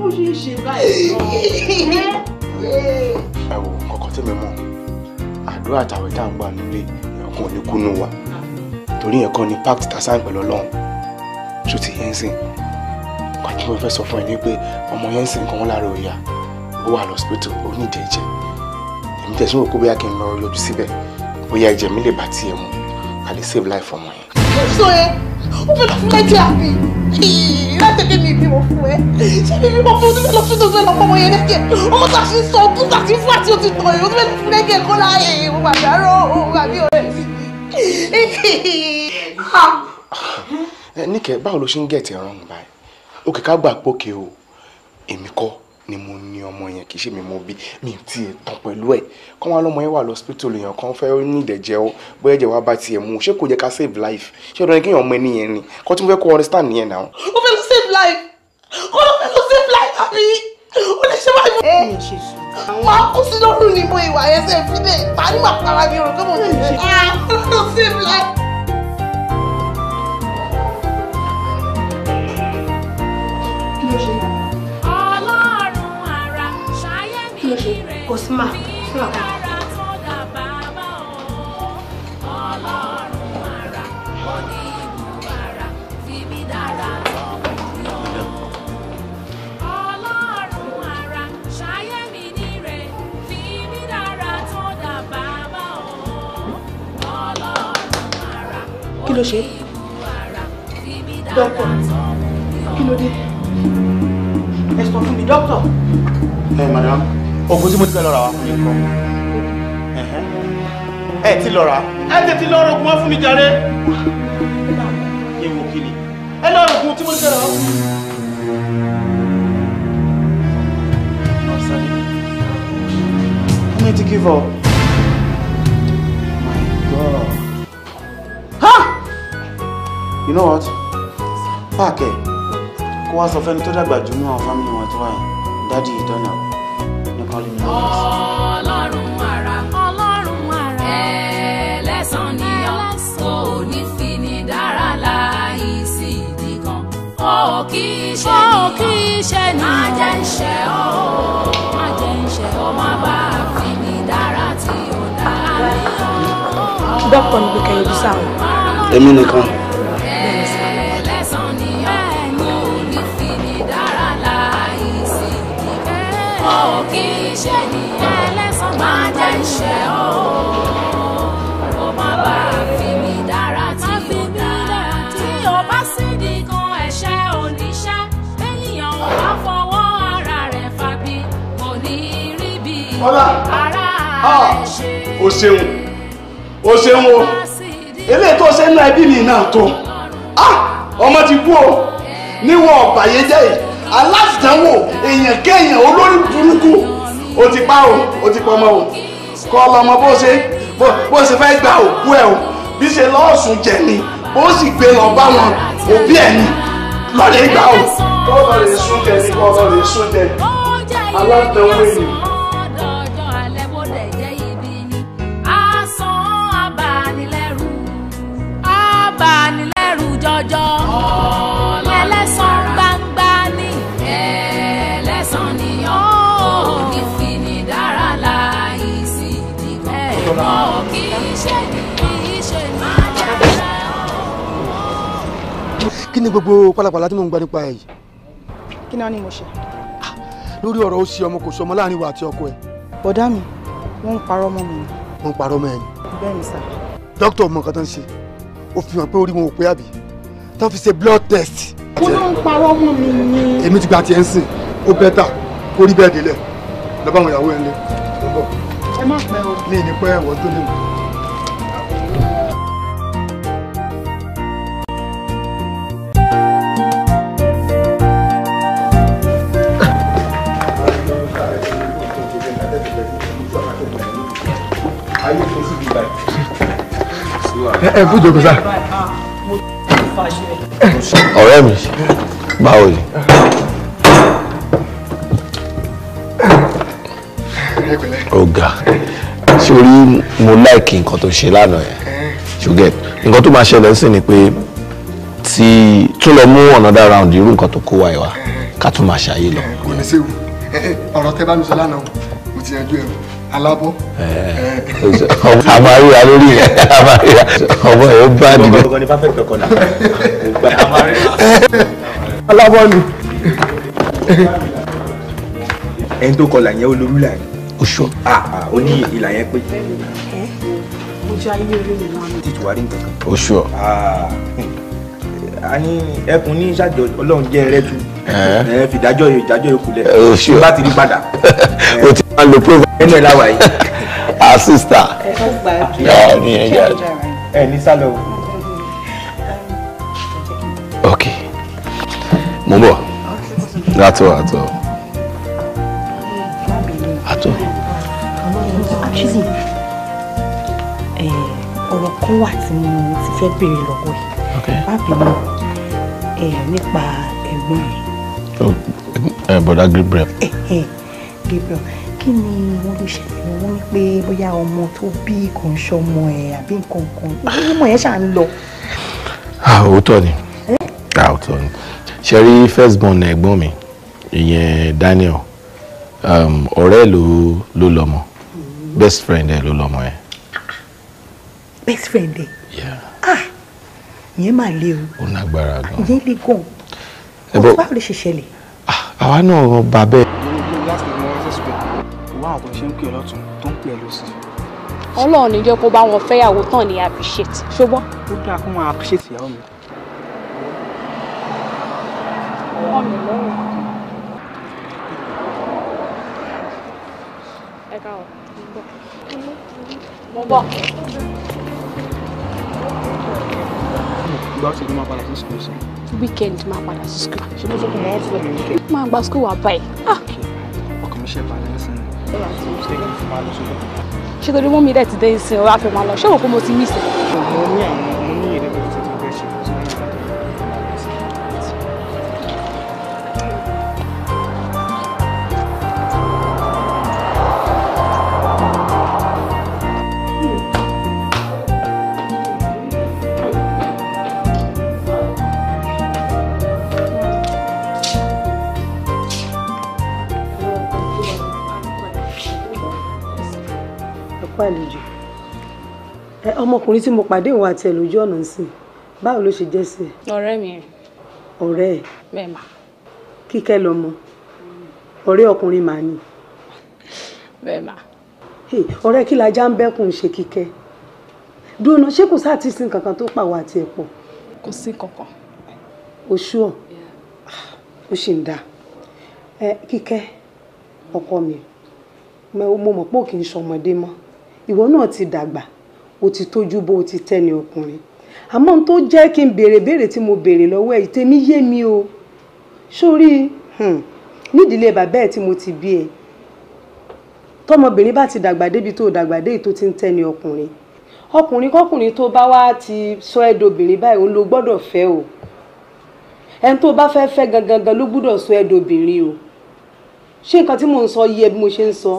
bó ṣe ń ṣe báyìí lọ. ẹ wo ọkàn tẹ́mi mọ́ àdúrà àtàwẹ̀ tá à ń gbà nílé ẹ̀kún ní kú wa torí yẹn kọ́ ni pact ta sáà pẹ̀lú ọlọ́run ṣó ti yẹn sìn wà kí fẹ́ sọ fún ẹ ní pé ọmọ yẹn sìn kan lára òyà ó wà lọ́sípítù ó ní ìdẹ̀ ẹ̀jẹ̀ èmi tẹ̀sán òkú bóyá kí n lọ yọjú síbẹ̀ bóyá ẹ̀jẹ̀ mi lè bá tiẹ̀ mu a lè save life ọmọ yẹn. ẹ sọ yẹn ó fẹ́ lọ fún mẹ́tì àbí látẹ̀lé mi ìbímọ fún ẹ ṣé mi ìbímọ fún ọdún mẹ́lọ fún ọdún mẹ́lọ fún ọmọ yẹn lẹ́kẹ̀ ọmọ tá a fi sọ ọdún tá a ti fún àti òtítọ́ ẹ̀ ọdún mẹ́lọ fún lẹ́kẹ̀ kó láàyè ìwọ bàbá rọ òun àbí ọ̀rẹ́ mi. báwo ló ṣe ń gẹ̀ẹ́tì ẹ̀rọ ọ̀hún báyìí ó ká gbà pókè o èmi kọ́ ni mo ní ọmọ yẹn kì í ṣe mi mo bí mi ti tán pẹ̀lú ẹ̀ kọ́ wọn lọ́mọ yẹn wà lọ́sípítọ̀lù yẹn kan fẹ́ ní ìdẹ̀jẹ́ ó bóyá ẹ̀jẹ̀ wa bá tiẹ̀ mu ṣé kò jẹ́ ká save life ṣé ọ̀dọ́ yẹn kí èèyàn mọ ẹni yẹn ni kọ́ tí mo fẹ́ kó understand nìyẹn náà. ó fẹ́ lọ save life ó lọ fẹ́ lọ save life àbí ó lè ṣe báyìí. ẹ ẹ ṣe sùn. máa kú sí lọ́rùn ni mo ìwà yẹn ṣe fi dé ìparí màá para mi rò pé mo fi kò sí mà sí mà kà. kí ló ṣe dọ́kítọ̀ kí ló dé ẹ sọ fún mi dọ́kítọ̀. ẹ madam oògùn tí mo ti fẹ́ lọ rà wá fún mi kọ́ ẹ ti lọ rà ẹ tètè lọ rògùn wá fún mi jàre ewu kìíní ẹ lọ rògùn tí mo ti fẹ́ lọ rà wá fún mi. I'm to give up. My God. Huh? You know what? Park ẹ̀ kó wá sọ fẹ́ni tó dàgbà jù nínú àwọn fámìlì wọn tó wà yìí. Dádì ìdáná calling me. Ọlọ́run ara. Ọlọ́run ni ọ́, O kì í ṣe nìyẹn. O kì í ṣe nìyẹn. Má jẹ́ ìṣẹ́ o. Má jẹ́ ìṣẹ́ o. Má bá a fi ní dára tí ó dá lé. Dọ́pọ̀ ni bí bí sáà. Èmi nìkan. iṣẹ́ ìyá ẹlẹ́sàn máa jẹ́ iṣẹ́ o. mi dára tí ó dá. Tí o ah, O ṣeun, o ṣeun o, eléyìí tó ṣe ń la ẹbí mi náà tó. Ah, ọmọ ti kú o, níwọ̀n ọ̀bàyéjẹ́ yìí, aláfitánwò, èèyàn kéèyàn olórí burúkú o ti pa o o ti pọmọ o kọ́ lọ́mọ bó ṣe bó ṣe fẹ́ gba òkú ẹ̀ o bí ṣe lọ́ọ̀sùn jẹ̀ ni bó sì gbé lọ bá wọn òbí ẹ̀ ni lọ́lẹ̀ gbà o kọ́ lọ́lẹ̀ sún jẹ ni kọ́ lọ́lẹ̀ sún jẹ aládàáwó ènìyàn. abanilẹ́rù jọjọ. kí ni gbogbo pálapàla tí mò ń gba nípa ẹ̀ yìí. kí náà ni mo ṣe. Ah, lórí ọ̀rọ̀ ó ṣe ọmọ kò sọmọ láàrin ìwà àti ọkọ ẹ̀. bọ̀dá mi wọ́n ń parọ́ mọ́ mi. wọ́n ń parọ́ mọ́ ẹ̀yìn. bẹ́ẹ̀ ni sà. dókítà mọ nǹkan tó ń ṣe ó fi hàn pé orí wọn ò pé àbí tó fi ṣe blood test. wọ́n ń parọ́ mọ́ mi ni. èmi ti gba tiẹ̀ ń sìn ó bẹ́tà kó rí bẹ́ẹ̀ délẹ̀ lọ́ ẹ kú jókòó sá. ọ̀rẹ́ mi báwo ni. ọ̀gá sórí mo láìkì nǹkan tó ṣe lánàá yẹn ṣùgbọ́n nǹkan tó máa ṣẹlẹ̀ sí ni pé tí tún lọ mú another round irú nǹkan tó kó wa ẹ̀ wá ká tún máa ṣàyè lọ. ọ̀rọ̀ tẹ́ bá mi sọ lánàá mo ti yanjú ẹ̀ o alábọ. àmàríra lórí rẹ àmàríra ọmọ ẹ ó bá nìyẹn. gbogbo ní fáfẹ́ pẹ̀kọ́ náà àmàríra. alábọ ni. ẹni tó kọlà yẹn olórí là ní. oṣù. ó ní ìlà yẹn pé. mo jẹ́ ayé orí mi lánàá. títí wàá rí nǹkan kan. oṣù. a ní ẹkùn ní ṣàjọ ọlọ́run jẹ́ ẹrẹ́tù fìdájọ́ ìdájọ́ ìkulẹ̀ oṣù láti rí padà. <laughs> máa lo proverb. ẹnu ẹ̀ láwàá yìí. <laughs> our sister. ẹ ó gbà á kí ẹ ẹ ní sálọ. ok mo bọ̀ that's all that's all. àtọ. àṣìṣe ọ̀rọ̀ kan wà tí mo ti fẹ́ béèrè lọ́wọ́ ẹ̀ bábí mi nípa ẹ̀gbọ́n mi. Oh, bọ̀dá Gabriel. Eh, eh, Gabriel kí ni wọ́n lè ṣẹlẹ̀ wọ́n ní pé bóyá ọmọ tó bí kò ṣọmọ ẹ̀ àbí nǹkan kan ọmọ yẹn ṣà ń lọ. Ah, òótọ́ ni ah, òótọ́ ni ṣe first born ẹ̀gbọ́n mi ìyẹn Daniel um, ọ̀rẹ́ ló ló lọ́mọ best friend ẹ̀ ló lọ́mọ ẹ̀. best friend ẹ̀. ah ìyẹn máa le o. ó nágbára gan. ìyẹn le gan. ọ̀sán báwo lè ṣe ṣẹlẹ̀. Ah, àwa náà bàbá ẹ̀ ṣe ń pè ẹ́ lọ́tún tó ń pè ẹ́ lọ́sì. ọlọ́run níjọ́ kó bá wọn fẹ́yàwó tán ní appreciate ṣùgbọ́n. ó dáa kó máa appreciate ìyàwó mi. ọmọ weekend máa padà sí school. ṣé mo sọ fún mi wọ́n fún mi. máa gba school wa báyìí. Ah! ọkàn mi ṣe balẹ̀ ẹ̀sìn ṣe torí mú mi rẹ̀ ti dé ìsìn ọ̀rá fẹ́ máa lọ ṣé òkú mo ti mí sí. ọmọkùnrin tí mo pàdé ìwà àti ẹ̀ lójú ọ̀nà sí báwo ló ṣe jẹ́ sí ẹ. ọ̀rẹ́ mi rẹ̀. ọ̀rẹ́ ẹ̀. bẹ́ẹ̀ ma. kíkẹ́ lọmọ ọ̀rẹ́ ọkùnrin màá ni. bẹ́ẹ̀ ma. ọ̀rẹ́ kí lajá ń bẹ́kùn ṣe kíkẹ́ dúró ṣé kò sáà ti sin kankan tó pàwọ́ àti ẹ̀ pọ̀. kò sí kankan. oṣù ọ̀ ó ṣì ń dà ẹ kíkẹ́ ọkọ mi mo mọ̀ pé òkè ń ṣọmọdé mọ́ ìwọ náà ti dàgbà o ti tójú bó o ti tẹ́ni ọkùnrin àmọ́ n tó jẹ́ kí n béèrè béèrè tí mo béèrè lọ́wọ́ ẹ̀ tèmi yé mi o sórí hmm, nídìílé bàbá ẹ̀ tí mo ti bí ẹ tọmọbìnrin bá ti dàgbà débi tó dàgbà dé èyí tó ti ń tẹ́ni ọkùnrin ọkùnrin kọkùnrin tó bá wá ti sọ ẹ́ dobìnrin báyìí òun ló gbọ́dọ̀ fẹ́ o ẹni tó bá fẹ́ fẹ́ gangan gan ló gbọ́dọ̀ sọ ẹ́ o ṣé nǹkan tí mò ń sọ yẹ bí mo ṣe ń sọ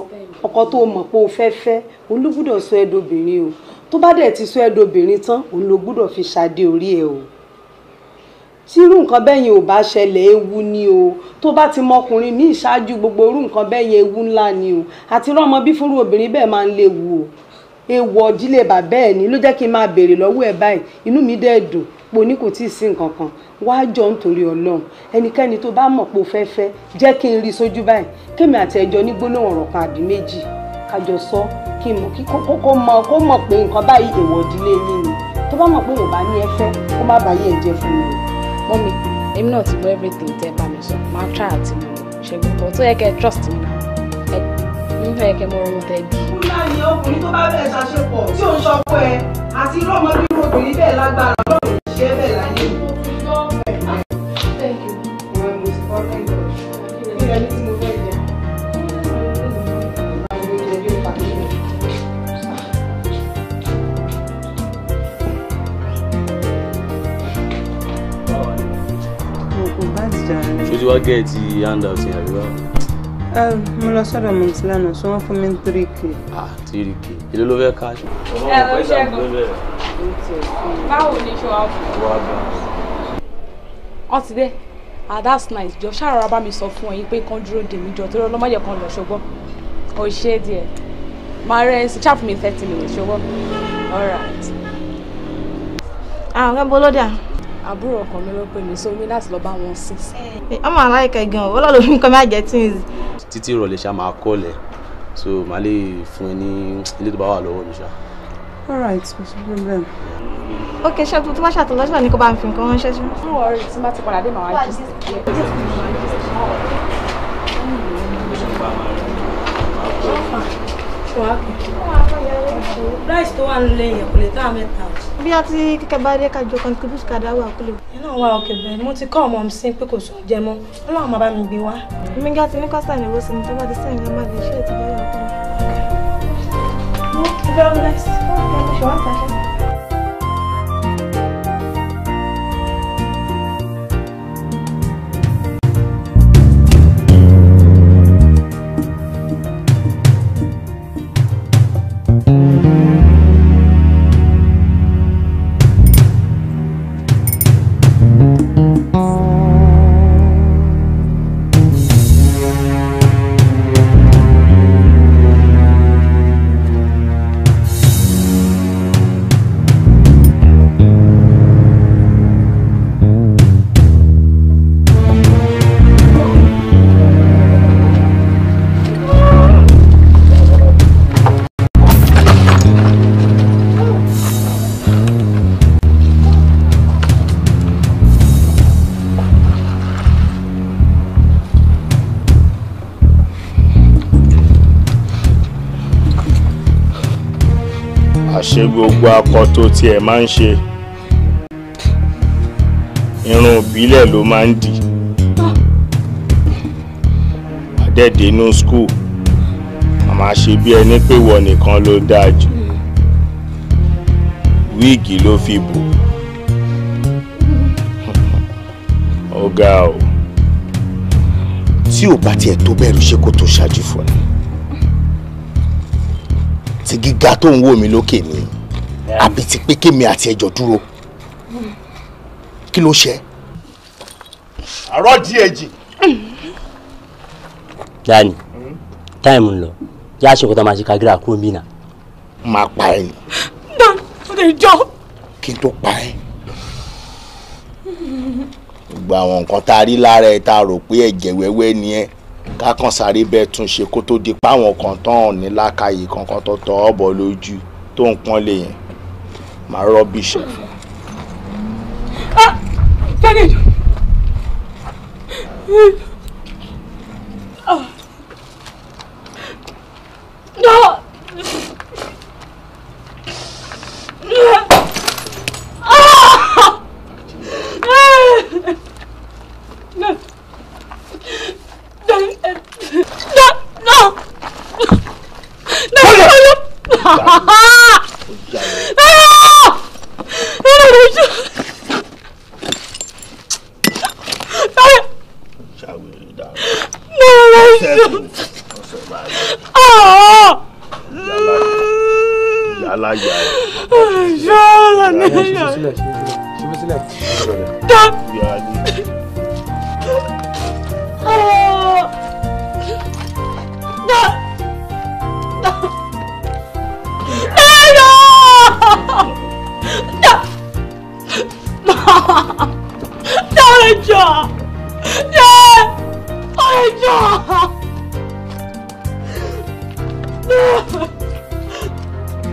ọkọ tó mọ̀ pé o fẹ́ fẹ́ òun ló gbọ́dọ̀ sọ ẹ́ o tó bá dẹ̀ ti sọ ẹ́ dobìnrin tán òun ló gbúdọ̀ fi ṣadé orí ẹ o tírú nǹkan bẹ́yìn ò bá ṣẹlẹ̀ ewu ni o tó bá ti mọkùnrin ní ìṣáájú gbogbo irú nǹkan bẹ́yìn ewu ńlá ni o àti rọ́mọ bí fúnrú obìnrin bẹ́ẹ̀ máa ń léwu o ewu ọ̀dílé bàbá ẹ̀ ni ló jẹ́ kí n máa béèrè lọ́wọ́ ẹ̀ báyìí inú mi dẹ̀ dùn pò ní kò tí ì sí nǹkan kan wáá jọ nítorí ọlọ́run ẹnikẹ́ni tó bá mọ̀ pé o fẹ́ fẹ́ jẹ́ kí n rí sójú báyìí kémi àti ẹjọ́ ní gbólóhùn ọ̀rọ̀ kan àbí méjì kájọ sọ kí n kí kókó mọ kó mọ pé nǹkan báyìí èèwọ̀ ìdílé yín ni tó bá mọ̀ pé òun bá ní ẹ fẹ́ kó má bàa ẹ jẹ fún mi. mọ́mi èmi náà ti gbọ́ everything tẹ́ ẹ bá mi sọ máa try àti mọ̀ ṣe gbogbo tó yẹ kẹ́ trust mi náà ẹ nífẹ̀ẹ́ yẹ kẹ́ mọ ohun tẹ́ bí. kúlá ni ọkùnrin tó bá fẹ́ ṣàṣepọ̀ tí ò ń ṣọpọ̀ ẹ àti irú ọmọ bíbí obìnrin bẹ́ẹ̀ lágbára lọ́rùn ìṣe bẹ́ẹ̀ láyé ṣé ti wá gẹ̀ẹ́tì handout yẹn àbí báwo. mo lọ sọ́dọ̀ mọ̀tí lánàá so wọ́n fún mi three k. ah three k èló ló fẹ́ káàṣì. ẹ ló ṣẹ́gun báwo ni ṣe wàá fún un. ọ dé ah that's nice jọ ṣàròrà bá mi sọ fún ẹ yín pé kán dúró dèmí jọ torí ọlọ́mọdé kan lọ ṣọgbọ́n ò ṣe díẹ̀ máa rẹ chat for me thirty minutes ṣọgbọ́n all right. àwọn akẹ́kọ̀ọ́ ló àbúrò ọkọ mi ló pè mí so mi láti lọ bá wọn sí. ọmọ aláìka gan owó lọ́dọ̀ mi kan máa jẹ things. títí ìrọ̀lẹ́ ṣá máa kọ́lẹ̀ so màá lè fún ẹ ní ilé tó bá wà lọ́wọ́ mi ṣá. all right kò sí problem. ok ṣé tó tó bá ṣàtọ̀ lọ́sọ̀rọ̀ ni kò bá ń fi nǹkan ránṣẹ́ sí. fún ọ̀rẹ́ tí bá ti padà dé màá wá jí. rice tó wà nílé yẹn kò lè tó àmẹ́ta bí a ti kíkẹ́ bá dé kájọ contribute ká dáwọ́ àkúlò. iná wa òkè bẹ́ẹ̀ mo ti kọ́ ọmọ mi sí pé kò sùn jẹ mọ́ ọlọ́run máa bá mi gbé wá. mi gá ti ní kọ́sà ní ìwòsàn tó bá ti sẹ́yìn lọ́mọ àgbẹ̀ iṣẹ́ ìtìlẹ́yìn àkúlò. mo ti bẹ́ẹ̀ ọ́ ṣe gbogbo akọ tó tiẹ̀ máa ń ṣe irun ìbílẹ̀ ló máa ń dì àdẹ́dẹ́ inú skul àmọ́ ṣe bí ẹni pé wọ nìkan ló dáa jù wíìgì ló fi bò ó ga o. tí ò bá tiẹ̀ tó bẹ́ẹ̀ ló ṣe kó tó ṣáájú fún ẹ ti gíga tó ń wò mí lókè ni àbí ti pé kémi àti ẹjọ́ dúró kí ló ṣe. àárọ̀ di èjì. dani táìmù ń lọ yá aṣọ kọta máa ṣe kagira kúrò mí nà. máa pa ẹ ni. o lè jọ. kí n tó pa ẹ. gbogbo nǹkan tá a rí lára ẹ tá a rò pé ẹ̀jẹ̀ wẹ́wẹ́ ni ẹ kákan sáré bẹ́ẹ̀ tún ṣe kó tó di páwọn kan tán ní lákàyè kankan tó tọ́ ọ bọ̀ lójú tó ń pọ́n lè yẹn máa rọ́bì ṣe fún.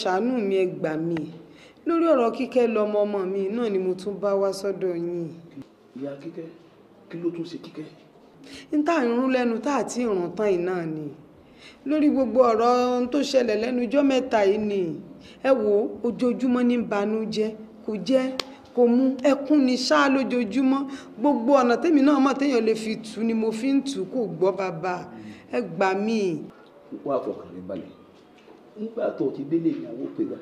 ṣàánú mi ẹ gbà mí lórí ọ̀rọ̀ kíkẹ́ lọmọ ọmọ mi náà ni mo tún bá wá sọ́dọ̀ yín. ìyá kíkẹ́ kí ló tún ṣe kíkẹ́. n tá à ń rún lẹ́nu tá àti ìrùn yìí náà ni lórí gbogbo ọ̀rọ̀ ohun tó ṣẹlẹ̀ lẹ́nu ijọ́ mẹ́ta yìí ni ẹ wo ojoojúmọ́ ní banú jẹ́ kò jẹ́ kò mú ẹkún ni ṣá lójoojúmọ́ gbogbo ọ̀nà tèmi náà mọ̀ téèyàn lè fi tù ni mo fi ń tù kò gbọ́ bàbá ẹ gbà mí. wá àfọkànlẹ̀ balẹ̀ nígbà tó ti délé ìyàwó pè wá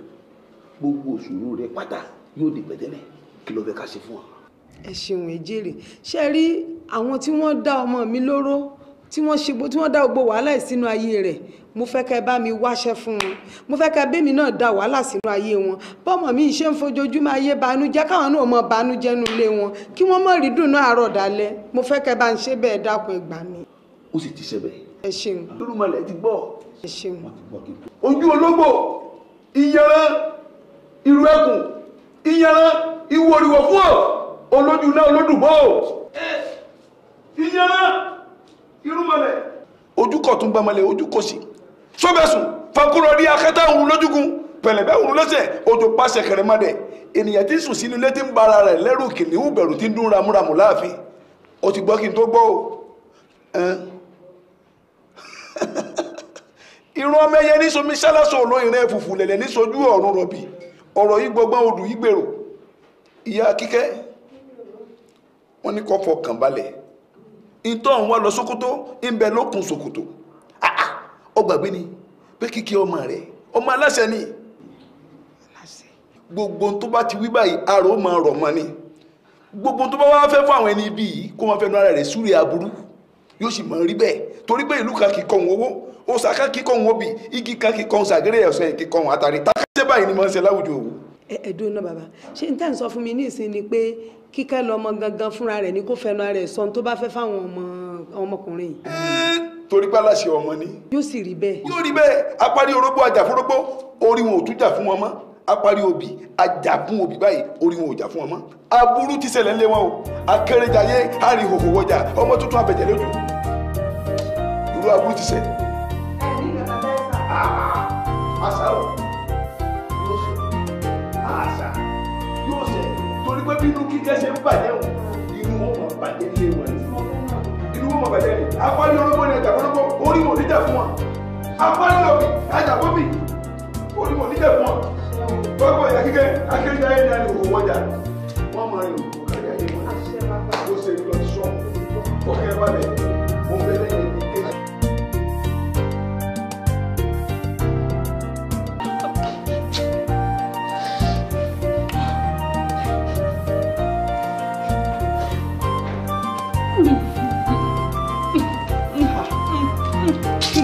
gbogbo òṣùwò rẹ pátá yóò di pẹ̀tẹ́lẹ̀ kí ló fẹ́ ká ṣe fún wa. ẹ ṣeun ejere ṣe rí àwọn tí wọ́n dá ọmọ mi lóró tí wọ́n ṣe tí wọ́n dá gbogbo wàhálà sínú ayé rẹ̀ mo fẹ́ kẹ́ bá mi wáṣẹ́ fún wọn mo fẹ́ kẹ́ bẹ́mi náà dá wàhálà sínú ayé wọn bọ́mọ mi ṣe ń fojoojúmọ́ ayé banújẹ́ káwọn náà mọ banújẹ́ nu ilé wọn kí wọ́n mọ̀ rí dùnú àárọ̀ dalẹ́ mo fẹ́ kẹ́ bá ń ṣe bẹ́ẹ̀ dákun ìgbà mi. ó sì ti ṣe ẹ ṣeun. lórúmọlẹ̀ ti gbọ́ ojú ológbò ìyẹran ìrù ẹkùn ìyẹran ìwò òrìwò fún ọ olójú náà olódùbọ ìyẹran irúnmọlẹ̀. ojú kọ̀ tún gbàmọ̀lẹ̀ ojú kò sí sọ́bẹ̀sùn fakúrọ̀ rí akẹ́tà òun lójúgun pẹ̀lẹ̀bẹ̀ òun lọ́sẹ̀ odò pàṣẹ kẹrẹmọ́dẹ̀ ènìyàn tí sùn sínú ilé tí ń bara rẹ̀ lẹ́rù kìnìún bẹ̀rù tí ń dún ramúramù láàfin ó ti gbọ́ kí n tó gbọ́ o. <laughs> irun ọmọ ẹyẹ níṣo mi ṣálásọ òlò ìrìn ẹ̀fùfù lẹ̀lẹ̀ níṣojú ọ̀run yìí gbọgbọ́n odù yìí gbèrò ìyá kíkẹ́ wọ́n ní kó fọkàn balẹ̀ ìtọ́ ń wá lọ sókótó ń bẹ lókun sòkòtò ó ni pé kíkẹ́ ọmọ rẹ̀ ọmọ aláṣẹ ni gbogbo tó bá ti wí báyìí arò máa rọ̀ mọ́ ni gbogbo tó bá wá fẹ́ fún àwọn ẹni ibi yìí kó máa fẹ́ nu ara rẹ̀ súre aburú yóò sì máa rí bẹ́ẹ̀ torí pé ìlú kan kì í kọ́ òun owó òsàkà kíkọ́ wọn bì igi kan kíkọ́ sàgéré ẹ̀sọ́ kíkọ́ wọn àtàrí takasẹ́ báyìí ni mo ń ṣe láwùjọ òwò. ẹ ẹ dúró náà bàbá ṣé n tẹ́ ń sọ fún mi ní ìsìn ni pé kíkẹ́ lọ́mọ gangan fúnra rẹ̀ ni kò fẹnu ara ẹ̀ sọ tó bá fẹ́ fáwọn ọmọ ọmọkùnrin yìí. torí pálásì ọmọ ni. yóò sì rí bẹ́ẹ̀. yóò rí bẹ́ẹ̀ apárí orógbó ajàfórógbó orí wọn ò tún jà fún wọn mọ́ apárí obì ajàfún obì báyìí orí wọn ò jà fún wọn mọ́ aburú ti ṣẹlẹ̀ ńlẹ̀ wọn o akérèjayé àrìn òhòwọ́jà ọmọ tuntun abẹ̀jẹ̀ lójú irú aburú ti ṣẹlẹ̀ Ah, àṣà ò yóò ṣe ah, àṣà yóò ṣe torí pé bínú kíkẹ́ ṣe ń bàjẹ́ o inú wọn mọ̀ bàjẹ́ ilé wọn ni inú wọn mọ̀ bàjẹ́ ni apáyé olóko ni ẹ̀jà olóko orí mò níjà fún wọn apáyé òbí ẹ̀jà òbí orí mò níjà fún wọn gbogbo ìyá kíkẹ́ akéjà ẹ̀ ní àlùkò wọn jà wọn mọ̀ ẹ̀ lò kó kájà yé wọn kó ṣe lọ sọ ọkẹ́ balẹ̀.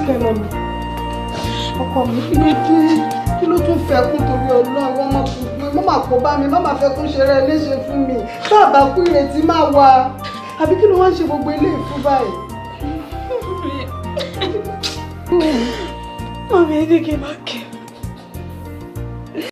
fẹ́ lọ nù. ọkọ mi kí ló tún kí ló tún fẹ́ kún torí ọlọ́run ọmọ tuntun má máa kó bá mi má máa fẹ́ kún ṣe rẹ léṣe fún mi bá a bá kú ìrètí máa wà àbí kí ló wá ń ṣe gbogbo ilé ìfún báyìí. mọ̀mí ẹ̀dẹ̀gẹ̀ máa kẹ́